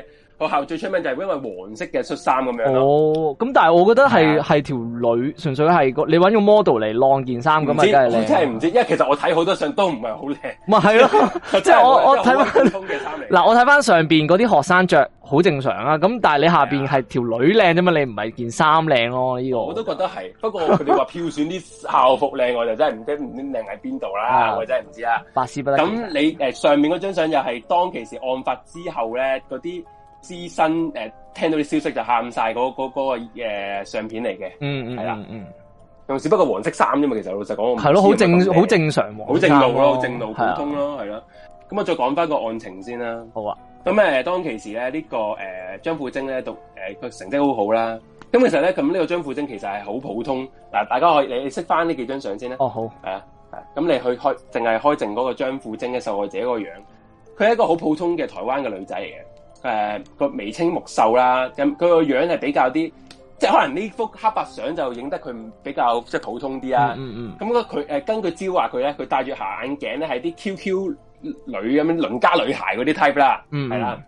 誒。學校最出名就係因為黃色嘅恤衫咁樣哦，咁但係我覺得係係條女，純粹係你揾個 model 嚟晾件衫咁啊，梗係你。唔知，真係唔知，因為其實我睇好多相都唔係好靚。咪係咯，即係我我睇翻。嗱，我睇翻、啊、上邊嗰啲學生着好正常啊。咁但係你下邊係條女靚啫嘛，你唔係件衫靚咯呢個。我都覺得係，不過佢哋話票選啲校服靚， 我就真係唔知唔知靚喺邊度啦。不啊、我真係唔知啊。百思不得那。咁你誒上面嗰張相又係當其時案發之後咧嗰啲。資深誒，聽到啲消息就喊晒嗰嗰嗰個誒、那個那個呃、相片嚟嘅，嗯嗯係啦，嗯，同、嗯、時、嗯嗯嗯、不過黃色衫啫嘛，其實老實講，係咯好正好正常，好正路咯，哦、正路普通咯，係、哦、咯。咁我再講翻個案情先啦，好啊。咁誒，當其時咧，這個呃、張呢個誒張富貞咧讀誒個、呃、成績好好啦。咁其實咧咁呢個張富貞其實係好普通。嗱，大家可以你認識翻呢幾張相先啦。哦好，係啊，咁你去開淨係開正嗰個張富貞嘅受害者嗰個樣，佢係一個好普通嘅台灣嘅女仔嚟嘅。誒、呃，個眉清目秀啦，咁佢個樣係比較啲，即係可能呢幅黑白相就影得佢比較即係普通啲、啊嗯嗯嗯呃、啦。嗯啦啦、呃、嗯。咁佢誒，根據招話佢咧，佢戴住眼鏡咧係啲 Q Q 女咁樣，鄰家女孩嗰啲 type 啦。係，係啦，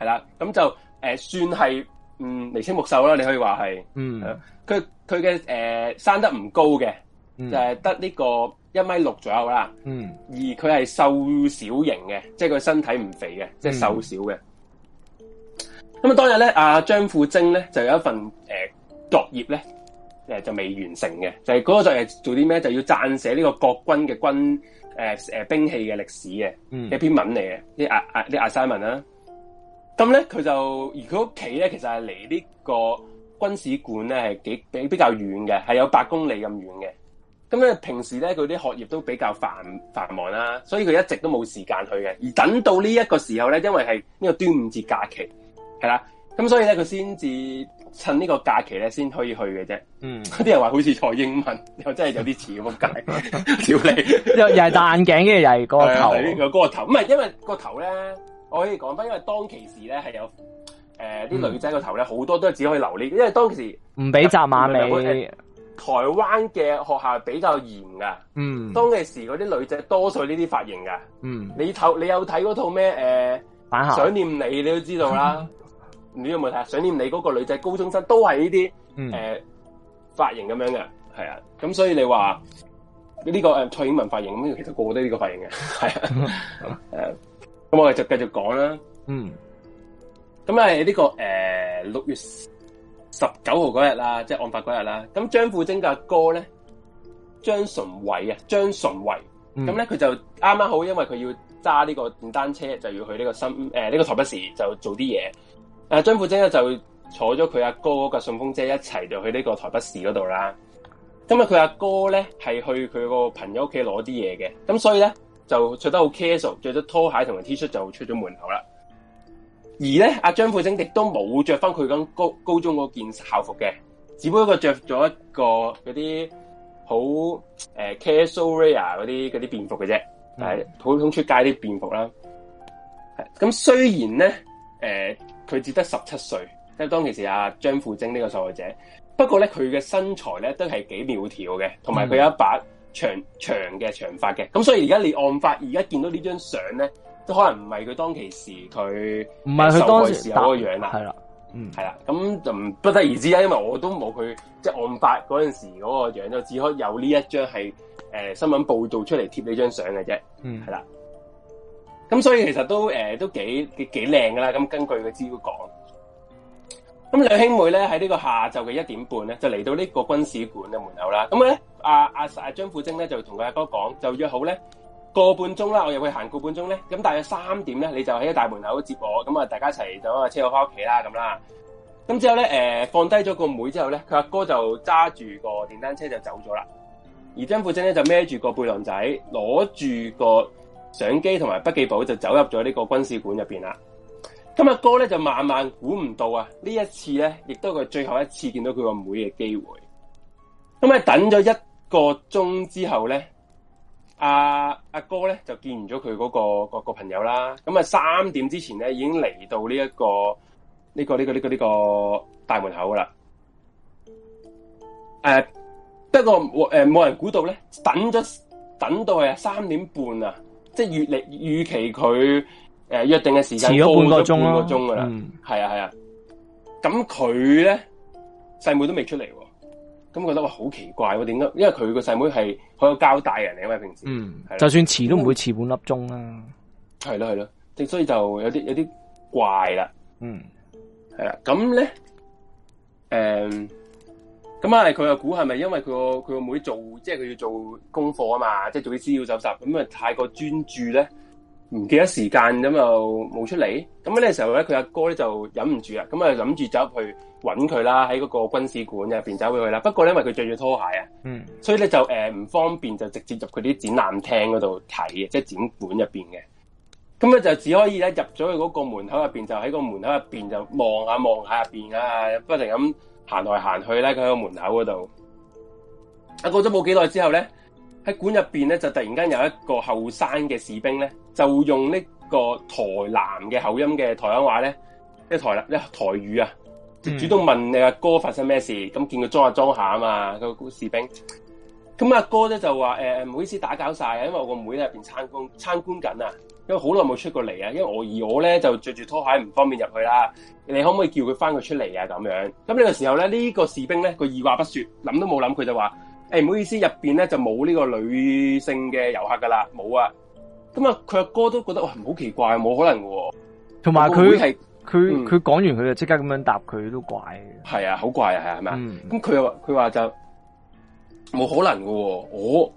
係啦。咁就誒，算係嗯眉清目秀啦，你可以話係。嗯。佢佢嘅誒，生、呃、得唔高嘅，嗯、就係得呢個一米六左右啦。嗯。而佢係瘦小型嘅，即係佢身體唔肥嘅，即係瘦小嘅。咁啊，當日咧，阿張富貞咧就有一份誒、呃、作業咧，誒、呃、就未完成嘅，就係、是、嗰個作業做啲咩，就要撰寫呢個國軍嘅軍誒誒、呃呃、兵器嘅歷史嘅，一篇文嚟嘅，啲阿阿啲 assignment 啦。咁、啊、咧，佢、啊啊啊啊啊啊、就而佢屋企咧，其實係離呢個軍事館咧係幾比比較遠嘅，係有百公里咁遠嘅。咁咧，平時咧佢啲學業都比較繁繁忙啦，所以佢一直都冇時間去嘅。而等到呢一個時候咧，因為係呢個端午節假期。係啦，啊，咁所以咧，佢先至趁呢個假期咧，先可以去嘅啫。嗯，啲 人話好似蔡英文，又真係有啲似咁解，笑你可惡 又 又係戴眼鏡，跟住又係個頭，又、嗯這個那個頭。唔係，因為個頭咧，我可以講翻，因為當其時咧係有誒啲、呃嗯呃、女仔個頭咧，好多都係只可以留呢，因為當時唔俾紮馬尾、呃、台灣嘅學校比較嚴噶，嗯，當其時嗰啲女仔多數呢啲髮型噶，嗯，你頭你有睇嗰套咩誒、呃？想念你，你都知道啦。嗯你有冇睇想念你嗰個女仔，高中生都係呢啲誒髮型咁樣嘅，係啊。咁所以你話呢、這個誒、呃、蔡英文髮型，其實個個都呢個髮型嘅，係啊。好 咁、 呃、我哋就繼續講啦。嗯、這個，咁係呢個誒六月十九號嗰日啦，即係案發嗰日啦。咁張富貞嘅哥咧，張純偉啊，張純偉。咁咧佢就啱啱好，因為佢要揸呢個電單車，就要去呢個新誒呢個台北市，就做啲嘢。誒，張富晶咧就坐咗佢阿哥嗰個順風車一齊就去呢個台北市嗰度啦。咁啊，佢阿哥咧係去佢個朋友屋企攞啲嘢嘅，咁所以咧就着得好 casual，着咗拖鞋同埋 T 恤就出咗門口啦。而咧，阿張富晶亦都冇着翻佢咁高高中嗰件校服嘅，只不過着咗一個嗰啲好誒 casual 嘅嗰 rare 嗰啲便服嘅啫，係、嗯、普通出街啲便服啦。咁雖然咧，誒、呃。佢只得十七歲，即係當其時阿張富貞呢個受害者。不過咧，佢嘅身材咧都係幾苗條嘅，同埋佢有一把長長嘅長髮嘅。咁所以而家你案發而家見到呢張相咧，都可能唔係佢當其時佢唔係佢當時嗰個樣啦，係啦，嗯，係啦。咁就不得而知啦，因為我都冇佢即係案發嗰陣時嗰個樣，就只可以有呢一張係誒新聞報道出嚟貼呢張相嘅啫，嗯，係啦。咁所以其實都誒、呃、都幾幾幾靚噶啦，咁根據個資料講，咁兩兄妹咧喺呢個下晝嘅一點半咧就嚟到呢個軍事館嘅門口啦。咁啊咧，阿阿阿張富貞咧就同佢阿哥講，就約好咧個半鐘啦，我入去行個半鐘咧，咁大約三點咧你就喺個大門口接我，咁啊大家一齊就開車我翻屋企啦咁啦。咁之後咧誒、呃、放低咗個妹之後咧，佢阿哥就揸住個電單車就走咗啦，而張富貞咧就孭住個背囊仔，攞住個相機同埋筆記簿就走入咗呢個軍事館入邊啦。今日哥咧就慢慢估唔到啊！呢一次咧，亦都係佢最後一次見到佢個妹嘅機會。咁咧等咗一個鐘之後咧，阿、啊、阿、啊、哥咧就見完咗佢嗰個個、嗰個朋友啦。咁啊，三點之前咧已經嚟到呢、呢、一個呢、呢個呢、呢個呢、呢個呢、呢個大門口噶啦。誒，不過誒冇、呃、人估到咧，等咗等到啊三點半啊！即係越嚟預期佢誒、呃、約定嘅時間遲咗半個鐘咯、啊，半個鐘噶啦，係啊係啊。咁佢咧細妹都未出嚟，咁覺得好奇怪喎、啊，點解？因為佢個細妹係好有交代人嚟啊嘛，平時。嗯、啊，就算遲都唔會遲半粒鐘啦。係咯係咯，即、啊、所以就有啲有啲怪啦。嗯、啊，係啦。咁咧誒。咁啊，佢又估係咪因為佢個佢個妹做，即係佢要做功課啊嘛，即係做啲資料搜集，咁啊太過專注咧，唔記得時間，咁就冇出嚟。咁呢個時候咧，佢阿哥咧就忍唔住啊，咁啊諗住走入去揾佢啦，喺嗰個軍事館入邊走咗去啦。不過咧，因為佢着住拖鞋啊，嗯，所以咧就誒唔方便，就直接入佢啲展覽廳嗰度睇嘅，即係展館入邊嘅。咁咧就只可以咧入咗去嗰個門口入邊，就喺個門口入邊就望下望下入邊啊，不停咁。行來行去咧，佢喺個門口嗰度。啊，過咗冇幾耐之後咧，喺館入邊咧就突然間有一個後生嘅士兵咧，就用呢個台南嘅口音嘅台灣話咧，即係台啦，即係台語啊，就、嗯、主動問你阿哥，哥發生咩事？咁見佢裝下裝下啊嘛，個士兵。咁阿哥咧就話：誒、欸，唔好意思，打攪晒，因為我個妹喺入邊參觀參觀緊啊。因為好耐冇出過嚟啊，因為我而我咧就着住拖鞋唔方便入去啦。你可唔可以叫佢翻佢出嚟啊？咁樣咁呢個時候咧，呢個士兵咧，佢二話不說，諗都冇諗，佢就話：誒，唔好意思，入邊咧就冇呢個女性嘅遊客噶啦，冇啊。咁啊，佢阿哥都覺得哇，好奇怪，冇可能喎。同埋佢係佢佢講完佢就即刻咁樣答，佢都怪係啊，好怪啊，係咪啊？咁佢又佢話就冇可能喎，我。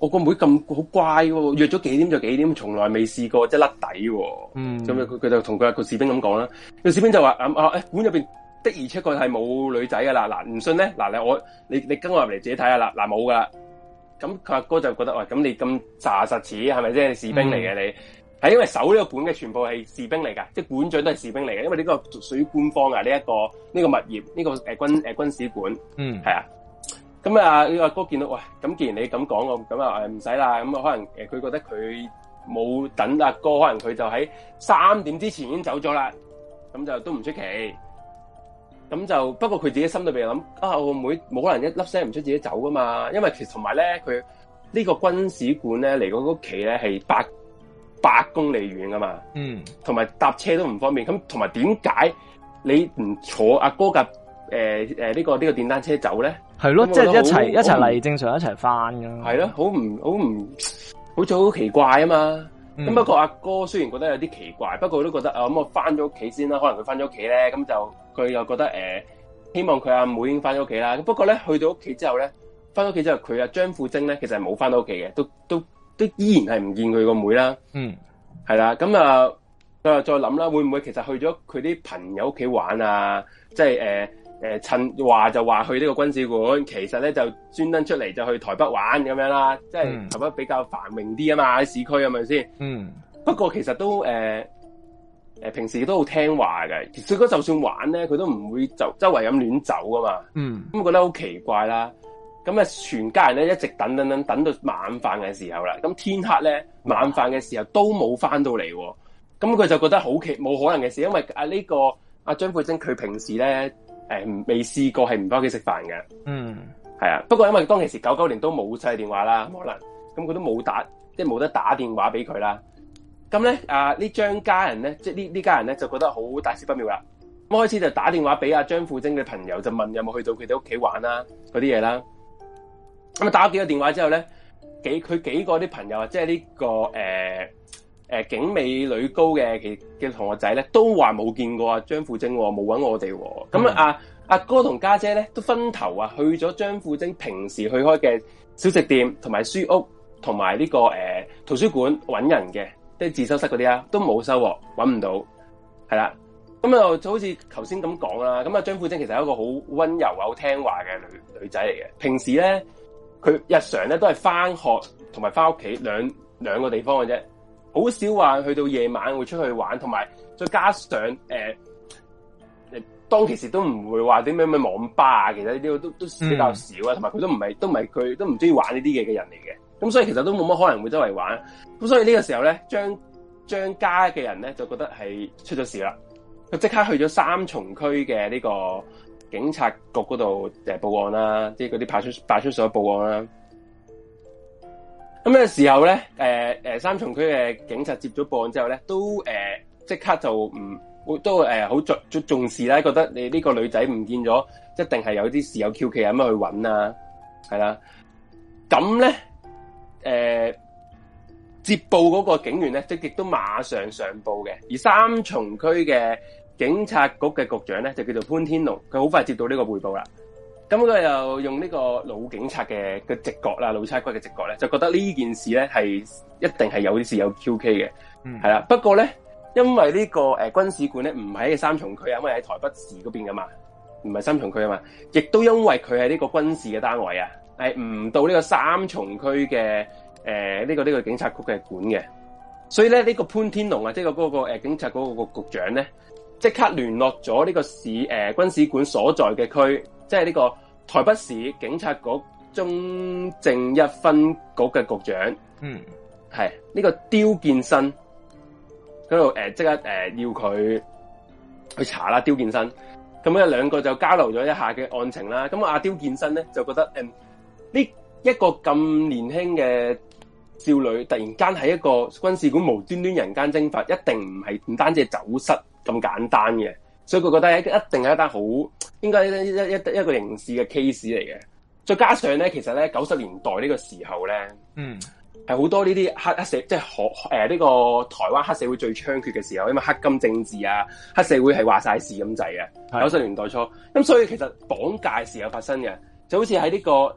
我個妹咁好乖喎、哦，約咗幾點就幾點，從來未試過即係甩底喎、哦。嗯，咁佢佢就同佢阿個士兵咁講啦。個士兵就話：啊、嗯、啊，誒、哎，館入邊的而且確係冇女仔噶啦。嗱，唔信咧，嗱你我，你你跟我入嚟自己睇下啦。嗱冇噶啦。咁佢阿哥就覺得：喂、哎，咁你咁查實似係咪即係？是是你士兵嚟嘅你，係、嗯、因為守呢個館嘅全部係士兵嚟㗎，即係館長都係士兵嚟㗎。因為呢個屬於官方啊，呢、這、一個呢、這個物業，呢、這個、呃、軍誒、呃、軍事館。嗯，係啊。咁啊！阿哥見到喂，咁既然你咁講，我咁啊，誒唔使啦。咁啊，可能誒佢覺得佢冇等阿哥，哥，可能佢就喺三點之前已經走咗啦。咁就都唔出奇。咁就不過佢自己心裏邊諗啊，我妹冇可能一粒聲唔出自己走噶嘛，因為其實同埋咧，佢呢個軍事館咧嚟嗰屋企咧係八百公里遠噶嘛。嗯，同埋搭車都唔方便。咁同埋點解你唔坐阿哥架誒誒呢個呢、呢個電單車走咧？係咯，即係一齊一齊嚟，正常一齊翻噶。係咯，好唔好唔，好似好奇怪啊嘛。咁、嗯、不過阿哥，哥雖然覺得有啲奇怪，不過都覺得啊，咁、哦、我翻咗屋企先啦。可能佢翻咗屋企咧，咁就佢又覺得誒、呃，希望佢阿妹，妹已經翻咗屋企啦。不過咧去到屋企之後咧，翻咗屋企之後，佢阿張富貞咧其實係冇翻到屋企嘅，都都都依然係唔見佢個妹啦。嗯，係啦，咁啊佢又再諗啦，會唔會其實去咗佢啲朋友屋企玩啊？即係誒。呃誒、呃，趁話就話去呢個軍事館，其實咧就專登出嚟就去台北玩咁樣啦，即係台北比較繁榮啲啊嘛，喺市區咁樣先。嗯，不過其實都誒誒、呃呃，平時都好聽話嘅，其實佢就算玩咧，佢都唔會就周圍咁亂走噶嘛。嗯，咁、嗯、覺得好奇怪啦。咁啊，全家人咧一直等等等，等到晚飯嘅時候啦，咁天黑咧，晚飯嘅時候都冇翻到嚟，咁佢就覺得好奇冇可能嘅事，因為呢、啊這個阿張佩珍佢平時咧。誒，未試過係唔翻屋企食飯嘅。嗯，係啊。不過因為當其時九九年都冇晒電話啦，可能咁佢都冇打，即係冇得打電話俾佢啦。咁咧，啊呢張家人咧，即係呢呢家人咧，就覺得好大事不妙啦。咁開始就打電話俾阿張富貞嘅朋友，就問有冇去到佢哋屋企玩啦，啊，嗰啲嘢啦。咁打咗幾個電話之後咧，幾佢幾個啲朋友啊，即係呢、這個誒。呃誒景美女高嘅其嘅同學仔咧，都話冇見過啊張富晶，話冇揾我哋咁啊。阿、嗯、阿哥同家姐咧都分頭啊，去咗張富晶平時去開嘅小食店、同埋書屋、同埋呢個誒圖書館揾人嘅，即係自修室嗰啲啊，都冇收穫，揾唔到係啦。咁啊，就好似頭先咁講啦。咁啊，張富晶其實係一個好溫柔啊、好聽話嘅女女仔嚟嘅。平時咧，佢日常咧都係翻學同埋翻屋企兩兩個地方嘅啫。好少話去到夜晚會出去玩，同埋再加上誒、呃，當其時都唔會話啲咩咩網吧啊，其實呢啲都都比較少啊。同埋佢都唔係都唔係佢都唔中意玩呢啲嘢嘅人嚟嘅，咁所以其實都冇乜可能會周圍玩。咁所以呢個時候咧，張張家嘅人咧就覺得係出咗事啦，佢即刻去咗三重區嘅呢個警察局嗰度誒報案啦，即係嗰啲派出派出所的報案啦。咁嘅時候咧，誒誒，三重區嘅警察接咗報案之後咧，都誒即刻、呃、就唔會都誒好重重視啦，覺得你呢個女仔唔見咗，一定係有啲事有蹺蹊，有乜去揾啊？係啦，咁咧，誒、呃，接報嗰個警員咧，即係亦都馬上上報嘅，而三重區嘅警察局嘅局長咧，就叫做潘天龍，佢好快接到呢個匯報啦。咁佢又用呢個老警察嘅直覺啦，老差骨嘅直覺咧，就覺得呢件事咧係一定係有啲事有蹊蹺嘅，嗯，係啦。不過咧，因為、呢個呃、呢因為因為個軍事館咧唔喺三重區啊，因為喺台北市嗰邊㗎嘛，唔係三重區啊嘛，亦都因為佢係呢個軍事嘅單位啊，係唔到呢個三重區嘅呢、呃呢個呢、呢個警察局嘅管嘅，所以咧呢、呢個潘天龍啊，即係嗰個、呃、警察嗰個局長咧。即刻聯絡咗呢個市誒、呃、軍事館所在嘅區，即係呢個台北市警察局中正一分局嘅局長。嗯，係呢、呢個刁建新，佢度誒即刻、呃、要佢去查啦，刁建新。咁有兩個就交流咗一下嘅案情啦。咁阿刁建新咧就覺得，嗯、呃，呢一個咁年輕嘅少女，突然間喺一個軍事館無端端人間蒸發，一定唔係唔單止走失。咁簡單嘅，所以佢覺得一定一定係一單好應該一一一個刑事嘅 case 嚟嘅。再加上咧，其實咧九十年代呢個時候咧，嗯，係好多呢啲黑黑社即係呢、呃呢個台灣黑社會最猖獗嘅時候，因為黑金政治啊，黑社會係話晒事咁滯嘅。九十年代初，咁、嗯、所以其實綁架事件發生嘅，就好似喺呢個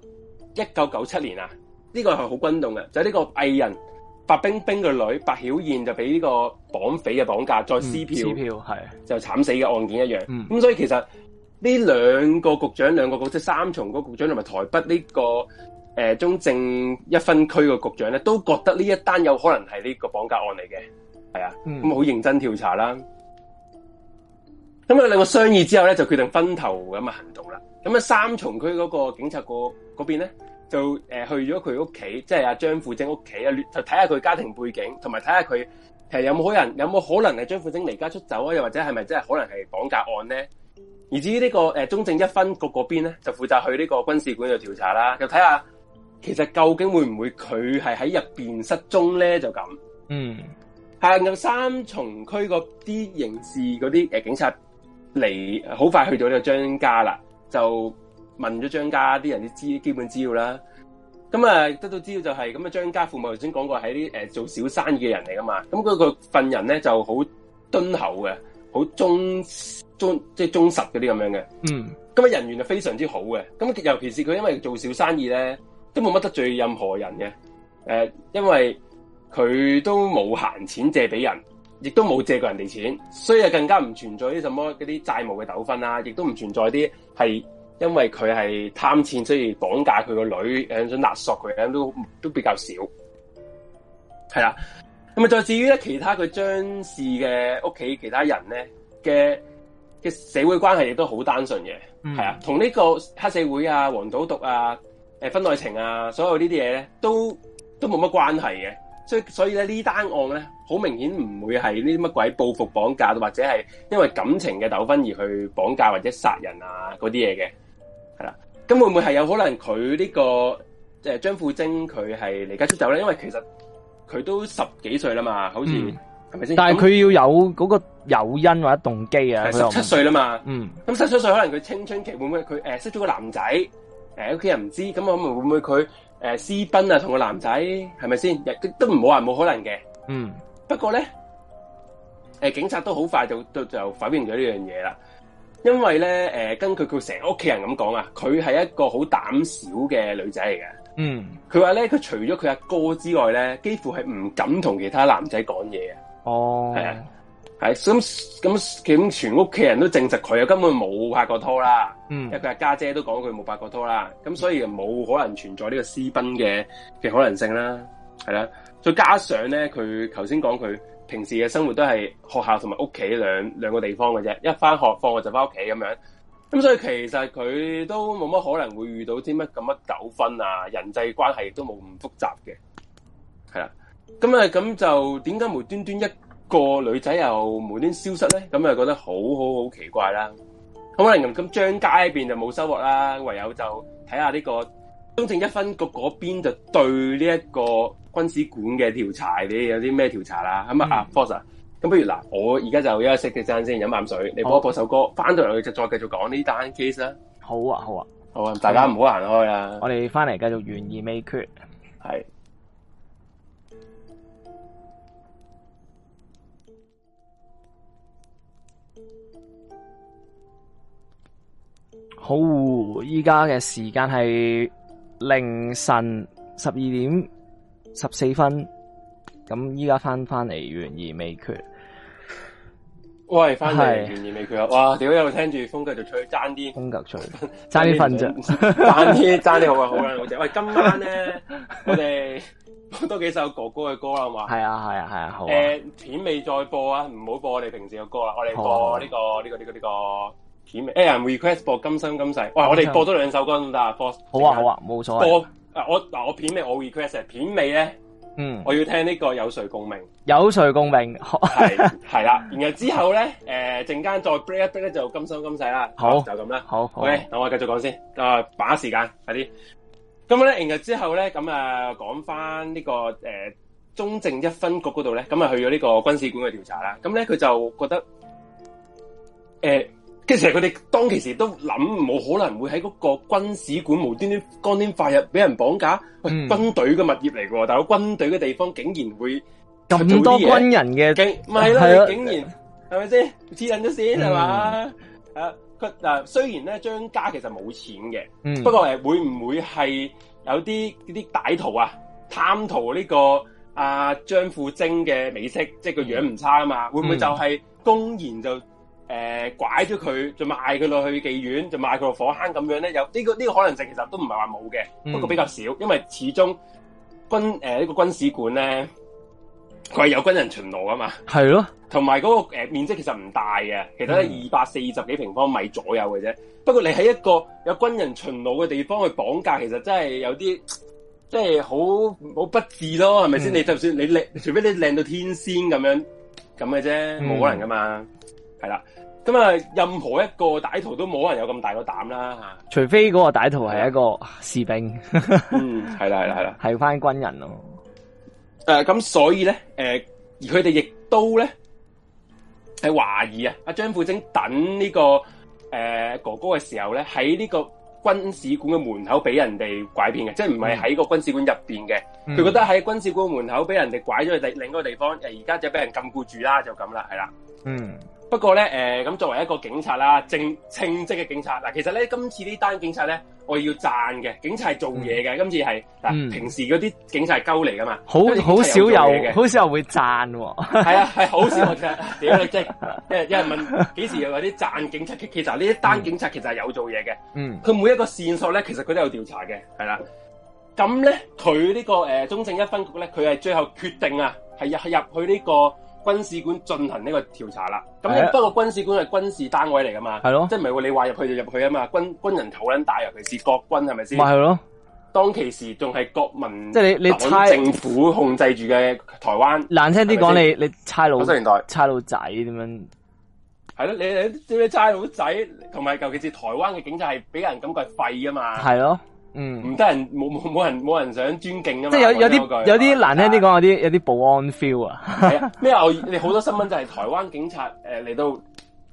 一九九七年啊，呢、呢個係好轟動嘅，就係、是、呢個藝人。白冰冰個女白曉燕就俾呢個綁匪嘅綁架再撕票，票係就慘死嘅案件一樣。咁、嗯、所以其實呢兩個局長、兩、嗯、個局即係三重嗰個局長，同埋台北呢、這個誒、呃、中正一分區嘅局長咧，都覺得呢一單有可能係呢個綁架案嚟嘅，係啊，咁、嗯、好認真調查啦。咁啊，兩個商議之後咧，就決定分頭咁啊行動啦。咁啊，三重區嗰個警察個嗰邊咧，就誒去咗佢屋企，即係阿張富正屋企啊，就睇下佢家庭背景，同埋睇下佢其實有冇可能，有冇可能係張富正離家出走啊？又或者係咪真係可能係綁架案咧？而至於呢個誒中正一分局嗰邊咧，就負責去呢個軍事館度調查啦，就睇下其實究竟會唔會佢係喺入邊失蹤咧？就咁嗯，係啊，三重區嗰啲刑事嗰啲誒警察嚟，好快去到呢個張家啦，就。問咗張家啲人啲資基本資料啦，咁啊得到資料就係咁啊，張家父母頭先講過喺啲誒做小生意嘅人嚟㗎嘛，咁、那、佢個份人咧就好敦厚嘅，好忠忠即係忠實嗰啲咁樣嘅，嗯，咁啊人緣就非常之好嘅，咁尤其是佢因為做小生意咧，都冇乜得罪任何人嘅，誒、呃，因為佢都冇閒錢借俾人，亦都冇借過人哋錢，所以更加唔存在啲什麼啲債務嘅糾紛啊，亦都唔存在啲係。因為佢係貪錢，所以綁架佢個女，誒想勒索佢都都比較少。係啦，啊，咁啊再至於咧，其他佢張氏嘅屋企其他人咧嘅嘅社會關係亦都好單純嘅，係，嗯、啊，同呢個黑社會啊、黃賭毒啊、誒、欸、婚外情啊，所有這些東西呢啲嘢咧，都都冇乜關係嘅。所以所以咧呢單案咧，好明顯唔會係呢啲乜鬼報復綁架，或者係因為感情嘅糾紛而去綁架或者殺人啊嗰啲嘢嘅。那些東西係啦，咁會唔會係有可能佢呢個誒張富貞佢係離家出走咧？因為其實佢都十幾歲啦嘛，好似係咪先？但係佢要有嗰個誘因或者動機啊，十七歲啦嘛，嗯，咁十七歲可能佢青春期會唔會佢誒、欸、識咗個男仔誒屋企人唔知，咁啊會唔會佢誒、欸、私奔啊同個男仔係咪先？亦都都唔好話冇可能嘅，嗯。不過咧，誒、欸、警察都好快就就就否認咗呢樣嘢啦。因為咧，誒、呃，根據佢成屋企人咁講啊，佢係一個好膽小嘅女仔嚟嘅。嗯，佢話咧，佢除咗佢阿哥之外咧，幾乎係唔敢同其他男仔講嘢嘅。哦，係啊，係咁咁，咁全屋企人都證實佢啊，根本冇拍過拖啦。嗯，因為佢阿家姐都講佢冇拍過拖啦，咁所以冇、嗯、可能存在呢個私奔嘅嘅可能性啦。係啦、啊，再加上咧，佢頭先講佢。平時嘅生活都係學校同埋屋企兩兩個地方嘅啫，一翻學放學就翻屋企咁樣，咁所以其實佢都冇乜可能會遇到啲乜咁嘅糾紛啊，人際關係都冇咁複雜嘅，係啦，咁啊咁就點解無端端一個女仔又無端消失咧？咁啊覺得好好好奇怪啦，好冇啊？可能咁張街邊就冇收穫啦，唯有就睇下呢個中正一分局嗰邊就對呢一個。軍事館嘅調查，你有啲咩調查啦？咁、嗯、啊 Professor 咁不如嗱，我而家就休息嘅陣先，飲啖水。你播播首歌，翻到嚟就再繼續講呢單 case 啦。好啊，啊、好啊，好啊，大家唔好行開啦。我哋翻嚟繼續懸而未決。係。好，依家嘅時間係凌晨十二點十四分，咁依家翻翻嚟懸而未決。喂，翻嚟懸而未決啊！哇，屌一路聽住風繼續吹，爭啲風格吹爭啲瞓着，爭啲爭啲好啊 好啦，好正！喂，今晚咧 我哋播多幾首哥哥嘅歌啦，係嘛？係啊係啊係啊，好誒、啊呃、片尾再播，播，播、這個、啊，唔好播我哋平時嘅歌啦，我哋播呢個呢、這個呢、這個呢個片尾。誒、哎，人 request 播《今生今世》喂，我哋播多兩首歌得啊，啊？好啊好啊，冇錯。播誒，我嗱我片尾我 request 片尾咧，嗯，我要聽呢個有誰共鳴？有誰共鳴？係係啦，然後之後咧，誒，陣間再 break 一 break 咧就今生今世啦。好，就咁啦。好，好，OK，好，我繼續講先。啊，把握時間，快啲。咁咧，然後之後咧，咁啊、這個，講翻呢個誒，中正一分局嗰度咧，咁啊去咗呢個軍事館嘅調查啦。咁咧，佢就覺得誒。呃跟住，其實佢哋當其時都諗冇可能會喺嗰個軍事館無端端光天化日俾人綁架，嗯、軍隊嘅物業嚟嘅，但係軍隊嘅地方竟然會咁多軍人嘅，唔係咯？竟、啊啊、竟然係咪、啊、先？似人都先係嘛？啊！嗱、啊，雖然咧張家其實冇錢嘅、嗯，不過誒會唔會係有啲啲歹徒啊，貪圖呢個阿張、啊、富貞嘅美色，即係個樣唔差啊嘛？嗯、會唔會就係公然就？誒、呃，拐咗佢就賣佢落去妓院，就賣佢落火坑咁樣咧，有、這、呢個呢、這個可能性，其實都唔係話冇嘅，不過比較少，因為始終軍誒呢、呃這個軍事館咧，佢係有軍人巡邏㗎嘛，係咯，同埋嗰個誒、呃、面積其實唔大嘅，其實咧二百四十幾平方米左右嘅啫、嗯，不過你喺一個有軍人巡邏嘅地方去綁架，其實真係有啲即係好好不智咯，係咪先？你就算你靚，除非你靚到天仙咁樣咁嘅啫，冇可能㗎嘛，係、嗯、啦。咁啊，任何一個歹徒都冇人有咁大個膽啦吓，除非嗰個歹徒係一個士兵。嗯，係啦係啦係啦，係翻軍人咯。誒，咁所以咧，誒，而佢哋亦都咧係懷疑啊，阿張富正等呢個誒哥哥嘅時候咧，喺呢個軍事館嘅門口俾人哋拐騙嘅，即係唔係喺個軍事館入邊嘅。佢覺得喺軍事館門口俾人哋拐咗去另另一個地方，誒，而家就俾人禁錮住啦，就咁啦，係啦，嗯。不過咧，誒、呃，咁作為一個警察啦，正稱職嘅警察，嗱，其實咧今次呢單警察咧，我要讚嘅，警察係做嘢嘅、嗯，今次係嗱、嗯，平時嗰啲警察係鳩嚟噶嘛，好好少有，好少會讚，係 啊，係好少嘅，點解即係，即係有人問幾時有啲讚警察其實呢一單警察其實係有做嘢嘅，嗯，佢每一個線索咧，其實佢都有調查嘅，係啦、啊，咁咧，佢呢、這個誒、呃，中正一分局咧，佢係最後決定啊，係入入去呢、這個。軍事館進行呢個調查啦，咁不過軍事館係軍事單位嚟噶嘛，係咯，即係唔係你話入去就入去啊嘛，軍軍人頭卵大，尤其是國軍係咪先？係咯、就是，當其時仲係國民，即係你你政府控制住嘅台灣，難聽啲講你是是你差佬，七十年代差佬仔點樣？係咯，你你你差佬仔，同埋尤其是台灣嘅警察係俾人感覺廢啊嘛，係咯。嗯，唔得人，冇冇冇人，冇人想尊敬嘛，即係有有啲有啲難聽啲講，有啲有啲、啊啊、保安 feel 啊，係 啊，咩你好多新聞就係台灣警察誒嚟、呃、到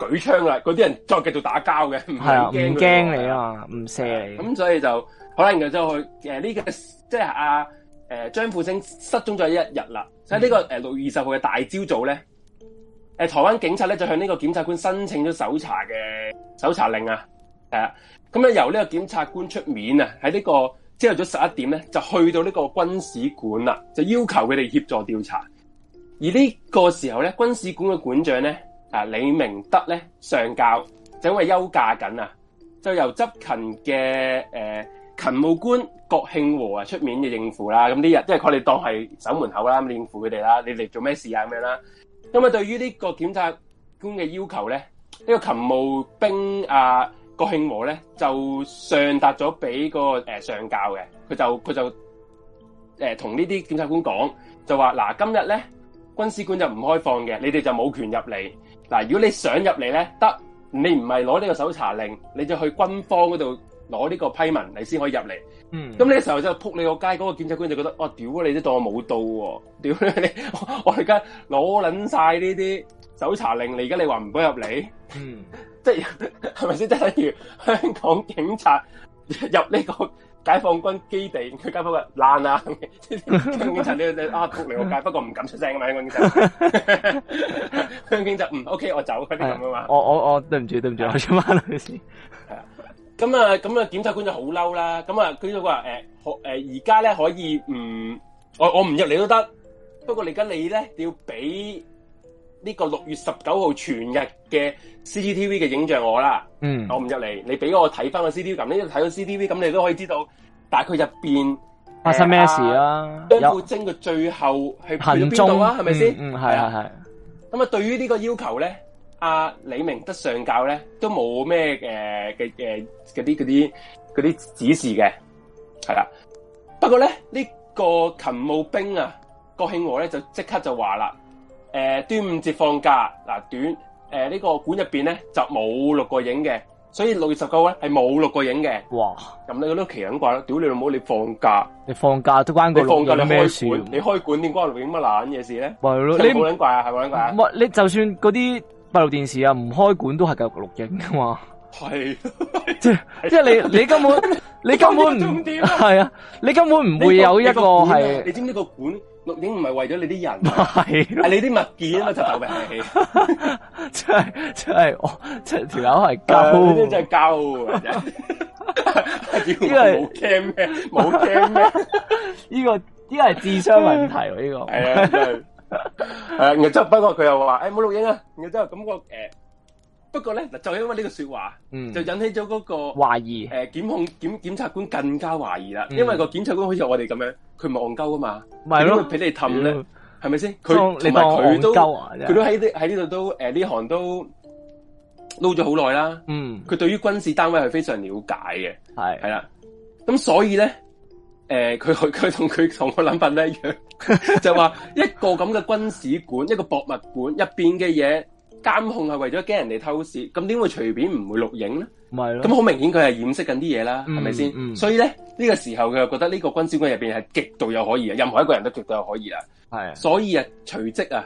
舉槍啦，嗰啲人再繼續打交嘅，係啊，唔驚你啊，唔、嗯、射你、啊，咁、啊啊啊啊嗯、所以就可能就去誒呢、呃這個，即係阿誒張富星失蹤咗一日啦。所以呢個誒六月二十號嘅大朝早咧，誒、嗯、台灣警察咧就向呢個檢察官申請咗搜查嘅搜查令啊。誒、啊，咁咧由呢個檢察官出面啊，喺呢個朝頭早十一點咧，就去到呢個軍事館啦，就要求佢哋協助調查。而呢個時候咧，軍事館嘅館長咧，啊李明德咧上教，就因為休假緊啊，就由執勤嘅誒、呃、勤務官郭慶和啊出面嘅應付啦。咁、啊、呢日即係佢哋當係守門口啦，咁應付佢哋啦，你哋做咩事啊？咁樣啦。咁啊，啊，對於呢個檢察官嘅要求咧，呢、這個勤務兵啊。郭慶和咧就上達咗俾個誒、呃、上教嘅，佢就佢就誒同呢啲檢察官講，就話嗱今日咧軍事館就唔開放嘅，你哋就冇權入嚟。嗱，如果你想入嚟咧，得你唔係攞呢個搜查令，你就去軍方嗰度攞呢個批文你先可以入嚟。嗯，咁呢個時候就扑你個街，嗰、嗰個檢察官就覺得、啊啊、我哦，屌你都當我冇到，屌你，我而家攞捻晒呢啲搜查令，你而家你話唔敢入嚟，嗯。即係咪先？即係等於香港警察入呢個解放軍基地，佢加翻個爛啊！香港警察你阿啊，嚟我街，不過唔敢出聲啊嘛！香港警察，啊、不不香港警察，唔 OK，我走，係咁啊嘛。我我我對唔住，對唔住、 嗯欸嗯，我出翻啦。係啊，咁啊，咁啊，檢察官就好嬲啦。咁啊，佢就話誒，可誒，而家咧可以唔，我我唔入嚟都得，不過而家你咧要俾。呢、這個六月十九號全日嘅 CCTV 嘅影像我啦，嗯，我唔入嚟，你俾我睇翻個 CCTV，咁你睇到 CCTV，咁你都可以知道，大概佢入邊發生咩事啦、啊？張富晶嘅最後去咗邊度啊？係咪先？係啊係。咁、嗯、啊，對於呢個要求咧，阿、啊、李明德上教咧都冇咩誒嘅嗰啲嗰啲嗰啲指示嘅，係啦。不過咧呢、這個勤務兵啊，郭慶和咧就即刻就話啦。誒，端午節放假嗱，短誒、呃這個、呢個館入邊咧就冇錄影嘅，所以六月十九咧係冇錄影嘅。哇！咁你都奇撚怪咯，屌你老母！你放假，你放假都關個錄影咩事？你開館，你開館點關錄影乜撚嘢事咧？咪咯，你冇撚怪啊，係冇撚怪啊！唔係你就算嗰啲閉路電視啊，唔開館都係繼續錄影噶嘛。係即係即係你你根本你根本唔係啊！你根本唔會有一個係。你知唔知個管錄影唔係為咗你啲人，係係你啲物件嘛？就逗命。即係即係我條友係夠，呢啲真係夠。呢個係驚咩？冇驚咩？呢個呢個係智商問題。呢個係啊，真係。誒，然之後不過佢又話，誒，冇錄影啊！然之後噉個，誒。不過咧，就因為呢個說話，嗯、就引起咗嗰、那個懷疑。誒、呃，檢控檢檢察官更加懷疑啦、嗯，因為個檢察官好似我哋咁樣，佢戇鳩啊嘛，咪囉俾你氹咧，係咪先？佢同埋佢都，佢都喺呢喺呢度都，誒呢行都撈咗好耐啦。嗯，佢、呃嗯、對於軍事單位係非常了解嘅，係係啦。咁所以咧，誒佢佢同佢同我諗法都一樣， 就話一個咁嘅軍事館，一個博物館入邊嘅嘢。監控係為咗驚人哋偷視，咁點會隨便唔會錄影咧？咯，咁好明顯佢係掩飾緊啲嘢啦，係咪先？所以咧呢、這個時候佢就覺得呢個軍少官入邊係極度有可疑，任何一個人都極度有可疑啦。係，所以啊，隨即啊，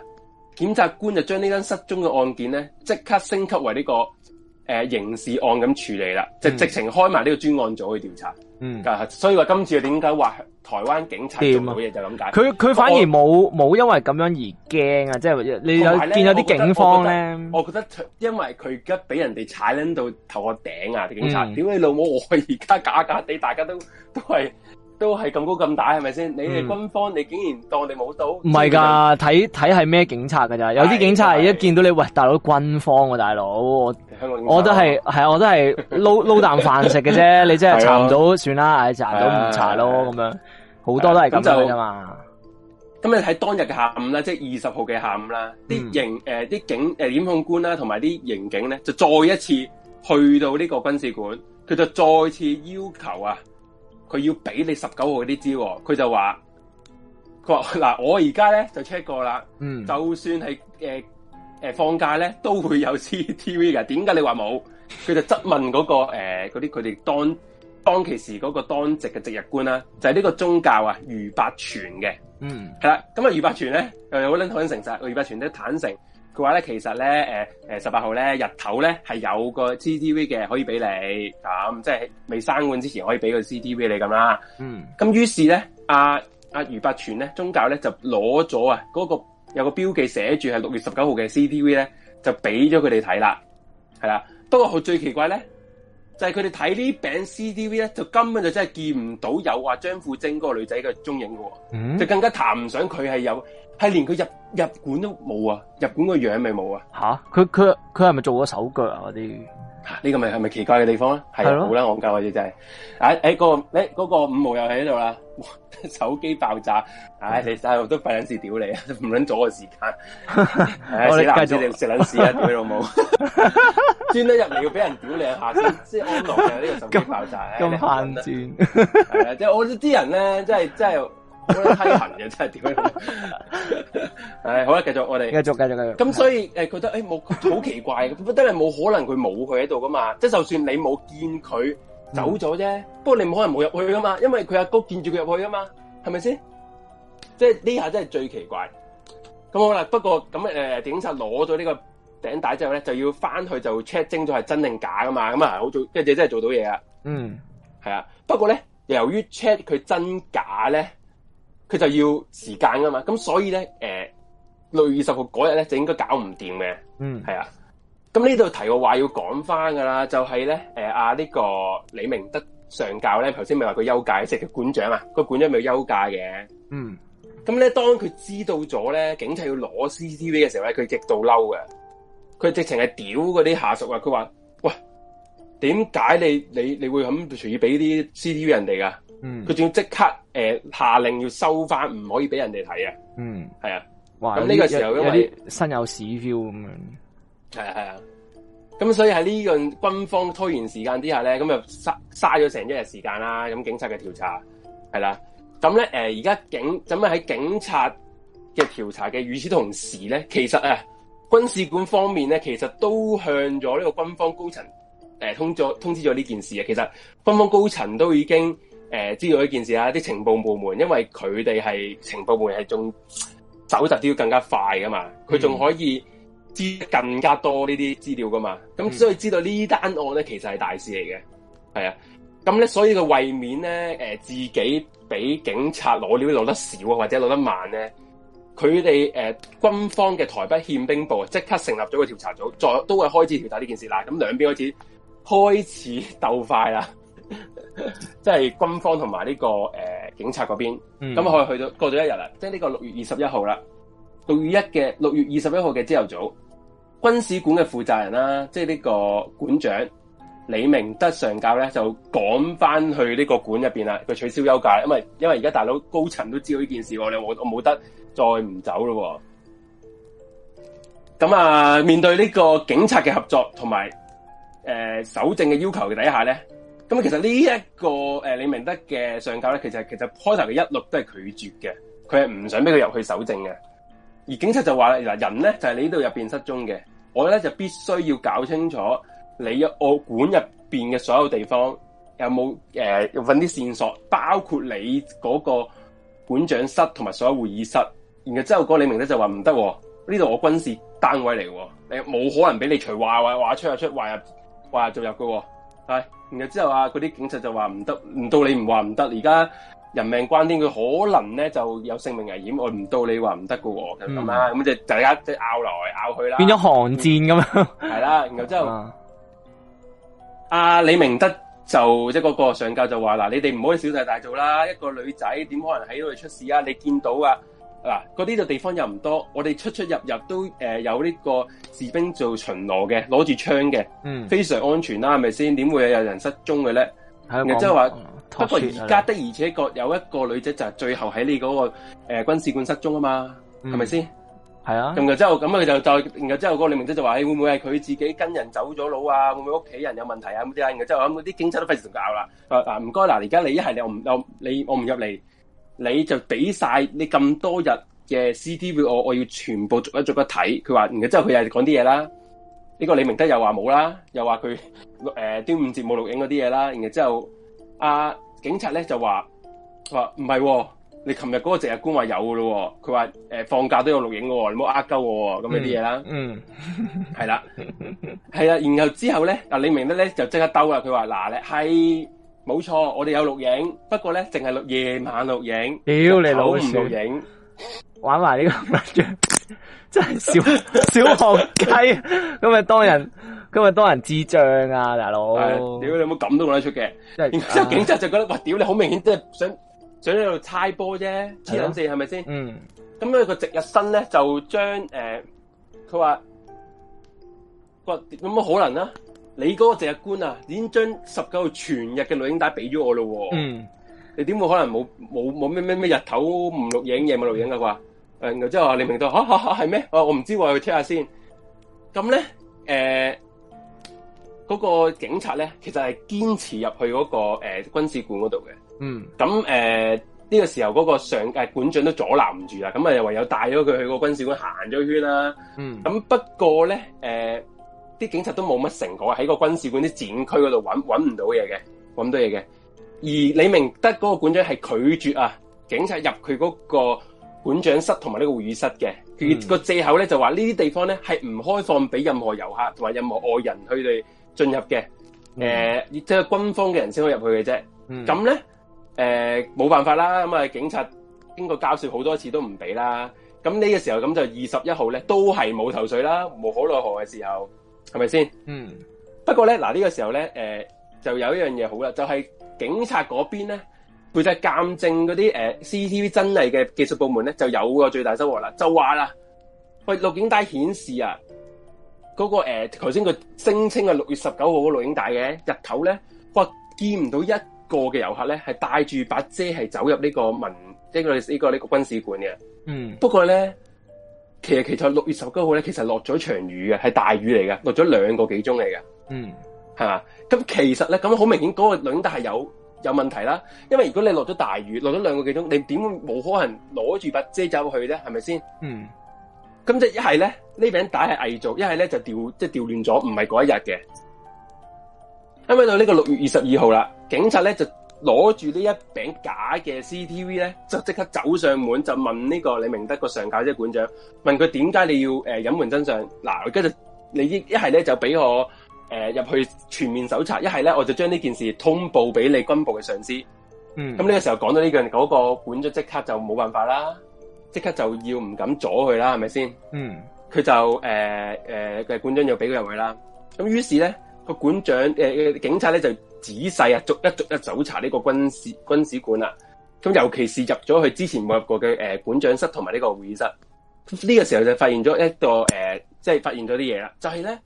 檢察官就將呢單失蹤嘅案件咧，即刻升級為呢、這個。誒、呃，刑事案咁處理啦，就直情開埋呢個專案組去調查。嗯，啊，所以話今次點解話台灣警察做唔到嘢就咁解？佢佢反而冇冇因為咁樣而驚啊！即、就、係、是、你有，有見有啲警方咧，我覺得因為佢而家俾人哋踩撚到頭個頂啊！啲警察，屌、嗯、你老母！我而家假假地，大家都都係。都係咁高咁大係咪先？你哋軍方、嗯，你竟然當你冇到？唔係噶，睇睇係咩警察噶咋？有啲警察係一見到你，就是、喂，大佬軍方喎、啊，大佬，我都係係啊，我都係撈撈啖飯食嘅啫。你真係查唔到，哦、算啦，哦算哦、查到唔查咯，咁、哦、樣好多都係咁樣噶嘛。咁你睇當日嘅下午啦，即係二十號嘅下午啦，啲刑誒，啲警誒，檢控官啦，同埋啲刑警咧，就再一次去到呢個軍事館，佢就再次要求啊。佢要俾你十九號嗰啲資料，佢就話：佢話嗱，我而家咧就 check 過啦，嗯，就算係誒誒放假咧，都會有 C T V 嘅。點解你話冇？佢就質問嗰、嗰個啲佢哋當當其時嗰個當值嘅值日官啦，就係、是、呢個宗教啊，余百全嘅，嗯，係啦，咁啊余百全咧誒好捻坦誠曬，余百全都坦誠。佢話咧，其實咧，誒、呃，誒，十八號咧，日頭咧係有個 C T V 嘅，可以俾你，嗯、即係未生冠之前可以俾個 C T V 你咁啦。嗯，咁於是咧，阿、啊、阿、啊、余伯全咧，宗教咧就攞咗啊，嗰個有個標記寫住係六月十九號嘅 C T V 咧，就俾咗佢哋睇啦，係啦。不過佢最奇怪咧。但係佢哋睇呢餅 CDV 咧，就根本就真係見唔到有話張富珍個女仔嘅蹤影嘅喎、嗯，就更加談唔上佢係有，係連佢入入館都冇啊！入館個樣咪冇啊！吓？佢佢佢係咪做咗手腳啊嗰啲？呢、這個咪係咪奇怪嘅地方咧？係好啦，戇教嘅嘢就係，哎哎嗰、那個，哎、那個五毛又喺度啦，手機爆炸，唉、哎，你細路都費緊事屌你，唔撚阻我時間、 哎，死男 沒 人你食撚屎啊，屌你老母，專登入嚟要俾人屌兩下先，即係安樂嘅呢個手機爆炸，咁慳轉，係、哎、啊，即係、嗯、我啲人咧，即係即係。真批痕嘅真係點樣？誒，好啦，繼續我哋繼續繼續繼續。咁所以誒， 覺得誒冇好奇怪，都係冇可能佢冇佢喺度噶嘛。即 係就算你冇見佢走咗啫，嗯，不過你冇可能冇入去噶嘛，因為佢阿哥，哥見住佢入去噶嘛，係咪先？ 即係呢下真係最奇怪。咁 好啦，不過咁誒，呃，警察攞咗呢個頂帶之後咧，就要翻去就 check 精咗係真定假噶嘛。咁啊，好做，跟住真係做到嘢啦。嗯，係啊。不過咧，由於 check 佢真假咧，佢就要時間噶嘛，咁所以咧，誒、呃，六月二十號嗰日咧就應該搞唔掂嘅，嗯，係啊。咁呢度提我話要講翻噶啦，就係、是、咧，誒、呃、阿、啊、呢、這個李明德上教咧，頭先咪話佢休假，即係佢館長啊，個館長咪要休假嘅，嗯。咁咧，當佢知道咗咧，警察要攞 CCTV 嘅時候咧，佢極度嬲嘅，佢直情係屌嗰啲下屬啊，佢話，喂，點解你你你，你會咁隨意俾啲 CCTV 人哋噶？佢仲要即刻誒、呃、下令要收翻，唔可以俾人哋睇啊！嗯，係啊，咁呢、呢個時候新有啲身有屎 feel 咁樣，係啊係啊。咁、啊、所以喺呢個軍方拖延時間之下咧，咁就嘥嘥咗成一日時間啦。咁警察嘅調查係啦，咁咧誒而家警咁喺警察嘅調查嘅與此同時咧，其實啊軍事館方面咧，其實都向咗呢個軍方高層誒、呃、通咗通知咗呢件事啊。其實軍方高層都已經。誒、呃，知道呢件事啦，啲情報部門因為佢哋係情報部門係仲走特啲，要更加快噶嘛，佢、嗯、仲可以知更加多呢啲資料噶嘛，咁所以知道呢單案咧，其實係大事嚟嘅，係啊，咁咧所以佢為免咧，誒、呃、自己俾警察攞料攞得少或者攞得慢咧，佢哋誒軍方嘅台北憲兵部即刻成立咗個調查組，再都係開始調查呢件事啦，咁兩邊開始開始鬥快啦。即係軍方同埋呢個誒、呃、警察嗰邊，咁可以去到過咗一日啦。即係呢個六月二十一號啦，六月一嘅六月二十一號嘅朝頭早，軍事館嘅負責人啦、啊，即係呢個館長李明德上教咧，就趕翻去呢個館入邊啦，佢取消休假，因為因為而家大佬高層都知道呢件事喎，我冇得再唔走咯、啊。咁啊，面對呢個警察嘅合作同埋誒守正嘅要求嘅底下咧。咁其實呢一個誒李明德嘅上教咧，其實其實開頭嘅一律都係拒絕嘅，佢係唔想俾佢入去搜證嘅。而警察就話啦，嗱，人咧就係、是、你呢度入邊失蹤嘅，我咧就必須要搞清楚你我館入邊嘅所有地方有冇誒搵啲線索，包括你嗰個館長室同埋所有會議室。然後之後嗰李明德就話唔得，呢度我軍事單位嚟喎。你冇可能俾你隨話話出就出，話入話入就入㗎係。然後之後啊，嗰啲警察就話唔得，唔到你唔話唔得。而家人命關天，佢可能咧就有性命危險，我唔到你話唔得㗎喎。咁啊，咁、嗯、就大家即係拗來拗去啦，變咗寒戰咁、嗯、樣。係啦，然後之 後，阿、啊啊、李明德就即係、就是、個上教就話：嗱，你哋唔好小題大做啦，一個女仔點可能喺度出事啊？你見到啊！嗱，嗰啲嘅地方又唔多，我哋出出入入都誒有呢個士兵做巡邏嘅，攞住槍嘅、嗯，非常安全啦、啊，係咪先？點會有人失蹤嘅咧？然後即係話，不過而家的而且確有一個女仔就係最後喺你嗰、嗰個誒、呃、軍事館失蹤啊嘛，係咪先？係啊。然後之後咁啊，就然就然之後嗰個女明星就話：誒會唔會係佢自己跟人走咗佬啊？會唔會屋企人有問題啊？咁啲啊？然後即係話啲警察都費事搞啦。嗱、嗯，唔該嗱，而家你一係你我唔我你我唔入嚟。你就俾晒你咁多日嘅 C T 俾我，我要全部逐一逐一睇。佢話，然之後佢又講啲嘢啦。呢、這個李明德又話冇啦，又話佢誒端午節冇錄影嗰啲嘢啦。然後之後阿、啊、警察咧就話：話唔係，你琴日嗰個值日官話有噶咯、哦。佢話：誒、呃、放假都有錄影噶、哦，你唔好呃鳩我咁呢啲嘢啦。嗯，係啦，係 啊。然後之後咧，阿李明德咧就即刻兜啦。佢話：嗱，你係。冇錯，我哋有錄影，不過咧淨係錄夜晚錄影。屌你老屎，玩埋呢個文章，真係小小學雞，咁咪當人，咁咪當人智障啊，大佬！屌你冇噉都講得出嘅，然之後警察就覺得，哇！屌你好明顯都係想想喺度猜波啫，黐撚線係咪先？嗯，咁樣佢直起身咧，就將誒，佢話，喂，佢話有冇可能啊？你嗰個值日官啊，已經將十九號全日嘅錄影帶俾咗我咯、啊。嗯，你點會可能冇冇冇咩咩咩日頭唔錄影，夜晚錄影噶啩？誒、呃，然之後阿李明都哈哈哈係咩？我我唔知，我去聽下先。咁咧，誒、呃，嗰、那個警察咧，其實係堅持入去嗰、那個誒、呃、軍事館嗰度嘅。嗯。咁誒，呢、呃這個時候嗰個上誒館、呃、長都阻攔唔住啦。咁啊，唯有帶咗佢去個軍事館行咗一圈啦、啊。嗯。咁不過咧，誒、呃。啲警察都冇乜成果，喺個軍事館啲展區嗰度揾揾唔到嘢嘅，揾到嘢嘅。而李明德嗰、那個館長係拒絕啊，警察入佢嗰個館長室同埋呢個會議室嘅。佢、嗯、個借口咧就話呢啲地方咧係唔開放俾任何遊客同埋任何外人去佢哋進入嘅。誒、嗯呃，即、就、係、是、軍方嘅人先可以入去嘅啫。咁、嗯、咧，誒、呃，冇辦法啦。咁啊，警察經過交涉好多次都唔俾啦。咁呢個時候咁就二十一號咧，都係冇頭緒啦，冇可奈何嘅時候。係咪先？嗯。不過咧，嗱、這、呢個時候咧，誒、呃，就有一樣嘢好啦，就係、是、警察嗰邊咧，佢就鑑證嗰啲誒、呃、CTV 真係嘅技術部門咧，就有個最大收穫啦，就話啦，喂，錄影帶顯示啊，嗰、那個誒，頭先佢聲稱係六月十九號嘅錄影帶嘅，日頭咧，哇，見唔到一個嘅遊客咧，係帶住把遮係走入呢個民呢、這個呢、這個呢、這個軍事館嘅。嗯。不過咧。其實其實六月十九號咧，其實落咗場雨嘅，係大雨嚟嘅，落咗兩個幾鐘嚟嘅。嗯，係嘛？咁其實咧，咁好明顯嗰個領帶係有有問題啦。因為如果你落咗大雨，落咗兩個幾鐘，你點冇可能攞住把遮走去咧？係咪先？嗯。咁即係一係咧，呢餅帶係偽造；一係咧就掉即係調亂咗，唔係嗰一日嘅。因為到呢個六月二十二號啦，警察咧就。攞住呢一柄假嘅 C T V 咧，就即刻走上門，就問呢個李明德個上教即管長，問佢點解你要誒隱瞞真相？嗱，跟住你一一係咧就俾我誒入去全面搜查，一係咧我就將呢件事通報俾你軍部嘅上司。嗯，咁、這、呢個時候講到呢句，嗰、那個管長即刻就冇辦法啦，即刻就要唔敢阻佢啦，係咪先？嗯，佢就誒誒嘅管長就俾佢入去啦。咁於是咧個管長、呃、警察咧就。仔細啊，逐一逐一搜查呢個軍事軍事館啦、啊。咁尤其是入咗去之前冇入過嘅誒館長室同埋呢個會議室，呢、這個時候就發現咗一個誒、呃，即係發現咗啲嘢啦。就係咧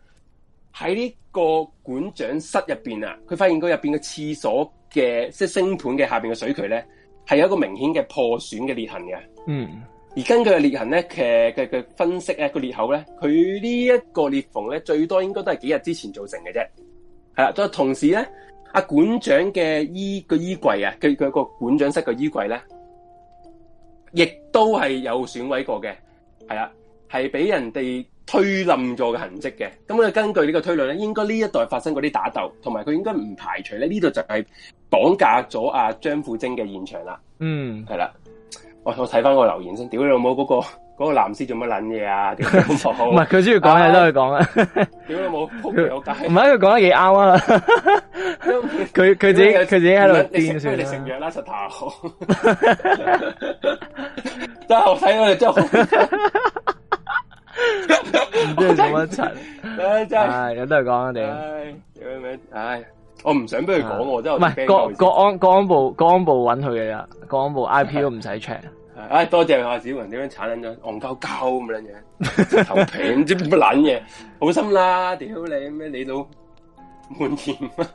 喺呢這個館長室入邊啊，佢發現佢入邊嘅廁所嘅即係星盤嘅下邊嘅水渠咧，係有一個明顯嘅破損嘅裂痕嘅。嗯，而根據嘅裂痕咧，嘅嘅嘅分析咧，裂呢個裂口咧，佢呢一個裂縫咧，最多應該都係幾日之前造成嘅啫。係啦，咁啊，同時咧。阿館長嘅衣個衣櫃啊，佢佢個館長室個衣櫃咧，亦都係有損毀過嘅，係啦，係俾人哋推冧咗嘅痕跡嘅。咁啊，根據呢個推論咧，應該呢一帶發生過啲打鬥，同埋佢應該唔排除咧呢度就係綁架咗阿張富貞嘅現場啦。嗯，係啦。我睇翻個留言先，屌你老母嗰、嗰個，嗰個男士做乜撚嘢啊？屌你老母！唔係佢鍾意講嘢都係講啊，啊 屌屌，屌你老母，唔係佢講得幾啱啊！佢佢自己佢自己喺度癲算啦，你成日拉實頭真係我睇我哋真係，你做乜柒？真係有得講啊你，屌你老母，唉，我唔想俾佢講我真係唔係國國安公安部公安部揾佢嘅啫，公安部 I P 都唔使 check。唉、哎，多謝阿小雲點樣鏟捻咗，戇鳩鳩咁樣嘢，慘慘慘慘慘慘慘慘 頭皮唔知乜捻嘢， 好心啦，屌你咩你都滿意？滿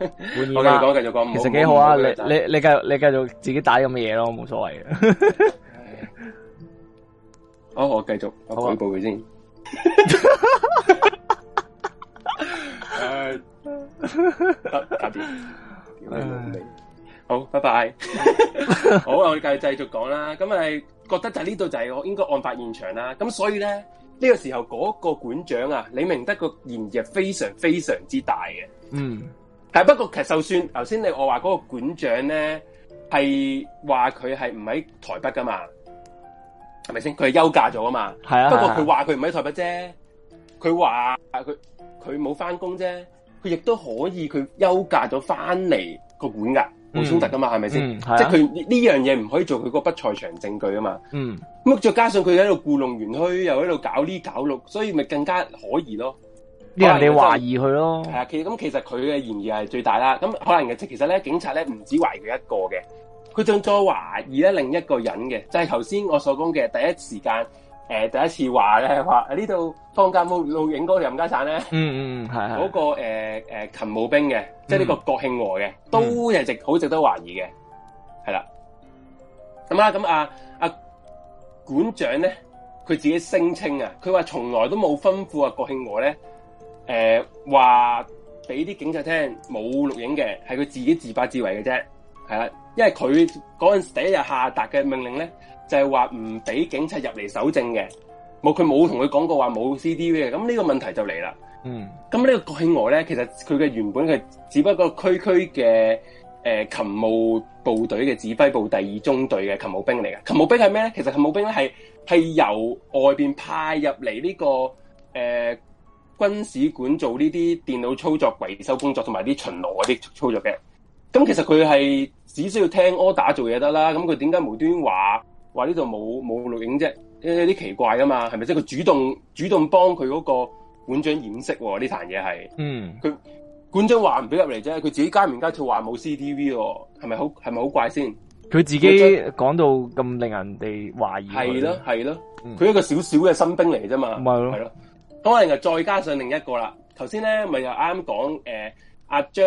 意 我繼繼續講，繼續講，其實幾好啊！你你你繼續，你繼續自己打咁嘅嘢咯，冇所謂嘅。好、 哦，我繼續，我補報佢先。哎，好，拜拜。 好，我哋繼續繼續講啦。咁係覺得就呢度就係我應該案發現場啦。咁所以咧，呢、這個時候嗰個館長啊，李明德個嫌疑非常非常之大嘅。嗯，係不過其實就算頭先你我話嗰個館長咧，係話佢係唔喺台北噶嘛，係咪先？佢係休假咗啊嘛。係啊。不過佢話佢唔喺台北啫，佢話啊佢佢冇翻工啫，佢亦都可以佢休假咗翻嚟個館噶。冇衝突噶嘛，係咪先？即係佢呢樣嘢唔可以做佢個不在場證據啊嘛。嗯，咁再、啊嗯、加上佢喺度故弄玄虛，又喺度搞呢搞六，所以咪更加可疑咯。啲人你懷疑佢咯，係啊。咁其實佢嘅嫌疑係最大啦。咁可能其實其實咧，警察咧唔止懷疑佢一個嘅，佢仲再懷疑咧另一個人嘅，就係頭先我所講嘅第一時間。誒、呃，第一次話咧，話、啊、呢度放假冇錄影嗰條任家產咧，嗯嗯，係係嗰個誒誒勤務兵嘅，即係呢個國慶和嘅、嗯，都係直好值得懷疑嘅，係、嗯、啦。咁啊，咁啊，阿館長咧，佢自己聲稱啊，佢話從來都冇吩咐啊國慶和咧，誒話俾啲警察聽冇錄影嘅，係佢自己自把自為嘅啫，係啦，因為佢嗰陣第一日下達嘅命令咧。就係話唔俾警察入嚟搜證嘅，冇佢冇同佢講過話冇 CDV 嘅，咁呢個問題就嚟啦。嗯，咁呢個國慶娥咧，其實佢嘅原本佢只不過區區嘅誒勤務部隊嘅指揮部第二中隊嘅勤務兵嚟嘅，勤務兵係咩咧？其實勤務兵咧係係由外邊派入嚟呢個誒、呃、軍事館做呢啲電腦操作維修工作同埋啲巡邏嗰啲操作嘅。咁其實佢係只需要聽 order 做嘢得啦。咁佢點解無端話？話呢度冇冇錄影啫，有啲奇怪噶嘛，係咪即係佢主動主動幫佢嗰個館長掩飾，啊？呢壇嘢係，嗯，佢館長話唔俾入嚟啫，佢自己加唔家跳話冇 CCTV，係咪好係咪好怪先？佢自己講到咁令人哋懷疑，係咯係咯，佢、嗯、一個少少嘅新兵嚟啫嘛，咪咯係咯。咁然後再加上另一個啦，頭先咧咪又啱講誒，阿張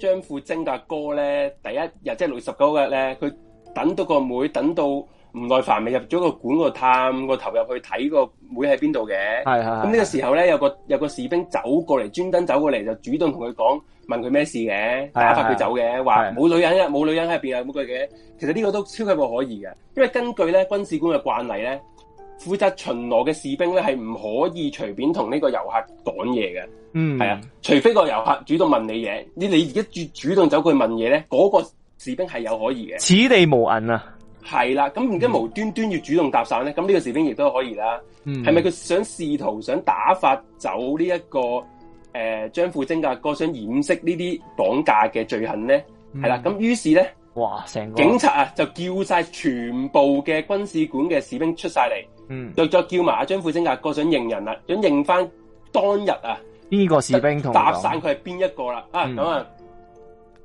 張富貞嘅哥咧，第一日即係六十九日咧，佢。等到個妹，妹，等到唔耐煩，咪入咗個館個館探個頭入去睇個妹喺邊度嘅。咁呢、嗯、個時候咧，有個有個士兵走過嚟，專登走過嚟就主動同佢講，問佢咩事嘅，打發佢走嘅，話冇女人啊，冇女人喺入邊啊！冇佢嘅，其實呢個都超級不可疑嘅，因為根據咧軍事館嘅慣例咧，負責巡邏嘅士兵咧係唔可以隨便同呢個遊客講嘢嘅。嗯，係啊，除非個遊客主動問你嘢，你你而家主主動走過去問嘢咧，嗰、那個士兵係有可疑嘅，此地無銀啊是，係啦，咁而家無端端要主動搭訕咧，咁、嗯、呢個士兵亦都可以啦，係咪佢想試圖想打發走呢、這、一個誒張、呃、富貞噶哥，哥，想掩飾呢啲綁架嘅罪行咧？係、嗯、啦，咁於是咧，哇，成個警察啊，就叫晒全部嘅軍事館嘅士兵出晒嚟，嗯，又再叫埋阿張富貞噶哥，哥想認人啦，想認返當日啊呢個士兵同搭訕佢係邊一個啦，嗯、啊，咁啊，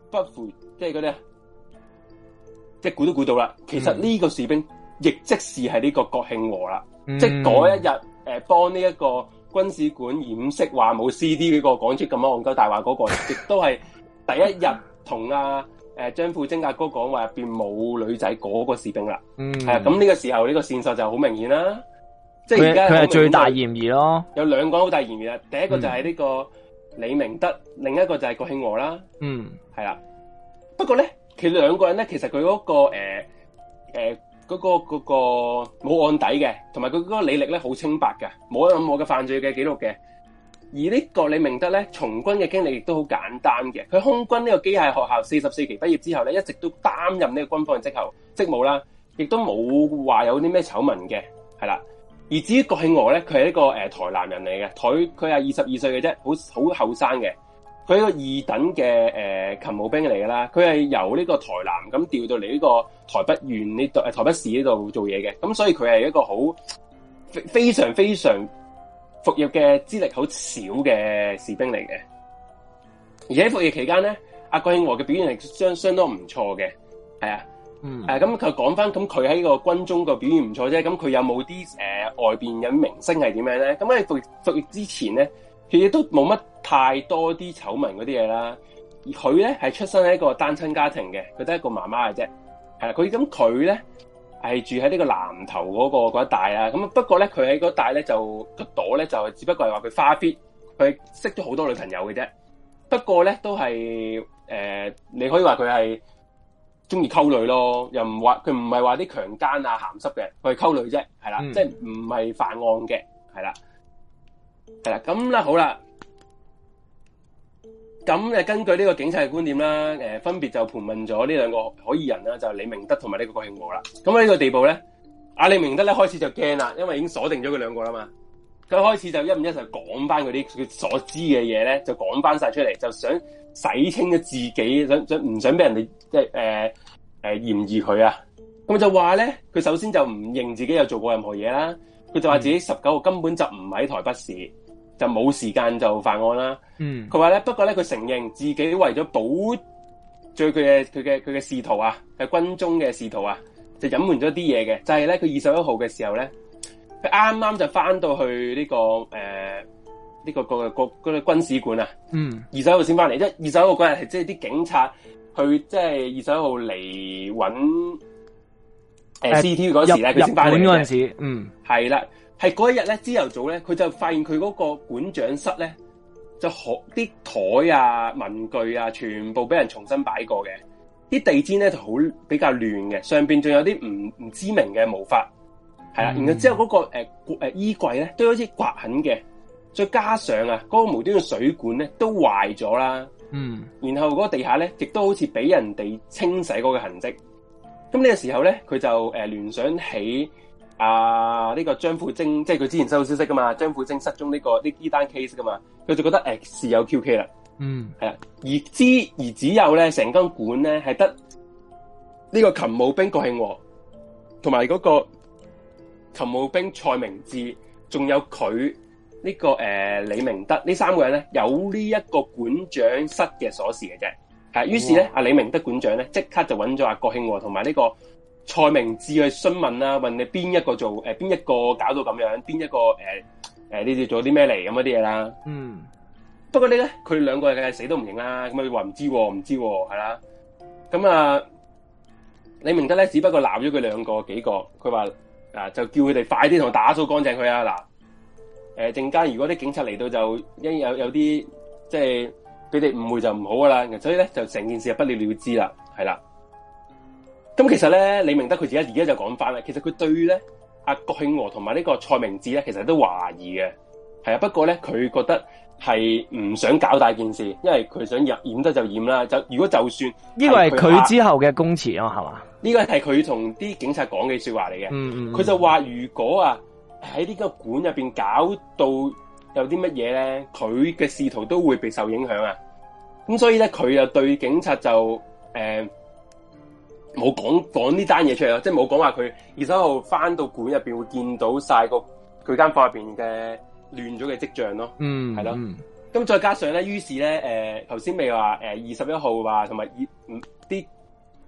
不乎即係嗰啲。即係估都估到啦，其實呢個士兵亦即是係呢個國慶和啦、嗯，即係嗰一日誒、呃、幫呢一個軍事館掩飾話冇 CD 呢個講出咁樣戇鳩大話嗰個，那個、 亦都係第一日同阿誒張富貞阿哥講話入邊冇女仔嗰個士兵啦。嗯，係啊，咁呢個時候呢個線索就好明顯啦，即係而家佢係最大嫌疑咯。有兩個好大嫌疑啦，第一個就係呢個李明德，嗯、另一個就係國慶和啦。嗯，係啦，不過咧。佢兩個人咧，其實佢嗰，那個誒誒嗰個嗰，那個冇，那個，案底嘅，同埋佢嗰個履歷咧好清白嘅，冇任何嘅犯罪嘅記錄嘅。而呢個李明德咧，從軍嘅經歷亦都好簡單嘅。佢空軍呢個機械學校四十四期畢業之後咧，一直都擔任呢個軍方嘅職後職務啦，亦都冇話有啲咩醜聞嘅，係啦。而至於郭慶娥咧，佢係一個誒、呃、台南人嚟嘅，佢佢係二十二歲嘅啫，好好後生嘅。佢係一個二等嘅，誒勤務兵嚟噶啦，佢係由呢個台南咁調到嚟呢個台北縣呢度誒台北市呢度做嘢嘅，咁所以佢係一個好非常非常服役嘅資歷好少嘅士兵嚟嘅。而喺服役期間咧，阿郭慶和嘅表現相相當唔錯嘅，係、嗯、啊，嗯，誒，咁佢講翻，咁佢喺呢個軍中個表現唔錯啫，咁佢有冇啲誒外邊嘅明星係點樣咧？咁喺服役服役之前咧？其實都冇乜太多啲醜聞嗰啲嘢啦。佢咧係出生喺一個單親家庭嘅，佢都係一個媽媽嘅啫。係、那個、啦，佢咁佢咧係住喺呢個南頭嗰個嗰一帶啊。咁不過咧，佢喺嗰帶咧就個朵咧就只不過係話佢花 fit，佢識咗好多女朋友嘅啫。不過咧都係誒、呃，你可以話佢係中意溝女咯，又唔話佢唔係話啲強姦啊鹹濕嘅，佢係溝女啫，係啦、嗯，即係唔係犯案嘅，係啦。係啦，咁啦好啦，咁誒根據呢個警察嘅觀點啦，誒、呃、分別就盤問咗呢兩個可疑人啦，就係李明德同埋呢個郭慶和啦。咁喺呢個地步咧，阿、啊、李明德咧開始就驚啦，因為已經鎖定咗佢兩個啦嘛，佢開始就一唔一就講翻佢啲佢所知嘅嘢咧，就講翻晒出嚟，就想洗清咗自己，想想唔想俾人哋即係誒誒嫌疑佢啊。咁就話咧，佢首先就唔認自己有做過任何嘢啦，佢就話自己十九號根本就唔喺台北市。嗯就冇時間就犯案啦。嗯，佢話咧，不過咧，佢承認自己為咗保住佢嘅佢嘅佢嘅仕途啊，係軍中嘅仕途啊，就隱瞞咗啲嘢嘅。就係咧，佢二十一號嘅時候咧，佢啱啱就翻到去呢個誒呢個個個嗰個軍事館啊。嗯，二十一號先翻嚟，因為二十一號嗰日係即係啲警察去即係二十一號嚟揾誒 C T 嗰時咧，佢先返嚟嗰陣時。嗯，係啦。係嗰一日咧，朝頭早咧，佢就發現佢嗰個館長室咧，就好啲台啊、文具啊，全部俾人重新擺過嘅。啲地氈咧就好比較亂嘅，上邊仲有啲唔唔知名嘅毛髮，係啦。然後之後嗰、那個誒誒、呃、衣櫃咧，都好似刮痕嘅。再加上啊，嗰、那個無端嘅水管咧都壞咗啦。嗯，然後嗰個地下咧，亦都好似俾人哋清洗嗰個痕迹。咁呢個時候咧，佢就誒聯、呃、想起。啊！呢、這個張富貞，即係佢之前收到消息噶嘛，張富貞失蹤呢、這個呢啲單 case 噶嘛，佢就覺得誒，是、欸、有 QK 啦。嗯，係啊，而之而只有咧，成間館咧係得呢個勤務兵郭慶和同埋嗰個勤務兵蔡明志，仲有佢呢、這個誒、呃、李明德呢三個人咧，有呢一個館長室嘅鎖匙嘅啫。係、啊，於是咧，阿、哦啊、李明德館長咧即刻就揾咗阿郭慶和同埋呢個。蔡明智去詢問啦，問你邊一個做誒，邊、呃、一個搞到咁樣，邊一個誒誒，呢、呃、啲、呃、做啲咩嚟咁嗰啲嘢啦。嗯，不過你呢，佢兩個梗係死都唔認啦，咁你話唔知道、啊，唔知係啦、啊。咁啊、嗯，你明得咧只不過鬧咗佢兩個幾個，佢話啊就叫佢哋快啲同打掃乾淨佢啊嗱。誒、啊，陣間如果啲警察嚟到就因有有啲即係佢哋誤會就唔好噶、啊、啦，所以咧就成件事就不了了之啦，係啦。咁其實咧，李明德佢而家而家就講翻啦。其實佢對咧阿郭慶和同埋呢個蔡明智咧，其實都懷疑嘅。係啊，不過咧佢覺得係唔想搞大件事，因為佢想染得就染啦。就如果就算呢個係佢之後嘅供詞啊，係嘛？呢個係佢同啲警察講嘅說話嚟嘅。嗯嗯，嗯。佢就話如果啊喺呢個館入邊搞到有啲乜嘢咧，佢嘅仕途都會被受影響啊。咁所以咧，佢又對警察就誒。呃冇講講呢單嘢出嚟咯，即係冇講話佢二十一號翻到館入邊會見到晒個佢間房入邊嘅亂咗嘅跡象咯。嗯，係咯。咁再加上咧，於是咧，誒、呃，頭先咪話誒二十一號話同埋二啲，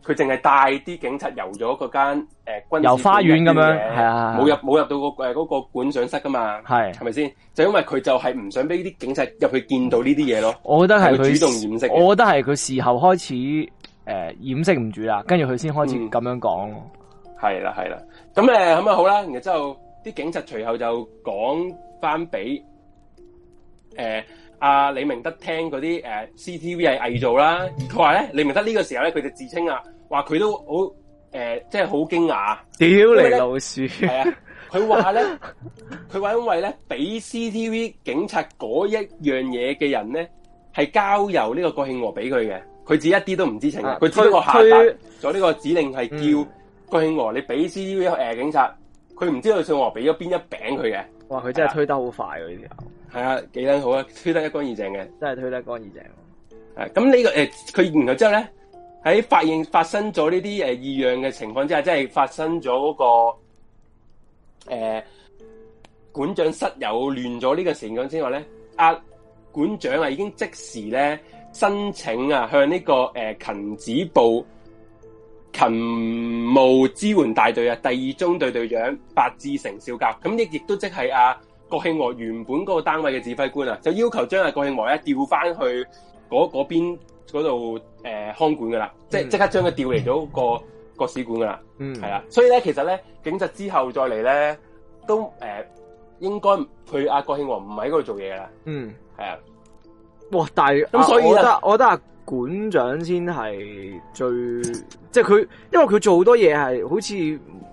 佢淨係帶啲警察遊咗個間誒、呃、軍游花園咁樣，係啊，冇入冇入到、那個誒嗰、呃那個館長室噶嘛，係係咪先？就因為佢就係唔想俾啲警察入去見到呢啲嘢咯。我覺得係佢主動掩飾。我覺得係佢事後開始。誒、呃，掩飾唔住啦，跟住佢先開始咁樣講，係啦係啦，咁誒咁啊好啦，然之後啲警察隨後就講翻俾誒阿李明德聽嗰啲誒 C T V 係偽造啦，佢話咧李明德呢個時候咧佢就自稱啊，話佢都好誒，即係好驚訝，屌你老鼠，係啊，佢話咧佢話因為咧俾 C T V 警察嗰一樣嘢嘅人咧係交由呢個國慶和俾佢嘅。佢自己一啲都唔知情嘅，佢推個下達咗呢個指令係叫郭慶和，你俾 CCTV 警察，佢、嗯、唔知道宋和俾咗邊一餅佢嘅。哇，佢真係推得好快啊！呢條係啊，幾等、啊、好啊，推得一乾二淨嘅，真係推得一乾二淨、啊。係咁呢個誒，佢、呃、然後之後咧，喺發現發生咗呢啲誒異樣嘅情況之下，即係發生咗嗰、那個誒館、呃、長室友亂咗呢個形象之外咧，阿、啊、館長啊已經即時咧。申請啊、這個，向呢個誒勤指部、勤務支援大隊啊，第二中隊隊長白志成少校，咁亦亦都即係啊國慶和原本嗰個單位嘅指揮官啊，就要求將阿、啊、國慶和咧調翻去嗰嗰邊嗰度誒看管噶啦，即即刻將佢調嚟咗個國、那個、使館噶啦，嗯，係啦，所以咧其實咧警察之後再嚟咧都誒、呃、應該佢阿國慶和唔喺嗰度做嘢噶啦，嗯、是，係啊。哇！但係咁、啊啊，所以我覺得我覺得阿館、啊、長先係最，即係佢，因為佢做多好多嘢係好似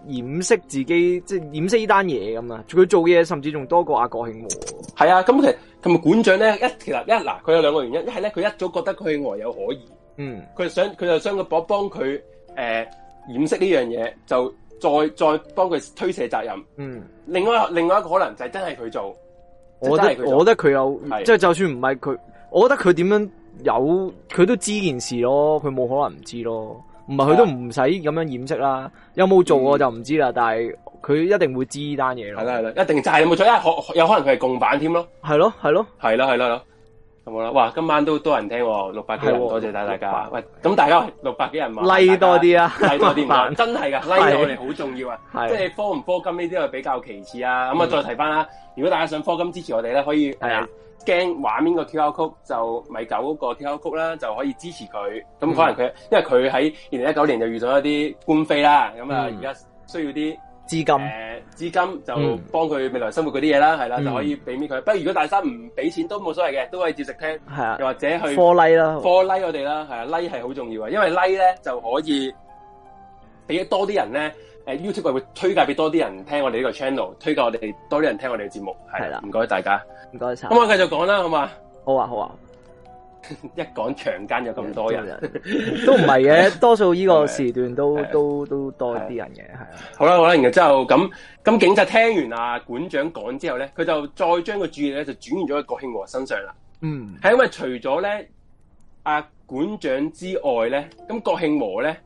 掩飾自己，即、就、係、是、掩飾呢單嘢咁啊！佢做嘅嘢甚至仲多過阿國慶喎。係、嗯、啊，咁其實同埋館長咧，一其實一嗱，佢有兩個原因，一係咧佢一早覺得佢外有可疑，嗯，佢想佢就想個博幫佢誒掩飾呢樣嘢，就再再幫佢推卸責任，嗯。另外另外一個可能就係真係佢做，我覺得我覺得佢有，即係就，就算唔係佢。我覺得佢點樣有，佢都知件事咯，佢冇可能唔知咯，唔係佢都唔使咁樣掩飾啦。有冇做我就唔知啦，嗯、但係佢一定會知呢單嘢咯。係啦係啦，一定就係有冇做，因為可有可能佢係共犯添咯。係咯係咯，係啦係啦。好啦，哇！今晚都多人聽喎、哦，六百幾人，多謝大家喂。咁大家六百幾人，拉、like、多啲啊，拉、 like、多啲嘛， 真係噶拉我哋好重要啊。即係、就是、科唔科金呢啲係比較其次啊。咁啊、嗯，再提翻啦。如果大家想科金支持我哋咧，可以係啊驚畫面個 QR Code 就咪狗嗰個 QR Code 啦，就可以支持佢。咁可能佢、嗯、因為佢喺二零一九年就遇到一啲官非啦，咁啊而家、嗯、需要啲。資金誒、呃，資金就幫佢未來生活嗰啲嘢啦，係、嗯、啦，就可以畀畀佢。不過如果大家唔俾錢都冇所謂嘅，都可以照食聽。係啊，又或者去。科 like, for like 啦，for like 我哋啦，係啊，like 係好重要啊，因為 like 咧就可以俾多啲人咧誒，YouTube 會推介俾多啲人聽我哋呢個 channel，推介我哋多啲人聽我哋嘅節目，係啦，唔該大家，唔該晒。咁我繼續講啦，好嘛？好啊，好啊。 一講長奸就咁多人，都唔係嘅，多數依個時段都 都都，都多啲人嘅，係啊。好啦好啦，然後之後咁咁，警察聽完阿、啊、館長講之後咧，佢就再將個注意力咧就轉移咗喺國慶和身上啦。嗯，係因為除咗咧阿館長之外咧，咁國慶和咧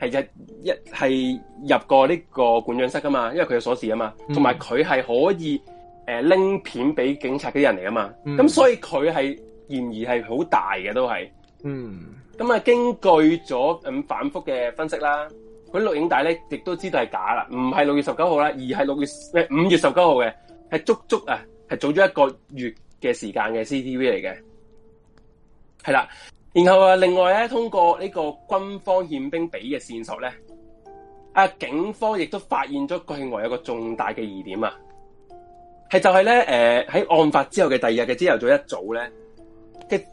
係一一係入過呢個館長室噶嘛，因為佢有鎖匙啊嘛，同埋佢係可以誒拎、呃、片俾警察啲人嚟㗎嘛，咁、嗯、所以佢係。嫌疑係好大嘅，都係，嗯，咁啊，根據咗咁反復嘅分析啦，嗰啲錄影帶咧，亦都知道係假啦，唔係六月十九號啦，而係六月咩五月十九號嘅，係足足啊，係早咗一個月嘅時間嘅 C T V 嚟嘅，係啦，然後啊，另外咧、啊，通過呢個軍方憲兵俾嘅線索咧，啊，警方亦都發現咗國外有個重大嘅疑點啊，係就係咧，誒、呃，喺案發之後嘅第二日嘅朝頭早一早咧。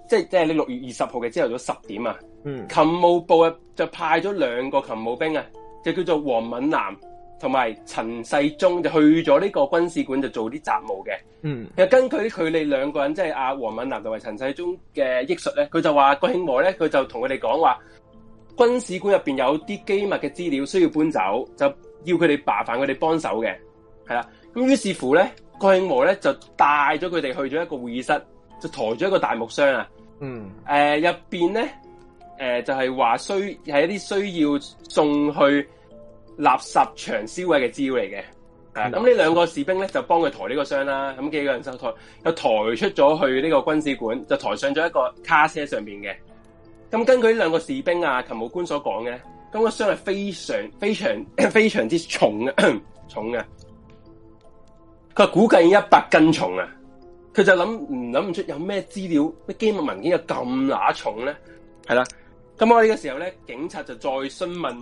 即係即係你六月二十號嘅朝頭早十點啊，嗯、勤務部啊，就派咗兩個勤務兵啊，就叫做黃敏南同埋陳世忠就去咗呢個軍事館就做啲雜務嘅。嗯，根據佢哋兩個人，即係阿黃敏南同埋陳世忠嘅憶述咧，佢就話郭慶和咧，佢就同佢哋講話軍事館入邊有啲機密嘅資料需要搬走，就要佢哋麻煩佢哋幫手嘅，係啦。咁於是乎咧，郭慶和咧就帶咗佢哋去咗一個會議室。就抬咗一個大木箱啊！嗯，誒、呃，入邊咧，誒、呃，就係話需係一啲需要送去垃圾場銷毀嘅資料嚟嘅。咁、嗯、呢兩個士兵咧就幫佢抬呢個箱啦、啊，咁幾個人就抬，又抬出咗去呢個軍事館，就抬上咗一個卡車上邊嘅。咁根據呢兩個士兵啊，勤務官所講嘅，咁、那個箱係非常、非常、非常之重嘅， 重嘅。佢估計一百斤重啊！佢就諗唔諗唔出有咩資料、咩機密文件有咁乸重咧？係啦，咁我呢個時候咧，警察就再詢問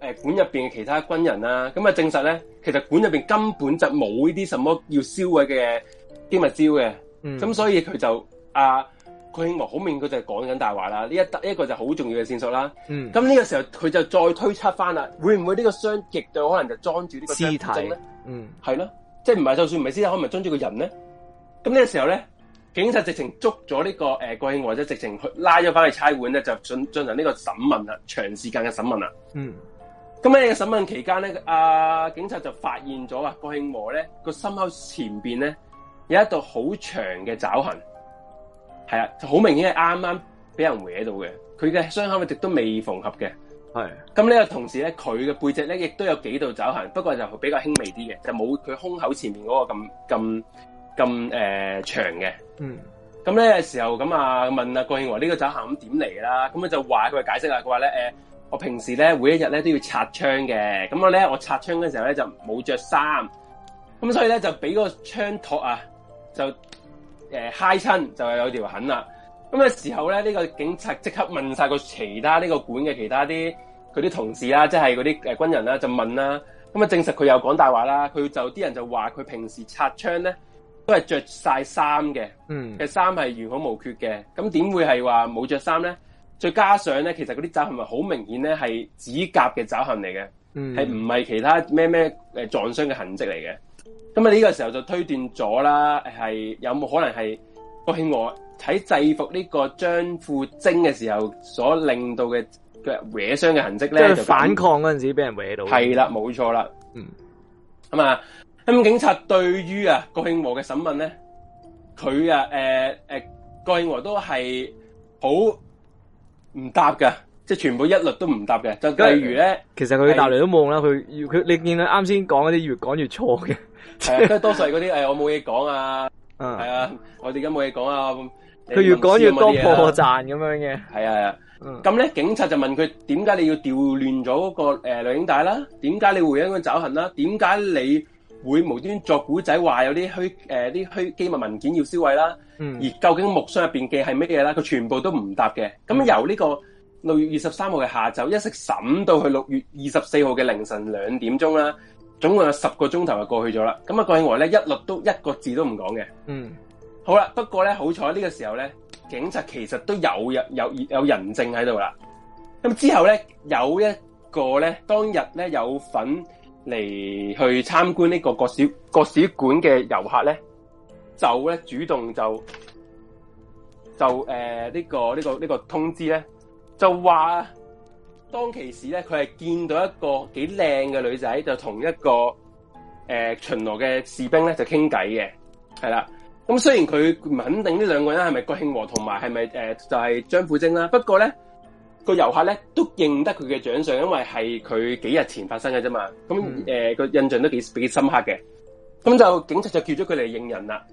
誒館入邊嘅其他軍人啦、啊。咁啊證實咧，其實館入邊根本就冇呢啲什麼要銷毀嘅機密資料嘅。咁、嗯、所以佢就啊，佢岳好明，佢就講緊大話啦。呢一一個就係好重要嘅線索啦。咁、嗯、呢個時候佢就再推測翻啦，會唔會呢個箱極有可能就裝住呢個屍體？嗯，係咯，即係唔係就算唔係屍體，可唔咪裝住個人咧？咁呢個時候咧，警察直情捉咗呢、這個誒郭慶和，直情去拉咗翻去差館咧，就進進行呢個審問啦，長時間嘅審問啦。嗯。咁喺個審問期間咧，啊警察就發現咗啊，郭慶和咧個心口前邊咧有一道好長嘅爪痕，係啊，好明顯係啱啱俾人搲到嘅。佢嘅傷口一直都未縫合嘅。係。咁呢個同時咧，佢嘅背脊咧亦都有幾道爪痕，不過就比較輕微啲嘅，就冇佢胸口前面嗰個咁咁。咁誒、呃、長嘅，嗯，咁、嗯、咧，時候咁啊，問阿、啊、郭慶華呢個走行咁點嚟啦？咁佢就話佢解釋啦，佢話咧誒，我平時咧每一日咧都要擦槍嘅，咁我咧我擦槍嘅時候咧就冇着衫，咁所以咧就俾個槍托啊，就誒揩親就係有條痕啦。咁嘅時候咧，呢、這個警察即刻問晒個其他呢個館嘅其他啲佢啲同事啦，即係嗰啲誒軍人啦，就問啦。咁啊，證實佢又講大話啦。佢就啲人就話佢平時擦槍咧。都係着晒衫嘅，嘅衫係完好無缺嘅，咁點會係話冇着衫咧？再加上咧，其實嗰啲爪痕係好明顯咧，係指甲嘅爪痕嚟嘅，係唔係其他咩咩誒撞傷嘅痕跡嚟嘅？咁啊，呢個時候就推斷咗啦，係有冇可能係郭慶和喺制服呢個張富貞嘅時候所令到嘅嘅搲傷嘅痕跡咧？即係、反抗嗰陣時俾人搲到。係啦，冇錯啦。嗯，咁啊。咁警察對於啊郭慶和嘅審問咧，佢啊誒誒，郭慶和都係好唔答㗎，即係全部一律都唔答嘅。就例如咧，其實佢答嚟都冇啦，佢要佢你見佢啱先講嗰啲越講越錯嘅，即多數係嗰啲誒我冇嘢講啊，係、哎、啊, 啊，我哋而家冇嘢講啊，佢、嗯、越講越多破綻咁樣嘅，係啊，咁咧、嗯啊啊嗯、警察就問佢點解你要調亂咗嗰個誒女警帶啦？點、呃、解、啊、你回應咁走行痕啦、啊？點解你？會無端端作古仔，話有啲虛誒，啲虛機密文件要銷毀啦。嗯，而究竟木箱入邊嘅係咩嘢啦？佢全部都唔答嘅。咁、嗯、由呢個六月二十三號嘅下晝，一直審到去六月二十四號嘅凌晨兩點鐘啦，總共有十個鐘頭就過去咗啦。咁、那、啊、個，郭慶華咧一律都一個字都唔講嘅。嗯，好啦，不過咧好彩呢個時候咧，警察其實都有人有有,有人證喺度啦。咁之後咧有一個咧當日咧有份。嚟去參觀呢個國史國史館嘅遊客咧，就咧主動就就誒呢、呃這個呢、這個呢、這個通知咧，就話當其時咧，佢係見到一個幾靚嘅女仔，就同一個誒、呃、巡邏嘅士兵咧就傾偈嘅，係啦。咁雖然佢唔肯定呢兩個人係咪郭慶和同埋係咪誒就係、是、張富貞啦，不過咧。個遊客咧都認得佢嘅長相，因為係佢幾日前發生嘅啫嘛。咁誒個印象都幾幾深刻嘅。咁就警察就叫咗佢嚟認人啦。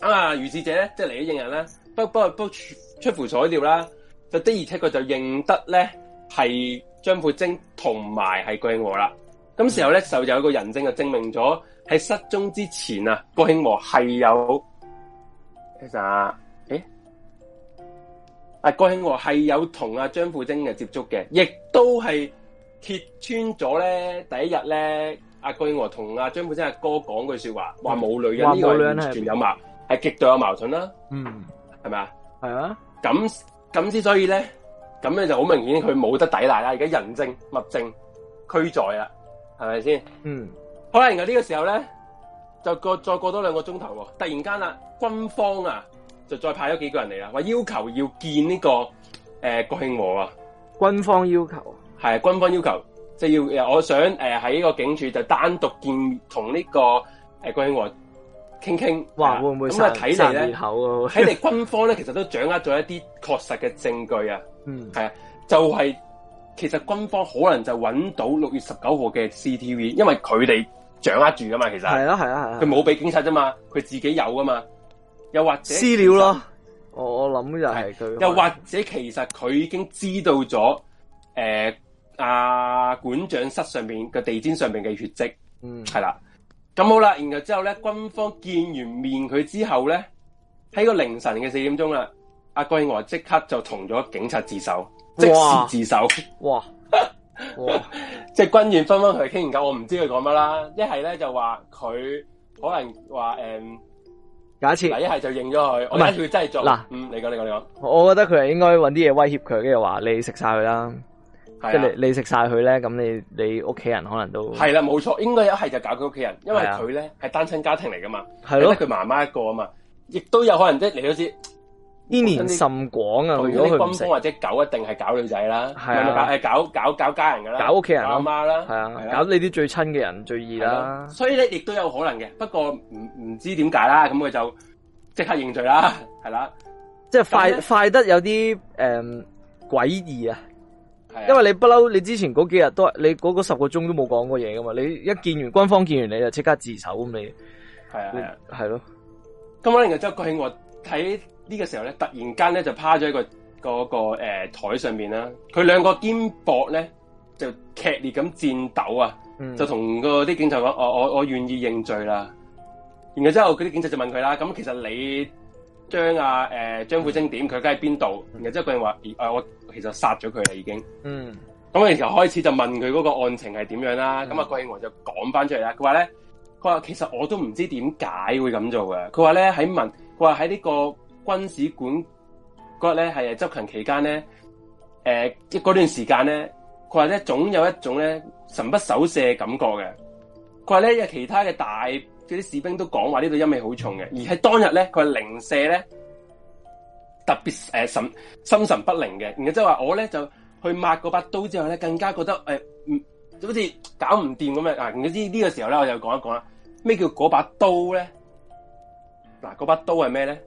啊，如是者咧即係嚟咗認人啦不不不出乎所料啦。就的而且確就認得咧係張富貞同埋係郭慶和啦。咁時候咧就有個人證就證明咗喺失蹤之前啊，郭慶和係有。其實阿郭興和係有同阿張富貞嘅接觸嘅，亦都係揭穿咗咧。第一日咧，阿郭興和同阿張富貞阿哥講句說話，話、嗯、冇女人，呢冇女人係全有嘛，係極度有矛盾啦。嗯，係咪啊？係啊。咁咁之所以咧，咁咧就好明顯，佢冇得抵賴啦。而家人證物證俱在啦，係咪先？嗯。好啦，而家呢個時候咧，就再過再過多兩個鐘頭，突然間啦，軍方啊。就再派咗幾個人嚟啦，話要求要見呢、這個誒郭慶和啊，軍方要求係軍方要求，即係、要我想誒喺、呃、個警署就單獨見同呢、這個誒郭慶和傾傾，哇會唔會咁啊睇嚟咧，睇 嚟軍方咧其實都掌握咗一啲確實嘅證據啊，嗯係啊，就係、是、其實軍方可能就揾到六月十九號嘅 CTV，因為佢哋掌握住噶嘛，其實係咯係啊係啊，佢冇俾警察啫嘛，佢自己有噶嘛。又或者私了咯，我諗諗又係佢。又或者其實佢已經知道咗誒，阿、呃啊、管長室上面嘅地氈上面嘅血迹，嗯，係啦。咁好啦，然後之後咧，軍方見完面佢之後咧，喺個凌晨嘅四點鐘啦，阿歸娥即刻就同咗警察自首哇，即時自首，哇， 哇， 即係軍員分分佢傾完偈，我唔知佢講乜啦。一係咧就話佢可能話誒。嗯假設一係就認咗佢，我唔係佢真係做嗱，嗯，你講你講你講，我覺得佢係應該揾啲嘢威脅佢，跟住話你食晒佢啦，跟住、啊即係、你你食晒佢咧，咁你你屋企人可能都係啦，冇錯、啊，應該一係就搞佢屋企人，因為佢咧係單親家庭嚟噶嘛，係咯、啊，佢媽媽一個啊嘛，亦都有可能即係你都知。你呢年甚廣啊！如果佢食或者狗一定係搞女仔啦，係咪、啊？係搞搞搞家人噶啦，搞屋企人啦、搞媽啦，係啊，啊，搞你啲最親嘅人最易啦。啊啊、所以咧，亦都有可能嘅，不過唔唔知點解啦，咁佢就即刻認罪啦，係啦、啊，即係快快得有啲誒詭異啊！因為你不嬲，你之前嗰幾日都係你嗰個十個鐘都冇講過嘢噶嘛，你一見完官方見完你就即刻自首咁你，係啊係啊，係可能就嚟嘅周國興我睇。呢、這個時候咧，突然間咧就趴咗喺、那個嗰、那個誒台、呃、上面啦。佢兩個肩膊咧就劇烈咁顫抖啊，嗯、就同個啲警察講：我我我願意認罪啦。然後之後佢啲警察就問佢啦：咁、嗯嗯、其實你將阿、啊、誒、呃、張富清點佢？佢喺邊度？然後之後佢話：誒、呃，我其實殺咗佢啦，已經。嗯，咁我哋由開始就問佢嗰個案情係點樣啦。咁、嗯、啊，郭應華就講翻出嚟啦。佢話咧：佢話其實我都唔知點解會咁做嘅。佢話咧喺問，佢話喺呢個軍史館嗰日咧係執勤期間咧，誒、呃，即嗰段時間咧，佢話咧總有一種咧神不守舍嘅感覺嘅。佢話咧有其他嘅大啲士兵都講話呢度陰味好重嘅，而係當日咧，佢係零舍咧特別誒、呃、神心神不寧嘅。然之後即係話我咧就去抹嗰把刀之後咧，更加覺得誒，好、呃、似搞唔掂咁樣。嗱，然之呢個時候咧，我就講一講啦，咩叫嗰把刀咧？嗱，嗰把刀係咩咧？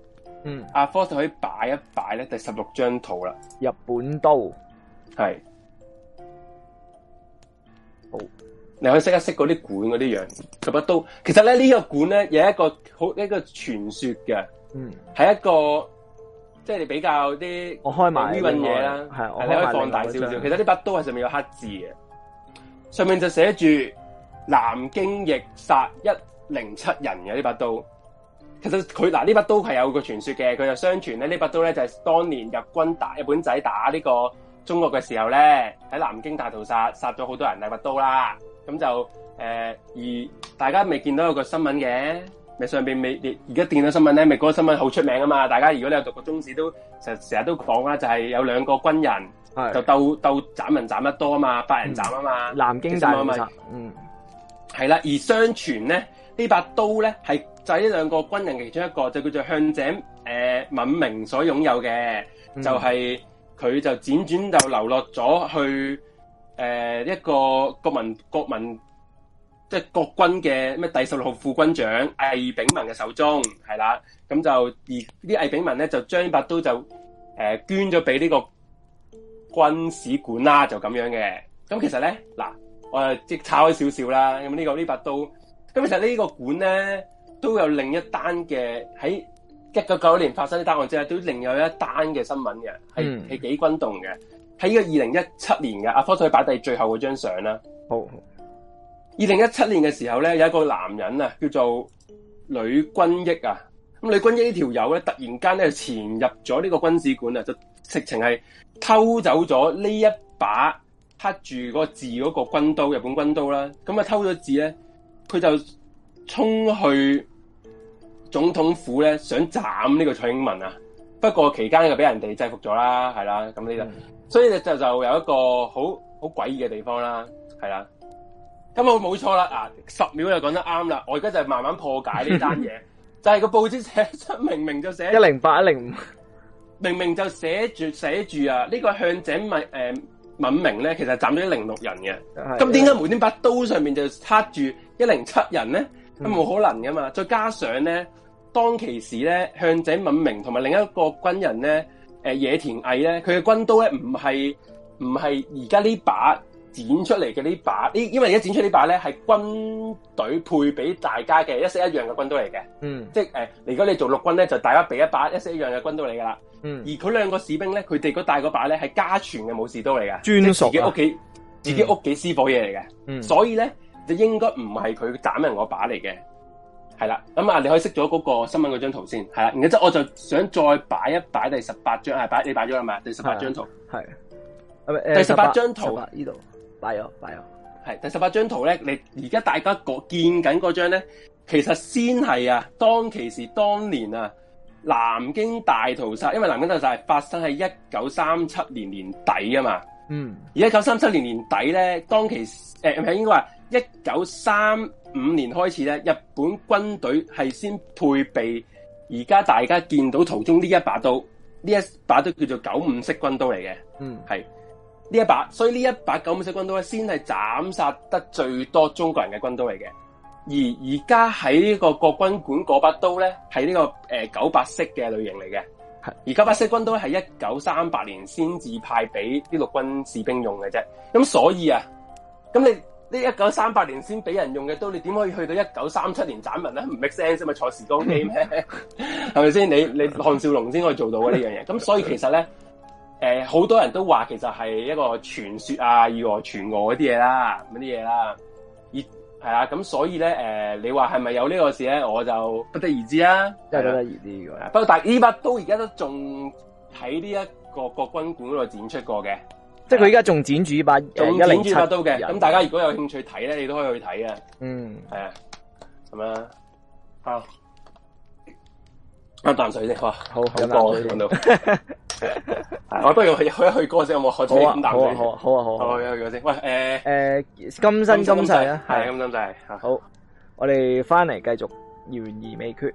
嗯，阿科就可以擺一擺咧，第十六張圖啦。日本刀係，好，你可以識一識嗰啲管嗰啲樣，十把刀。其實咧呢、呢個管咧有一個好一個傳說嘅，嗯，係一個即係比較啲、嗯、我開埋呢樣嘢啦，係、啊、你可以放大少少。其實呢把刀係上面有黑字嘅，上面就寫住南京役殺一零七人嘅呢把刀。其實佢嗱呢把刀係有個傳說嘅，佢就相傳咧呢把刀咧就係、是、當年日軍打日本仔打呢個中國嘅時候咧喺南京大屠殺殺咗好多人呢把刀啦，咁就誒、呃、而大家未見到有個新聞嘅，咪上邊未，而家見到新聞咧咪嗰個新聞好出名啊嘛，大家如果你有讀過中史都成成日都講啦、啊，就係、是、有兩個軍人就鬥鬥，鬥斬人斬得多啊嘛，百人斬啊嘛、嗯，南京大屠殺，嗯係、嗯、啦，而相傳咧呢把刀咧係。就係呢兩個軍人其中一個就叫做向井誒敏、呃、明所擁有嘅、嗯，就係、是、佢就輾轉就流落咗去誒、呃、一個國民國民即係、就是、國軍嘅咩第十六號副軍長魏炳文嘅手中，係啦，咁就而啲魏炳文咧就將呢把刀就誒、呃、捐咗俾呢個軍史館啦，就咁樣嘅。咁其實咧嗱，我即拆開少少啦，咁、這、呢個呢把刀，咁其實呢個館咧。都有另一單嘅喺一九九一年發生啲單案之後，都有另有一單嘅新聞嘅，係係、嗯、幾轟動嘅。喺呢個二零一七年嘅，阿科再擺第最後嗰張相啦。好，二零一七年嘅時候咧，有一個男人啊，叫做呂君益啊。咁呂君益條呢條友咧，突然間咧潛入咗呢個軍事館啊，就直情係偷走咗呢一把刻住個字嗰個軍刀，日本軍刀啦。咁啊偷咗字咧，佢就衝去。總統府咧，想斬呢個蔡英文啊，不過期間呢，就俾人哋制服咗啦，係啦，咁呢度，所以就就有一個好好詭異嘅地方啦，係啦，咁我冇錯啦，啊十秒就講得啱啦，我而家就慢慢破解呢單嘢， 就係個報紙寫出明明就寫一零八一零，明明就寫住寫住啊，呢、這個向井文誒敏明咧，其實斬咗一零六人嘅，咁點解每端把刀上面就插住一零七人咧？咁冇可能噶嘛，嗯，再加上咧。當其時咧，向井敏明同埋另一個軍人咧，誒、呃，野田毅咧，佢嘅軍刀咧，唔係唔係而家呢把展出嚟嘅呢把，呢因為而家展出嚟呢把咧，係軍隊配俾大家嘅一式一樣嘅軍刀嚟嘅，嗯即，即係誒，如果你做陸軍咧，就大家俾一把一式一樣嘅軍刀嚟噶啦，嗯，而佢兩個士兵咧，佢哋嗰帶嗰把咧係家傳嘅武士刀嚟嘅，專屬、啊嗯，自己屋企自己屋企私伙嘢嚟嘅，嗯、所以咧就應該唔係佢斬人嗰把嚟嘅。係啦，咁啊，你可以熄咗嗰個新聞嗰張圖先，係啦，然之後我就想再擺一擺第十八張，係擺你擺咗啦嘛，第十八張圖，係、嗯呃，第十八張圖呢度擺咗，擺咗，係第十八張圖咧，你而家大家嗰見緊嗰張咧，其實先係啊，當其時當年啊，南京大屠殺，因為南京大屠殺係發生喺一九三七年年底啊嘛，嗯，而一九三七年年底咧，當其誒唔係應該話一九三。五年開始咧，日本軍隊係先配備而家大家見到途中呢一把刀，呢一把刀叫做九五式軍刀嚟嘅。嗯，係呢一把，所以呢一把九五式軍刀咧，先係斬殺得最多中國人嘅軍刀嚟嘅。而而家喺呢個國軍館嗰把刀咧，係呢個、呃、九八式嘅類型嚟嘅。而九八式軍刀係一九三八年先至派俾啲陸軍士兵用嘅啫。咁所以啊，咁你。呢一九三八年先俾人用嘅刀，你點可以去到一九三七年斬人咧？唔 make sense 啊，咪坐時光機咩？係咪先？你你項少龍先可以做到嘅呢樣嘢。咁 所以其實咧，誒、呃、好多人都話其實係一個傳説啊、以訛傳訛嗰啲嘢啦，咁啲嘢啦。而係啊，咁所以咧，誒、呃、你話係咪有呢個事咧？我就不得而知啊。即係、不得而知㗎、啊、不過但係呢把刀而家都仲喺呢一個國軍館嗰度展出過嘅。即係佢而家仲剪住把仲剪住把刀嘅，咁大家如果有興趣睇咧，你都可以去睇啊。嗯，係啊，咁啊，啊，啊啖水先，哇，好好多揾到。 我不如去去一去歌先，我開始飲好啊，好啊，好啊，好啊。去去歌先。喂、啊，誒誒、啊啊啊啊啊，今生今世啊，係今生今世。啊、好，我哋翻嚟繼續懸而未決。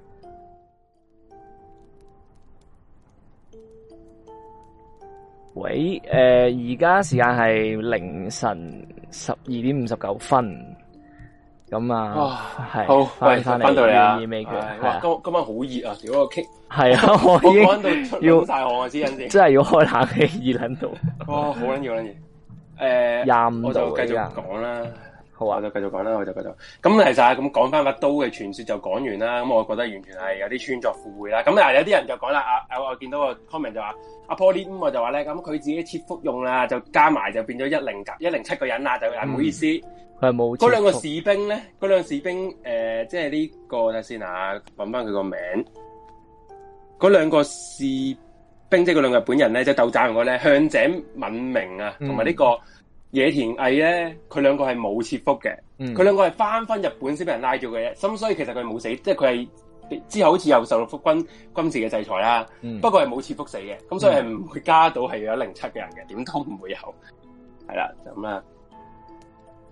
喂，誒、呃，而家時間係凌晨十二點五十九分，咁啊，係翻嚟翻嚟啊，二嘅，哇、啊啊，今今晚好熱啊，屌我 k 係啊，我已經要晒汗啊，之 因真係要開冷氣，熱 喺 度，哦，好緊要，好緊要誒，廿五度啊，我就繼續講啦。好啊，就繼續講啦，我就繼續。咁其實啊，咁講翻把刀嘅傳說就講完啦。咁我覺得完全係有啲穿鑿附會啦。咁啊，有啲人就講啦，我見到個 Comment 就話，阿 Pauline 我就話咧，咁佢自己切腹用啦，就加埋就變咗一零一零七個人啦。就係唔、嗯、好意思，佢係冇。嗰兩個士兵咧，嗰兩個士兵誒、呃，即係呢、這個睇先吓，揾翻佢個名。嗰兩個士兵，即係嗰兩個日本人咧，就鬥斬個咧，向井敏明啊，同埋呢個。野田毅咧，佢兩個係冇切腹嘅，佢、嗯、兩個係翻翻日本先俾人拉咗嘅嘢，咁所以其實佢冇死，即係佢係之後好似又受六福軍軍事嘅制裁啦、嗯，不過係冇切腹死嘅，咁所以係唔會加到係有零七嘅人嘅，點都唔會有，係啦就咁啦，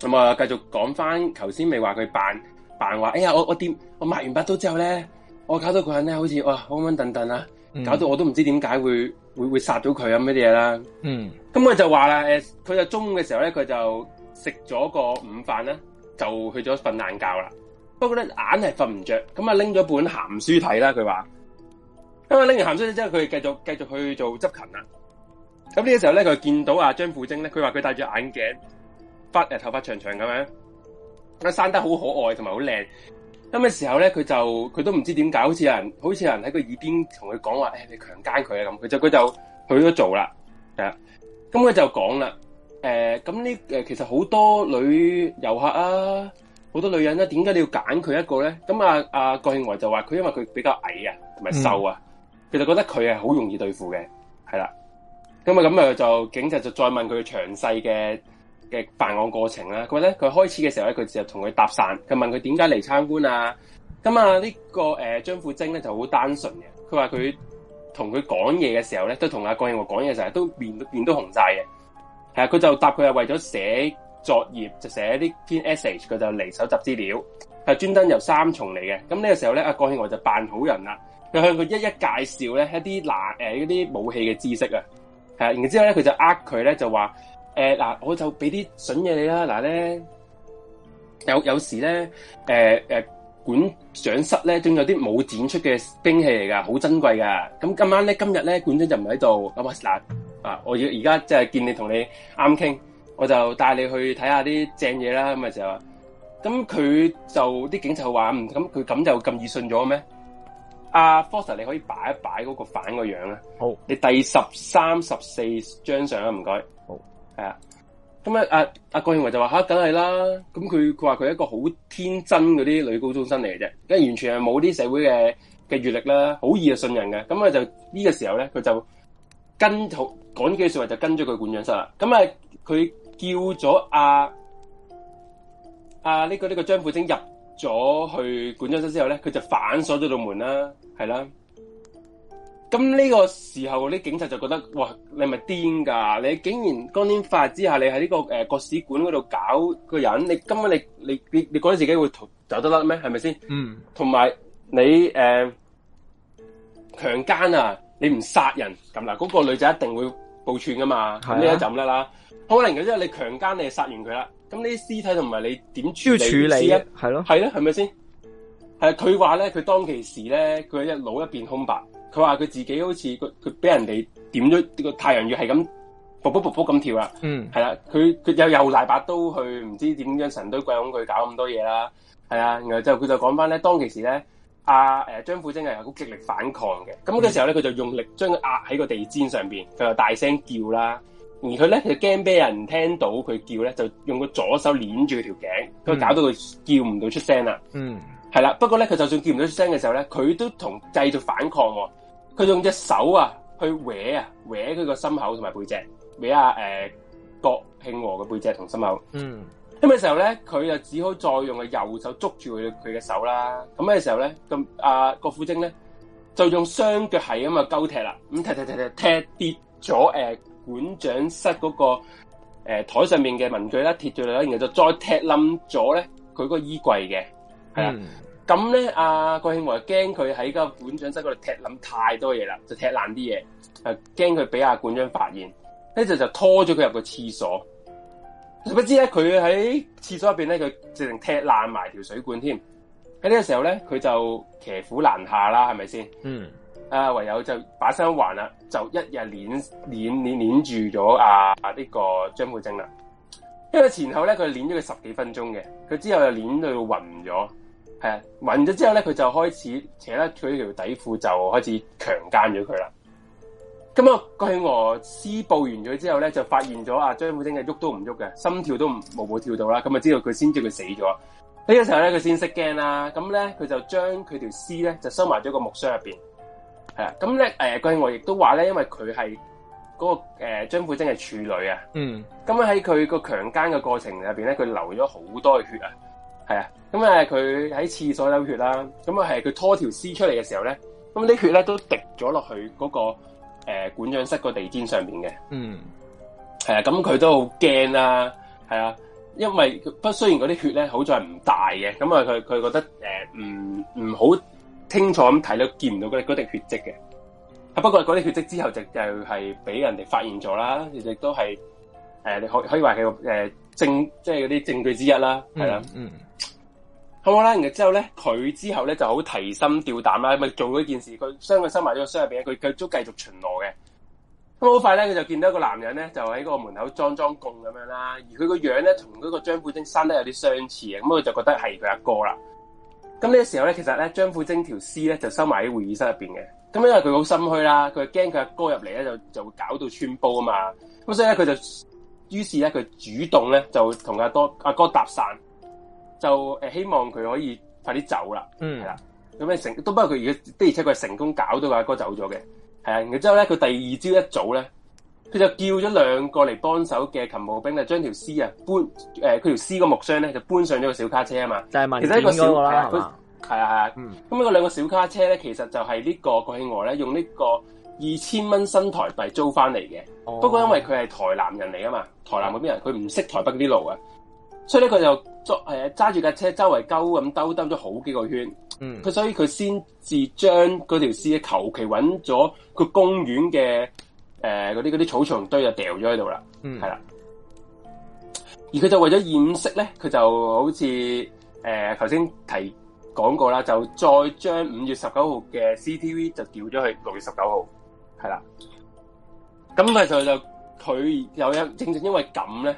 咁啊繼續講翻頭先未話佢扮扮話，哎呀我我點我抹完把刀之後咧，我搞到個人咧好似哇穩穩當當啊！搞到我都唔知點解會會會殺到佢啊咩啲嘢啦。嗯，咁佢就話啦，誒，佢就中午嘅時候咧，佢就食咗個午飯啦，就去咗瞓晏覺啦。不過咧，眼係瞓唔著，咁啊拎咗本鹹書睇啦。佢話，咁啊拎完鹹書之後，佢繼續繼續去做執勤啦。咁呢個時候咧，佢見到啊張富晶咧，佢話佢戴住眼鏡，發頭髮長長咁樣，佢生得好可愛同埋好靚。咁嘅時候咧，佢就佢都唔知點解，好似有人好似有人喺佢耳邊同佢講話，誒、哎、你強奸佢啊咁，佢就佢就佢都做啦，係啊，咁佢就講啦，誒咁呢其實好多女遊客啊，好多女人啦、啊，點解你要揀佢一個咧？咁啊啊郭慶華就話佢因為佢比較矮啊，同埋瘦啊，其、嗯、實覺得佢係好容易對付嘅，係啦，咁啊咁啊就警察就再問佢詳細嘅。嘅犯案過程啦，佢咧佢開始嘅時候咧，佢就同佢搭訕。佢問佢點解嚟參觀啊？咁啊呢個誒、呃、張富晶咧就好單純嘅，佢話佢同佢講嘢嘅時候咧，都同阿郭慶和講嘢嘅時候都面面都紅晒嘅。係啊，佢就答佢係為咗寫作業，就寫啲篇 essay 佢就嚟蒐集資料，係專登由三重嚟嘅。咁呢個時候咧，阿郭慶和就扮好人啦，佢向佢一一介紹咧一啲嗱誒嗰啲武器嘅知識啊。係啊，然之後咧佢就呃佢咧就話。誒，嗱，我就俾啲筍嘢你啦。嗱、呃、咧，有有時咧，誒、呃、誒，館長室咧，仲有啲冇展出嘅兵器嚟噶，好珍貴噶。咁今晚咧，今日咧，館長就唔喺度。阿嗱、呃呃，啊，我要而家即係見你同你啱傾，我就帶你去睇下啲正嘢啦。咁嘅時候，咁佢就啲警察話，咁佢咁就咁易信咗咩？阿 Foster，你可以擺一擺嗰個反個樣啦。好，你第十三十四張相啊，唔該。好。係啊，咁阿阿郭認為就話吓，梗係啦。咁佢佢話佢係一個好天真嗰啲女高中生嚟嘅啫，咁完全係冇啲社會嘅嘅閱歷啦，好易信就信任嘅。咁啊就呢個時候咧，佢就跟同講呢幾句話，就跟咗佢管獎室啦。咁啊，佢叫咗阿呢個呢、呢個張富清入咗去管獎室之後咧，佢就反鎖咗道門啦，係啦。咁呢個時候，啲警察就覺得，哇！你咪癲噶，你竟然光天化日之下，你喺呢、這個誒、呃、國使館嗰度搞個人，你根本你你你你覺得自己會逃走得甩咩？係咪先？嗯。同埋你誒強奸啊，你唔殺人咁嗱，嗰、那個女仔一定會報串噶嘛，啊、一陣呢一陣啦。可能嘅，即係你強奸你殺完佢啦，咁呢啲屍體同埋你點處理啊？係咯、啊，係係咪先？係佢話咧，佢、啊、當其時咧，佢一腦一片空白。佢話佢自己好似佢佢俾人哋點咗個太陽穴，係咁噗噗噗噗咁跳啦。嗯，係啦，佢佢又又大把刀去唔知點樣神堆鬼咁。佢搞咁多嘢啦。係啊，然後之後佢就講翻咧，當其時咧，阿誒張富貞係有個極力反抗嘅。咁、嗯、嘅時候咧，佢就用力將佢壓喺個地氈上面，佢就大聲叫啦。而佢咧，佢就驚俾人聽到佢叫咧，就用個左手綁住佢條頸，佢搞到佢叫唔到出聲啦。嗯，係啦、嗯。不過咧，佢就算叫唔到出聲嘅時候咧，佢都同繼續反抗喎、啊。佢用一隻手啊，去搲啊，搲佢個心口同埋背脊，搲阿誒郭慶和嘅背脊同心口。嗯，咁嘅時候咧，佢就只好再用個右手捉住佢佢嘅手啦。咁、這、嘅、個、時候咧，咁阿郭富鈞咧就用雙腳係咁啊，鳩踢啦，咁踢踢踢踢踢，踢跌咗誒、呃、管長室嗰、那個誒台、呃、上面嘅文具啦，貼住啦，然後就再踢冧咗咧佢嗰個衣櫃嘅，係、嗯、啊。咁咧，阿郭慶華驚佢喺個館長室嗰度踢爛太多嘢啦，就踢爛啲嘢，誒、啊，驚佢俾阿館長發現，呢就就拖咗佢入個廁所。不知咧，佢喺廁所入邊咧，佢直情踢爛埋條水管添。喺呢個時候咧，佢就騎虎難下啦，係咪先？嗯。啊，唯有就把身還啦，就一日碾碾碾住咗阿呢個張佩貞啦。因為前後咧，佢碾咗佢十幾分鐘嘅，佢之後又碾到暈咗。暈咗之後咧，佢就開始扯甩佢條底褲，就開始強姦咗佢啦。咁啊，郭慶娥施暴完咗之後咧，就發現咗阿張富貞係喐都唔喐嘅，心跳都冇冇跳到啦。咁啊，知道佢先知佢死咗。呢個時候咧，佢先識驚啦。咁咧，佢就將佢條屍咧就收埋咗個木箱入邊。係啊，咁咧，誒、呃，郭慶娥亦都話咧，因為佢係嗰個誒張、呃、富貞係處女啊。嗯。咁喺佢個強姦嘅過程入邊咧，佢流咗好多血啊。係啊，咁啊佢喺廁所有血啦，咁啊係佢拖條屍出嚟嘅時候咧，咁啲血咧都滴咗落去嗰、那個誒、呃、管養室個地氈上邊嘅。嗯，係啊，咁佢都好驚啦，係啊，因為不雖然嗰啲血咧好在係唔大嘅，咁啊佢佢覺得誒唔唔好清楚咁睇到見唔到嗰嗰滴血迹嘅。啊，不過嗰啲血迹之後就就係俾人哋發現咗啦，亦都係誒可可以話佢誒證即係嗰啲證據之一啦，係啦、啊。嗯嗯好啦，然後呢之後咧，佢之後咧就好提心吊膽啦，咪做咗件事，佢將佢收埋咗個箱入邊，佢佢都繼續巡邏嘅。咁好快咧，佢就見到一個男人咧，就喺個門口裝裝貢咁樣啦。而佢個樣咧，同嗰個張富貞生，生得有啲相似嘅，咁佢就覺得係佢阿哥啦。咁呢個時候咧，其實咧張富貞條屍咧就收埋喺會議室入邊嘅。咁因為佢好心虛啦，佢驚佢阿哥入嚟咧就就會搞到穿煲啊嘛。咁所以咧，佢就於是咧，佢主動咧就同阿多阿哥搭訕。就誒希望佢可以快啲走啦，嗯係啦。咁佢成都不過佢而家的而且確係成功搞到個阿哥走咗嘅，係啊。然之後咧，佢第二朝一早咧，佢就叫咗兩個嚟幫手嘅勤務兵啊，將條屍啊搬誒，佢、呃、條屍個木箱咧就搬上咗個小卡車啊嘛。就係問，其實一個小係啊係啊，咁、那、樣個、嗯、兩個小卡車咧，其實就係、這個、呢個郭慶娥咧用呢個二千蚊新台幣租翻嚟嘅。不過因為佢係台南人嚟啊嘛，台南嗰邊人佢唔識台北啲路啊，所以咧佢就。作揸住架車周圍勾咁兜兜咗好幾個圈，佢、嗯、所以佢先至將嗰條屍嘢，求其搵咗個公園嘅，誒嗰啲嗰啲草叢堆就掉咗喺度啦，係、嗯、啦。而佢就為咗掩飾咧，佢就好似誒頭先提講過啦，就再將五月十九號嘅 C T V 就調咗去六月十九號，係啦。咁佢就就佢又有一正正因為咁咧。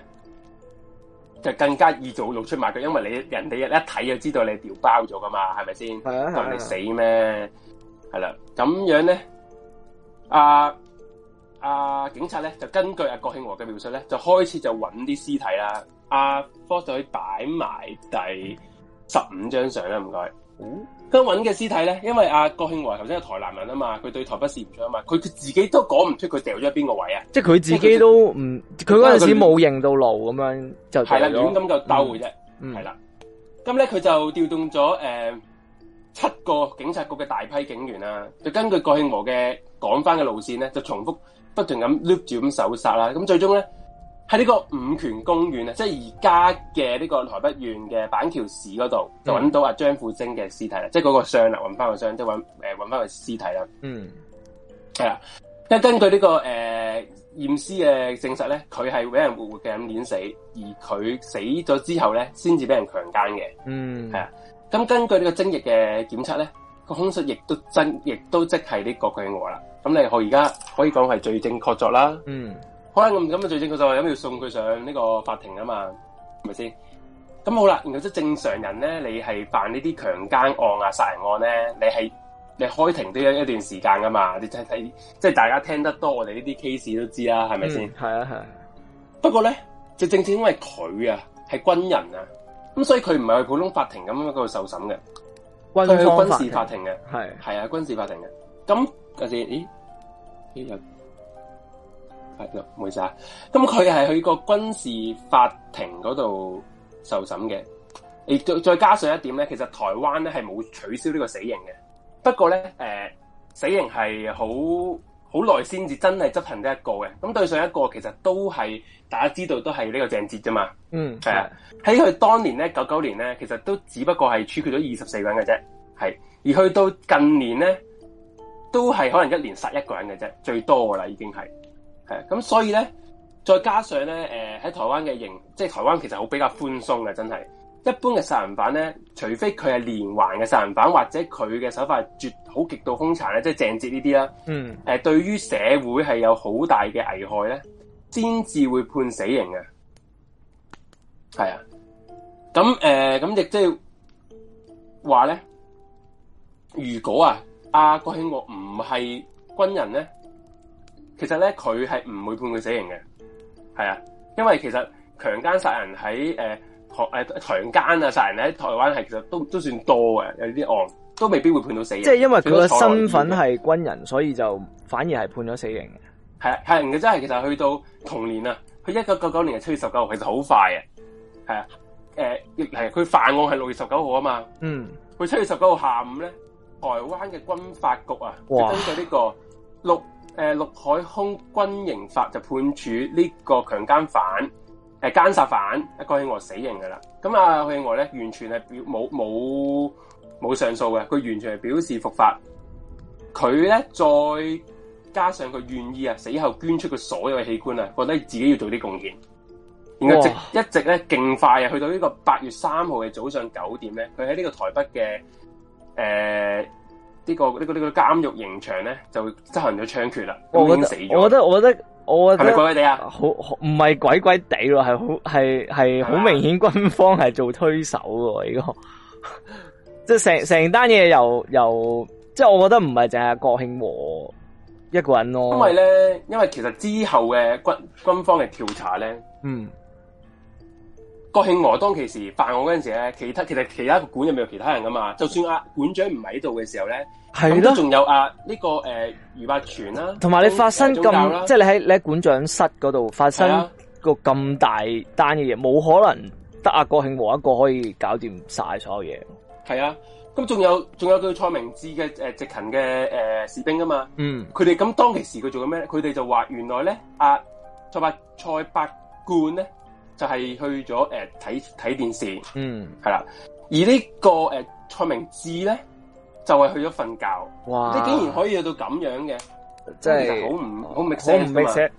就更加易做露出馬腳，因為你人哋一睇就知道你掉包咗噶嘛，係咪先？啊！咁你死咩？係啦，咁樣咧，啊！阿警察咧就根據阿、啊、國慶和嘅描述咧，就開始就揾啲屍體啦。阿科隊擺埋第十五張相啦，唔該。嗯咁揾嘅屍體咧，因為阿郭慶和頭先係台南人啊嘛，佢對台北市唔熟啊嘛，佢自己都講唔出佢掉咗喺邊個位啊，即係佢自己都唔，佢嗰陣時冇認到路咁樣就係啦，亂咁就兜嘅啫，係、嗯、啦，咁咧佢就調動咗誒、呃、七個警察局嘅大批警員啊，就根據郭慶和嘅講翻嘅路線咧，就重複不斷咁 loop 住咁搜查啦，咁最終咧。喺呢個五權公園啊，即係而家嘅呢個台北縣嘅板橋市嗰度、嗯，就揾到阿張富晶嘅屍體啦，即係嗰個箱啦，揾翻個箱，即係揾誒揾翻個屍體啦。嗯，係啊，即係根據呢、這個誒、呃、驗屍嘅證實咧，佢係俾人活活嘅咁碾死，而佢死咗之後咧，先至俾人強奸嘅。嗯，係啊，咁根據呢個精液嘅檢測咧，個兇手亦都真，亦都即係呢個佢嘅我啦。咁你可而家可以講係罪證確鑿啦。嗯。可能咁咁嘅最證，佢就話要送佢上呢個法庭啊嘛，係咪先？咁好啦，然後即係正常人咧，你係犯呢啲強姦案啊、殺人案咧，你係你開庭都有一段時間噶嘛？你睇睇，即、就、係、是、大家聽得多我哋呢啲 case 都知啦、啊，係咪先？係、嗯、啊係、啊。不過咧，就正正因為佢啊係軍人啊，咁所以佢唔係去普通法庭咁樣去受審嘅，佢去軍事法庭嘅，係係啊，啊軍事法庭嘅。咁就先咦？呢日。係唔好意思啊，咁佢係去個軍事法庭嗰度受審嘅。誒，再再加上一點咧，其實台灣咧係冇取消呢個死刑嘅。不過咧，誒、呃，死刑係好好耐先至真係執行得一個嘅。咁對上一個，其實都係大家知道都係呢個鄭捷啫嘛。嗯，係啊。喺佢當年咧，九九年咧，其實都只不過係處決咗二十四個人嘅啫。係，而去到近年咧，都係可能一年殺一個人嘅啫，最多噶啦，已經係。係咁所以咧，再加上咧，誒、呃、喺台灣嘅刑，即係台灣其實好比較寬鬆嘅，真係。一般嘅殺人犯咧，除非佢係連環嘅殺人犯，或者佢嘅手法絕好極度凶殘咧，即係鄭捷呢啲啦。嗯。誒、呃，對於社會係有好大嘅危害咧，先至會判死刑嘅。係啊。咁誒，咁亦即係話咧，如果啊，阿國興國唔係軍人咧。其實咧，佢係唔會判佢死刑嘅，係啊，因為其實強姦殺人喺誒，誒強姦啊殺人喺台灣係其實都都算多嘅，有啲案都未必會判到死刑。即係因為佢個身份係軍人，所以就反而係判咗死刑嘅。係係，唔係真係，其實去到同年啊，佢一九九九年嘅七月十九號，其實好快嘅，係啊，誒、呃，係佢犯案係六月十九號啊嘛，嗯，佢七月十九號下午咧，台灣嘅軍法局啊，根據呢個六。誒、呃，陸海空軍刑法就判處呢個強姦犯、誒姦殺犯一個棄我死刑噶啦。咁、嗯、啊，棄我咧完全係表冇冇冇上訴嘅，佢完全係表示服法。佢咧再加上佢願意啊，死後捐出佢所有器官啊，覺得自己要做啲貢獻。然後直一直咧勁快啊，去到呢個八月三號嘅早上九點咧，佢喺呢個台北嘅誒。呃呢、這個呢、這個呢個監獄刑場咧，就執行咗槍決啦，已經死咗。我覺得我覺得我覺得係咪鬼鬼哋啊？好唔係鬼鬼哋咯，係好係係好明顯，軍方係做推手咯，呢、這個即係成成單嘢由由，即係我覺得唔係淨係郭慶和一個人咯。因為咧，因為其實之後嘅軍軍方嘅調查咧，嗯。郭慶和當其時辦案嗰陣時咧，其他其實其他館入面有其他人噶嘛，就算阿、啊、館長唔喺度嘅時候咧，咁仲、嗯、有阿、啊、呢、這個誒余、呃、伯全啦、啊，同埋你發生咁、啊，即係你喺你喺館長室嗰度發生個咁大單嘅嘢，冇可能得阿郭慶和一個可以搞掂晒所有嘢。係啊，咁仲有仲有個叫蔡明智嘅誒，直勤嘅誒士兵啊嘛，嗯，佢哋咁當其時佢做緊咩咧？佢哋就話原來咧阿、啊、蔡伯蔡伯冠咧。就係、是、去咗誒睇睇電視，嗯係啦，而呢、這個誒、呃、蔡明智咧就係、是、去咗瞓覺，哇！你竟然可以到、就是 sense, 啊啊呃、去到咁樣嘅，即係好唔好 mix 啊？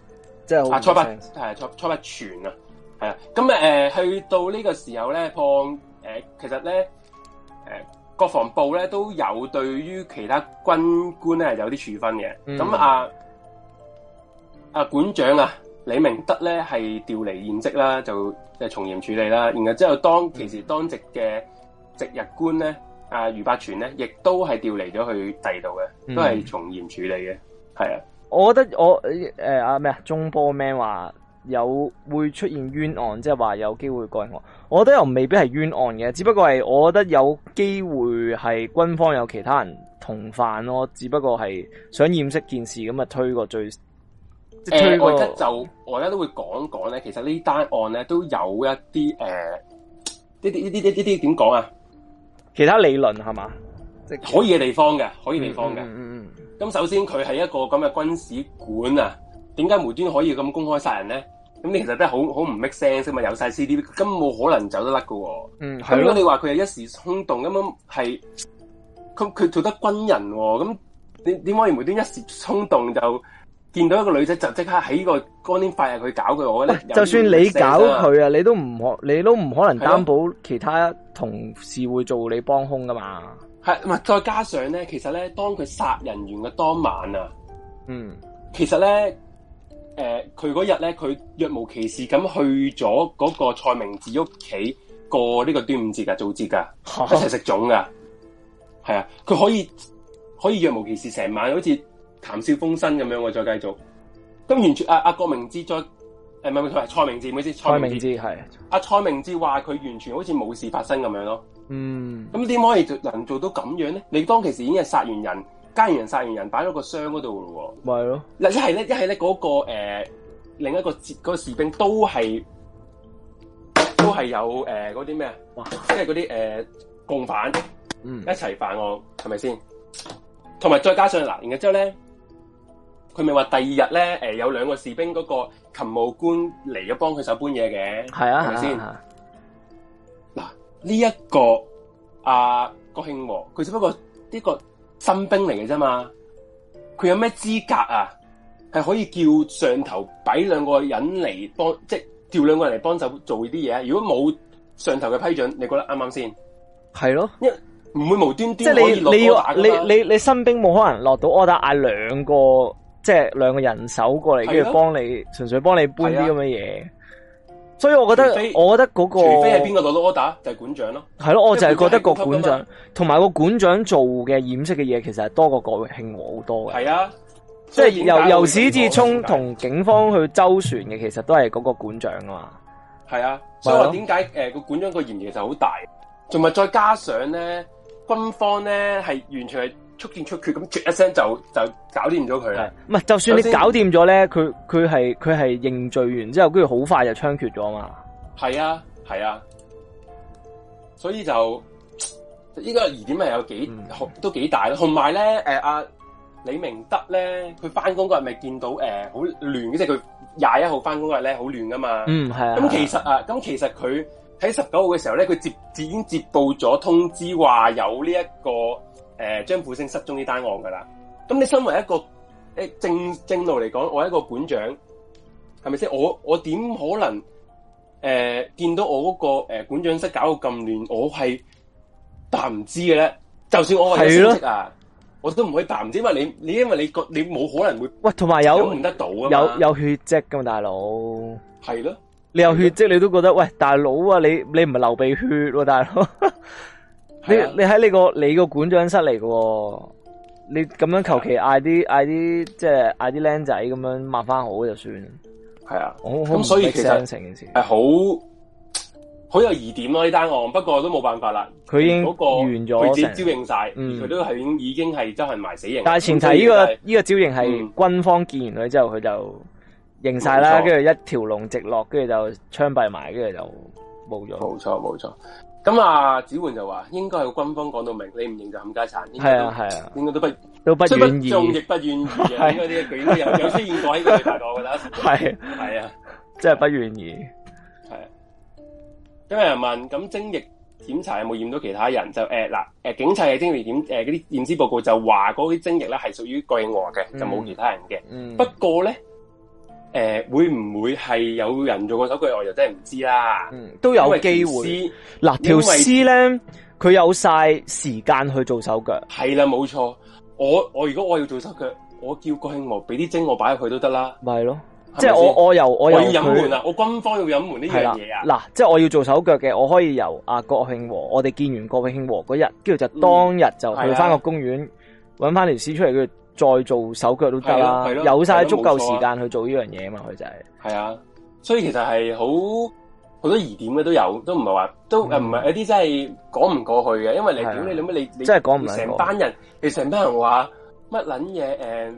即係蔡伯係蔡蔡伯全啊，係啦，咁誒去到呢個時候咧，放誒、呃、其實咧誒、呃、國防部咧都有對於其他軍官咧係有啲處分嘅，咁、嗯、啊啊館長啊。李明德咧係調離現職啦，就即係從嚴處理啦。然後之後當其時當值嘅值日官咧，阿、嗯啊、余伯全咧，亦都係調離咗去第二度嘅，都係從嚴處理嘅。係、嗯、啊，我覺得我誒阿咩啊，中波 man 話有會出現冤案，即係話有機會干預。我覺得又未必係冤案嘅，只不過係我覺得有機會係軍方有其他人同犯咯，只不過係想掩飾件事咁啊推過。最誒、呃，我就我而家都會講講咧。其實這呢單案咧都有一啲誒，呢啲呢啲呢啲點講啊？其他理論係嘛？即可以嘅地方嘅，可以的地方嘅。嗯嗯咁、嗯嗯、首先佢係一個咁嘅軍事館啊，點解無端可以咁公開殺人咧？咁你其實都係好好唔 make sense 嘛？有晒 CDP，咁冇可能走得甩噶。嗯，係。如果你話佢係一時衝動，咁樣係佢佢做得軍人喎、哦，咁點點可以無端一時衝動就？見到一個女仔就即刻喺個嗰天拜日佢搞佢，我覺得就算你搞佢啊，你都唔可，你都唔可能擔保其他同事會做你幫凶噶嘛。係，唔再加上咧，其實咧，當佢殺人員嘅當晚啊，嗯，其實咧，誒、呃，佢嗰日咧，佢若無其事咁去咗嗰個蔡明治屋企過呢個端午節噶做節噶，一齊食粽噶，係、哦、啊，佢可以可以若無其事成晚好似。談笑風生咁樣，我再繼續。咁完全阿阿、啊啊、郭明志，再誒，唔係唔係，蔡明志，唔好意思，蔡明志係阿蔡明志話佢完全好似冇事發生咁樣咯。嗯，咁點可以做能做到咁樣咧？你當其時已經係殺完人，奸完人，殺完人，擺咗個箱嗰度咯。喎，係咯。嗱，一係咧，一係咧，嗰個誒，另一個士、嗰個士兵都係都係有誒嗰啲咩啊？即係嗰啲誒共犯，犯嗯，一齊犯案係咪先？同埋再加上嗱，然之後咧。佢咪話第二日咧？誒，有兩個士兵嗰個勤務官嚟咗幫佢手搬嘢嘅，係啊，係咪先？嗱、啊，呢一、啊啊這個阿、啊、國慶和，佢只不過呢個新兵嚟嘅啫嘛，佢有咩資格啊？係可以叫上頭俾兩個人嚟幫，即係叫兩個人嚟幫手做呢啲嘢？如果冇上頭嘅批准，你覺得啱啱先？係咯、啊，唔會無端端即係、啊、你，你要你你你新兵冇可能落到 order 得嗌兩個。即係兩個人手過嚟，跟住幫你，純粹幫你搬啲咁嘅嘢。所以我覺得，我覺得嗰、那個，除非係邊個攞到 order，就係、是、館長咯。係咯，我就係覺得個館長，同埋個館長做嘅掩飾嘅嘢，其實係多過個榮慶和好多嘅。係啊，即係由由始至終同警方去周旋嘅，其實都係嗰個館長啊嘛。係啊，所以我點解誒個館長個嫌疑就好大，仲埋再加上咧，軍方咧係完全係。速戰速決咁，一聲就就搞掂咗佢啦。唔係，就算你搞掂咗咧，佢佢係佢係認罪完之後，跟住好快就槍決咗啊嘛。係啊，係啊，所以就依、這個疑點係有幾都幾大咯。同埋咧，誒阿李明德咧，佢翻工嗰日咪見到誒好亂，即係佢廿一號翻工嗰日咧好亂噶嘛。嗯，係。咁其實啊，咁其實佢喺十九號嘅時候咧，佢接已經接報咗通知，話有呢、這、一個。誒、呃，張富星失蹤呢單案噶啦，咁你身為一個誒正正路嚟講，我係一個館長，係咪先？我我點可能誒、呃、見到我嗰、那個誒館、呃、長室搞到咁亂，我係扮唔知嘅咧？就算我係消息啊，我都唔可以扮唔知，因為你你因為你覺你冇可能會喂，同埋有，有得到嘛，有有血迹㗎嘛，大佬係咯，你有血跡，你都覺得喂，大佬啊，你你唔係流鼻血喎，啊，大佬。 啊、你你喺你個你個管長室嚟嘅，你咁樣求其嗌啲嗌啲即係嗌啲僆仔咁樣抹翻好就算啦。係啊，咁所以其實係好好有疑點咯呢單案，不過都冇辦法啦。佢已經完咗，佢、那個嗯、已經，已經、這個嗯這個、招應晒，佢都係已經係執行埋死刑。但係前提呢個呢個招應係軍方見完佢之後，佢就認晒啦，跟住一條龍直落，跟住就槍斃埋，跟住就冇咗。冇錯，冇錯。咁啊，子煥就話：應該係個軍方講到明，你唔認就冚家鏟，係啊係啊，應該都不都不願意，亦不願意 應該有出先驗過呢個結果嘅，係係啊，真係不願意。係、啊，咁有人問，咁精液檢查有冇驗到其他人？就誒嗱，誒、呃呃、警察嘅精液檢誒嗰啲驗屍報告就話嗰啲精液咧係屬於巨鵝嘅、嗯，就冇其他人嘅、嗯。不過咧。誒、呃，會唔會係有人做過手腳？我又真係唔知啦，嗯，都有機會。嗱，條屍咧，佢、啊、有晒時間去做手腳。係啦，冇錯。我我如果我要做手腳，我叫郭慶和俾啲精我擺入去都得啦。咪係咯，即係我我由我由佢，我要隱瞞啊！我軍方要隱瞞呢樣嘢啊！嗱、啊啊，即係我要做手腳嘅，我可以由阿郭慶和，我哋見完郭慶和嗰日，跟住就當日就，嗯、去翻個公園搵翻條屍出嚟佢。再做手腳都得啦，有晒足夠時間去做呢樣嘢啊嘛，佢就係、係。係啊，所以其實係好好多疑點嘅都有，都唔係話都唔係有啲真係講唔過去嘅，因為你點你諗乜你，你？真係講唔成班人，你成班人話乜撚嘢？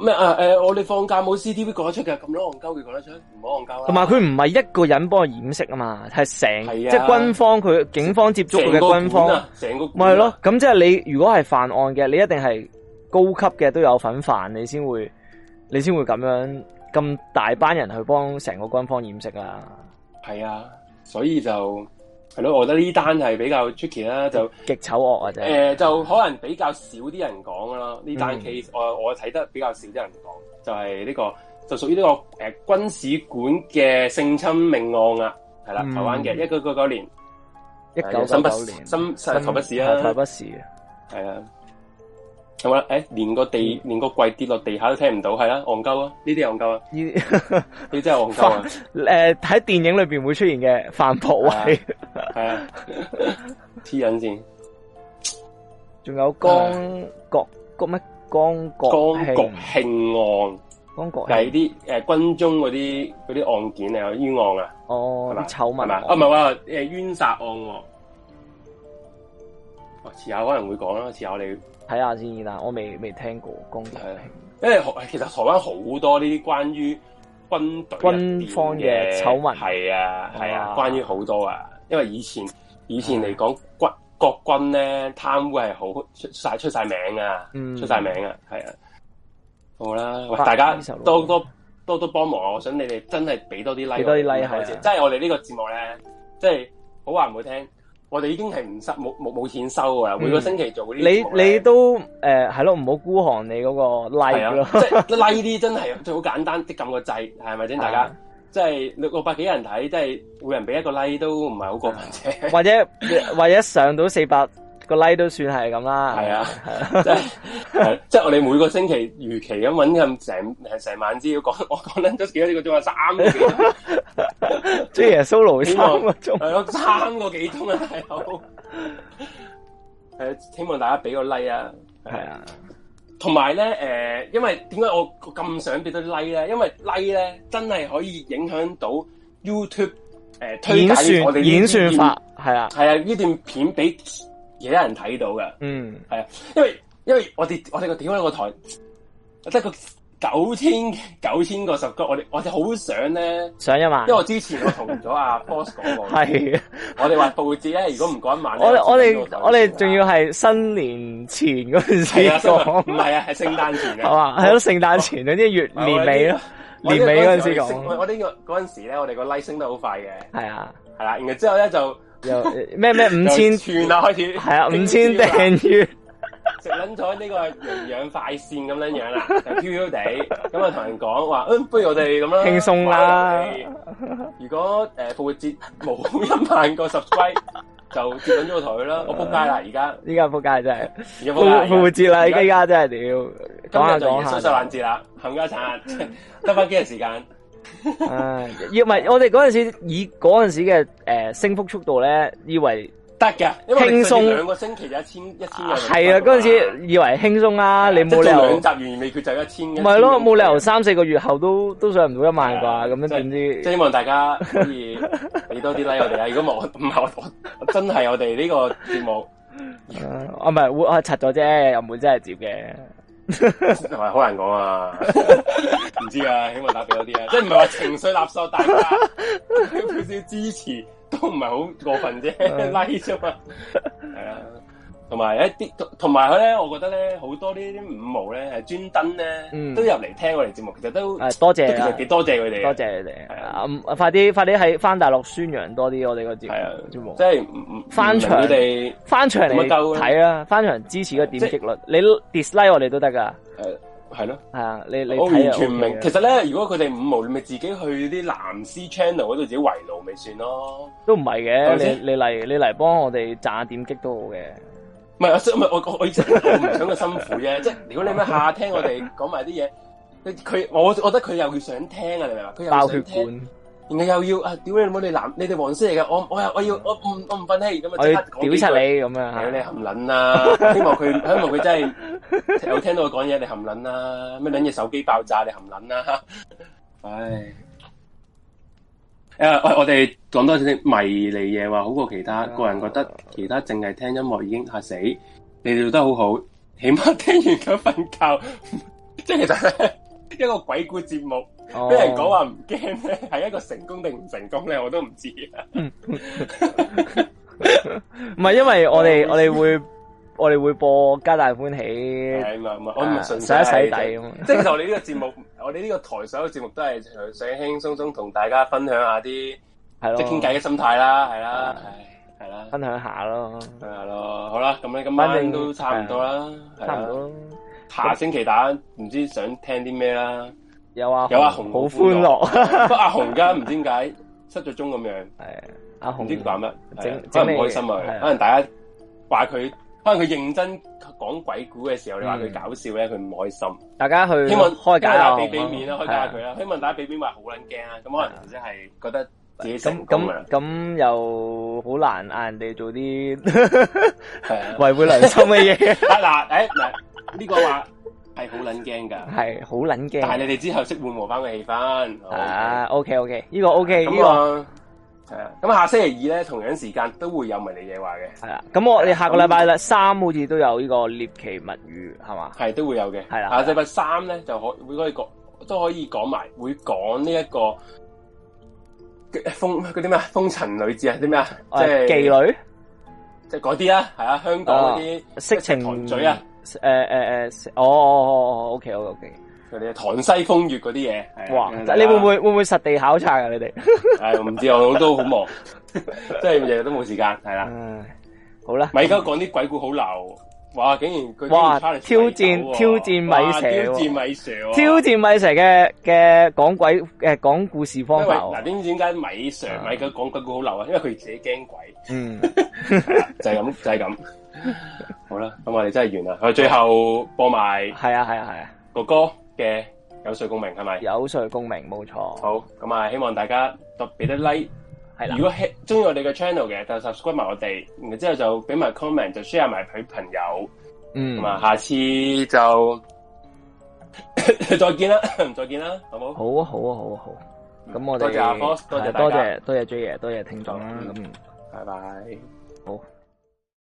咩啊？誒、呃，我哋放假冇 C T V 講得出嘅，咁多戇鳩嘅講得出，唔好戇鳩啦。同埋佢唔係一個人幫我掩飾啊嘛，係成、啊、即係軍方佢警方接觸嘅軍方，成個軍成、啊、個咪係咯。咁、就是、即係你如果係犯案嘅，你一定係高級嘅都有份犯，你先會你先會咁樣咁大班人去幫成個軍方掩飾啊。係啊，所以就。係咯，我覺得呢單係比較 tricky 啦，就極醜惡啊！誒、呃，就可能比較少啲人講咯，呢單 case 我、嗯、我睇得比較少啲人講，就係、是、呢、這個就屬於呢個誒、呃、軍史館嘅性侵命案是、嗯、台灣啊，係啦，台灣嘅一九九九年，一九九九年新台北市啊，台北市，係啊。有啦，誒，連個地，連個櫃跌落地下都聽唔到，係啦，戇鳩啊，呢啲係戇鳩啊，呢 啲真係戇鳩啊，誒，喺電影裏邊會出現嘅范保偉，係啊，黐 人、啊啊、先。仲有江國江乜江國江國慶案，係啲誒軍中嗰啲嗰啲案件啊冤案啊，哦，醜聞係啊唔係話誒冤殺案，哦，遲下可能會講啦，遲下我哋。睇下先啦，我未未聽過公平平，因為其實台灣好多呢啲關於軍隊的軍方嘅醜聞係啊，係啊，關於好多啊，因為以前、啊、以前嚟講，軍國軍咧貪污係好出晒出晒名啊，嗯、出晒名啊，係啊，好啦，喂、大家多多多多幫忙啊，我想你哋真係俾多啲 like，多啲 like，即係我哋呢、啊啊、個節目咧，即係好話唔好聽。我哋已經係唔收冇冇冇錢收㗎喇！每個星期做嗰啲、嗯，你你都誒係咯，唔、呃、好孤寒你嗰個 like 咯，即係、啊、 like 啲真係最好簡單，啲、就是。撳個掣係咪先？大家即係、啊、六百幾人睇，即係每人俾一個 like 都唔係好過分啫，或者或者上到四百。個 like 都算係咁啦，係啊，即係即係我哋每個星期如期咁搵咁成成晚資料講，我講緊都幾多個鐘啊，三個鐘，即 係 solo 三個鐘，係咯， 三個幾鐘啊，係好，誒， 希望大家俾個 like 啊，係啊，同埋咧，誒，因為點解我咁想俾多啲 like 咧？因為 like 咧真係可以影響到 YouTube 誒、呃，推介我哋演算法，係啊，係啊，呢段片俾。而家有人睇到㗎？嗯，係啊，因為因為我哋我哋個點樣個台即係佢九千九千個十個，我哋我哋好想咧上一萬，因為我之前都同咗阿 Boss 講過，係我哋話布置咧，如果唔過一萬， 我我哋我哋仲要係新年前嗰陣時唔係啊，係聖誕前嘅，係係喺聖誕前嗰啲 月 年尾咯，年尾嗰陣時講，我呢個嗰陣時咧，我哋個 like 升得好快嘅，係啊，係啦，然之後咧就。又咩咩五千串啊，開始，係啊，五千訂閱，食捻咗呢個營養快線咁樣樣啦，Q Q 地咁啊同人講話，嗯，不如我哋咁啦，輕鬆啦。如果誒復、呃、活節冇一萬個 subscribe 就跌緊咗個台啦，我扑街啦！而家依家扑街真係，復復活節啦，依家真係屌，今日就數十萬節啦，冚家鏟，得翻幾日時間。 唉，要唔係我哋嗰陣時以嗰陣時嘅誒、呃、升幅速度咧，以為得嘅輕鬆兩個星期就一千一千係啊，嗰陣、啊、時以為輕鬆啦，你冇理由兩集完未決就一千嘅，唔係咯，冇理由三四個月後都都上唔到一萬啩？咁、啊、樣點知？即希望大家可以俾多啲 l、like、我哋啊。如果冇唔係我我，我真係我哋呢個節目啊唔係我拆我拆咗啫，又唔會真係接嘅。係 好難講說啊， 唔知啊，希望打俾多啲啊，即係唔係話情緒垃圾，但大家表示支持都唔係好過分啫拉 like 啫嘛，係、哎、 啊。同埋一啲同埋佢咧，我覺得咧，好多呢啲五毛咧係專登咧、嗯、都入嚟聽我哋節目，其實都多謝，幾多謝佢哋，多謝你哋。係啊，啊，啊，快啲快啲喺返大陸宣揚多啲我哋個節目，啊、節目即係翻牆你翻牆嚟睇啦，翻牆、啊啊、支持個點擊率，啊就是、你 dislike 我哋都得㗎、啊，係係咯，係啊，啊，啊，你你，你、OK、我完全明。其實咧，如果佢哋五毛，你咪自己去啲藍絲 channel 嗰度自己圍爐，咪算咯。都唔係嘅，你你嚟你嚟幫我哋賺點擊都好嘅。唔係，我即係唔係我我即係我唔想佢辛苦啫。即係如果你咩下聽我哋講埋啲嘢，佢佢我覺得佢又要想聽啊！你明嘛？佢又要想聽，然後又要啊！屌你老母！你男你哋黃絲嚟嘅！我我我要我唔我唔憤氣咁啊！屌柒你咁啊！你含撚啦！希望佢希望佢真係有聽到佢講嘢，你含撚啦！咩撚嘢手機爆炸，你含撚啦！唉。誒、啊，我哋講多少啲迷離嘢，話好過其他，個人覺得其他淨係聽音樂已經吓死。你哋做得好好，起碼聽完咗瞓覺。即 係其實咧，一個鬼故節目，俾、oh. 人講話唔驚咧，係一個成功定唔成功咧，我都唔知。唔 係， 因為我哋，oh. 我哋會。我哋會播皆大歡喜，唔係我唔純粹一洗底咁。即係就我哋呢個節目， 我哋呢個台首嘅節目都係想輕鬆鬆同大家分享下啲，係咯，即係傾偈嘅心態啦，係啦，係啦，分享下咯，係咯。好啦，咁你今晚都差唔多啦，差唔多。下星期大家唔知想聽啲咩啦，有啊，有阿紅好歡樂，歡樂 阿不阿紅而家唔知點解失咗蹤咁樣，阿紅唔知做緊乜，真係唔開心啊！可能大家話佢。可能佢認真講鬼故嘅時候，你話佢搞笑咧，佢唔開心。大家去希望開解下俾俾面啦，開解下佢啦。希望大家俾面話好撚驚啊！咁可能即係覺得自己咁咁咁又好難嗌人哋做啲係啊，為會良心嘅嘢啊嗱，誒嗱呢個話係好撚驚噶，係好撚驚。但係你哋之後識緩和翻嘅氣氛啊。OK OK，呢個 OK 呢個。係啊，咁下星期二咧，同樣時間都會有迷你嘢話嘅。係啊，咁我哋下個禮拜啦，三好似都有呢個獵奇物語，係嘛？係都會有嘅。係啦，啊、下個禮拜三咧，就可會可以講，都可以講埋，會講呢一個風嗰啲咩風塵女子啊，啲咩啊，即、就、係、是、妓女，即係嗰啲啦，係啊，香港嗰啲，哦、色情糖嘴啊，誒誒誒，誒，誒，哦哦哦，OK OK OK。佢哋唐西風月嗰啲嘢，哇、啊！嗯啊、你會唔會會唔會實地考察嘅、啊？你哋係唔知道，我老都好忙，即係日日都冇時間，係啦、啊嗯。好啦，米家講啲鬼故好流，哇！竟然佢啲 challenge 挑戰挑戰米蛇，挑戰米蛇，挑戰米蛇嘅嘅、哦哦、講鬼誒講故事方法。嗱，點解米 Sir、嗯、米家講鬼故好流啊？因為佢自己驚鬼。嗯，就係咁，就係、是、咁、就是。好啦，咁我哋真係完啦。佢、嗯、最後播埋，係、嗯、啊係啊係啊，啊，哥哥。嘅有稅共鳴係咪？有稅共鳴冇錯。好，咁啊希望大家多俾啲 like，係啦。如果係中意我哋嘅 channel 嘅，就 subscribe 埋我哋，然之後就俾埋 comment，就 share 埋佢朋友。嗯，咁啊，下次就 再見啦了， 再見啦，好唔好？好啊，好啊，好啊，好啊。咁、嗯、我哋多謝阿 Boss，多謝多謝多謝 J 爺，多謝聽眾啦。咁、嗯，拜拜，好。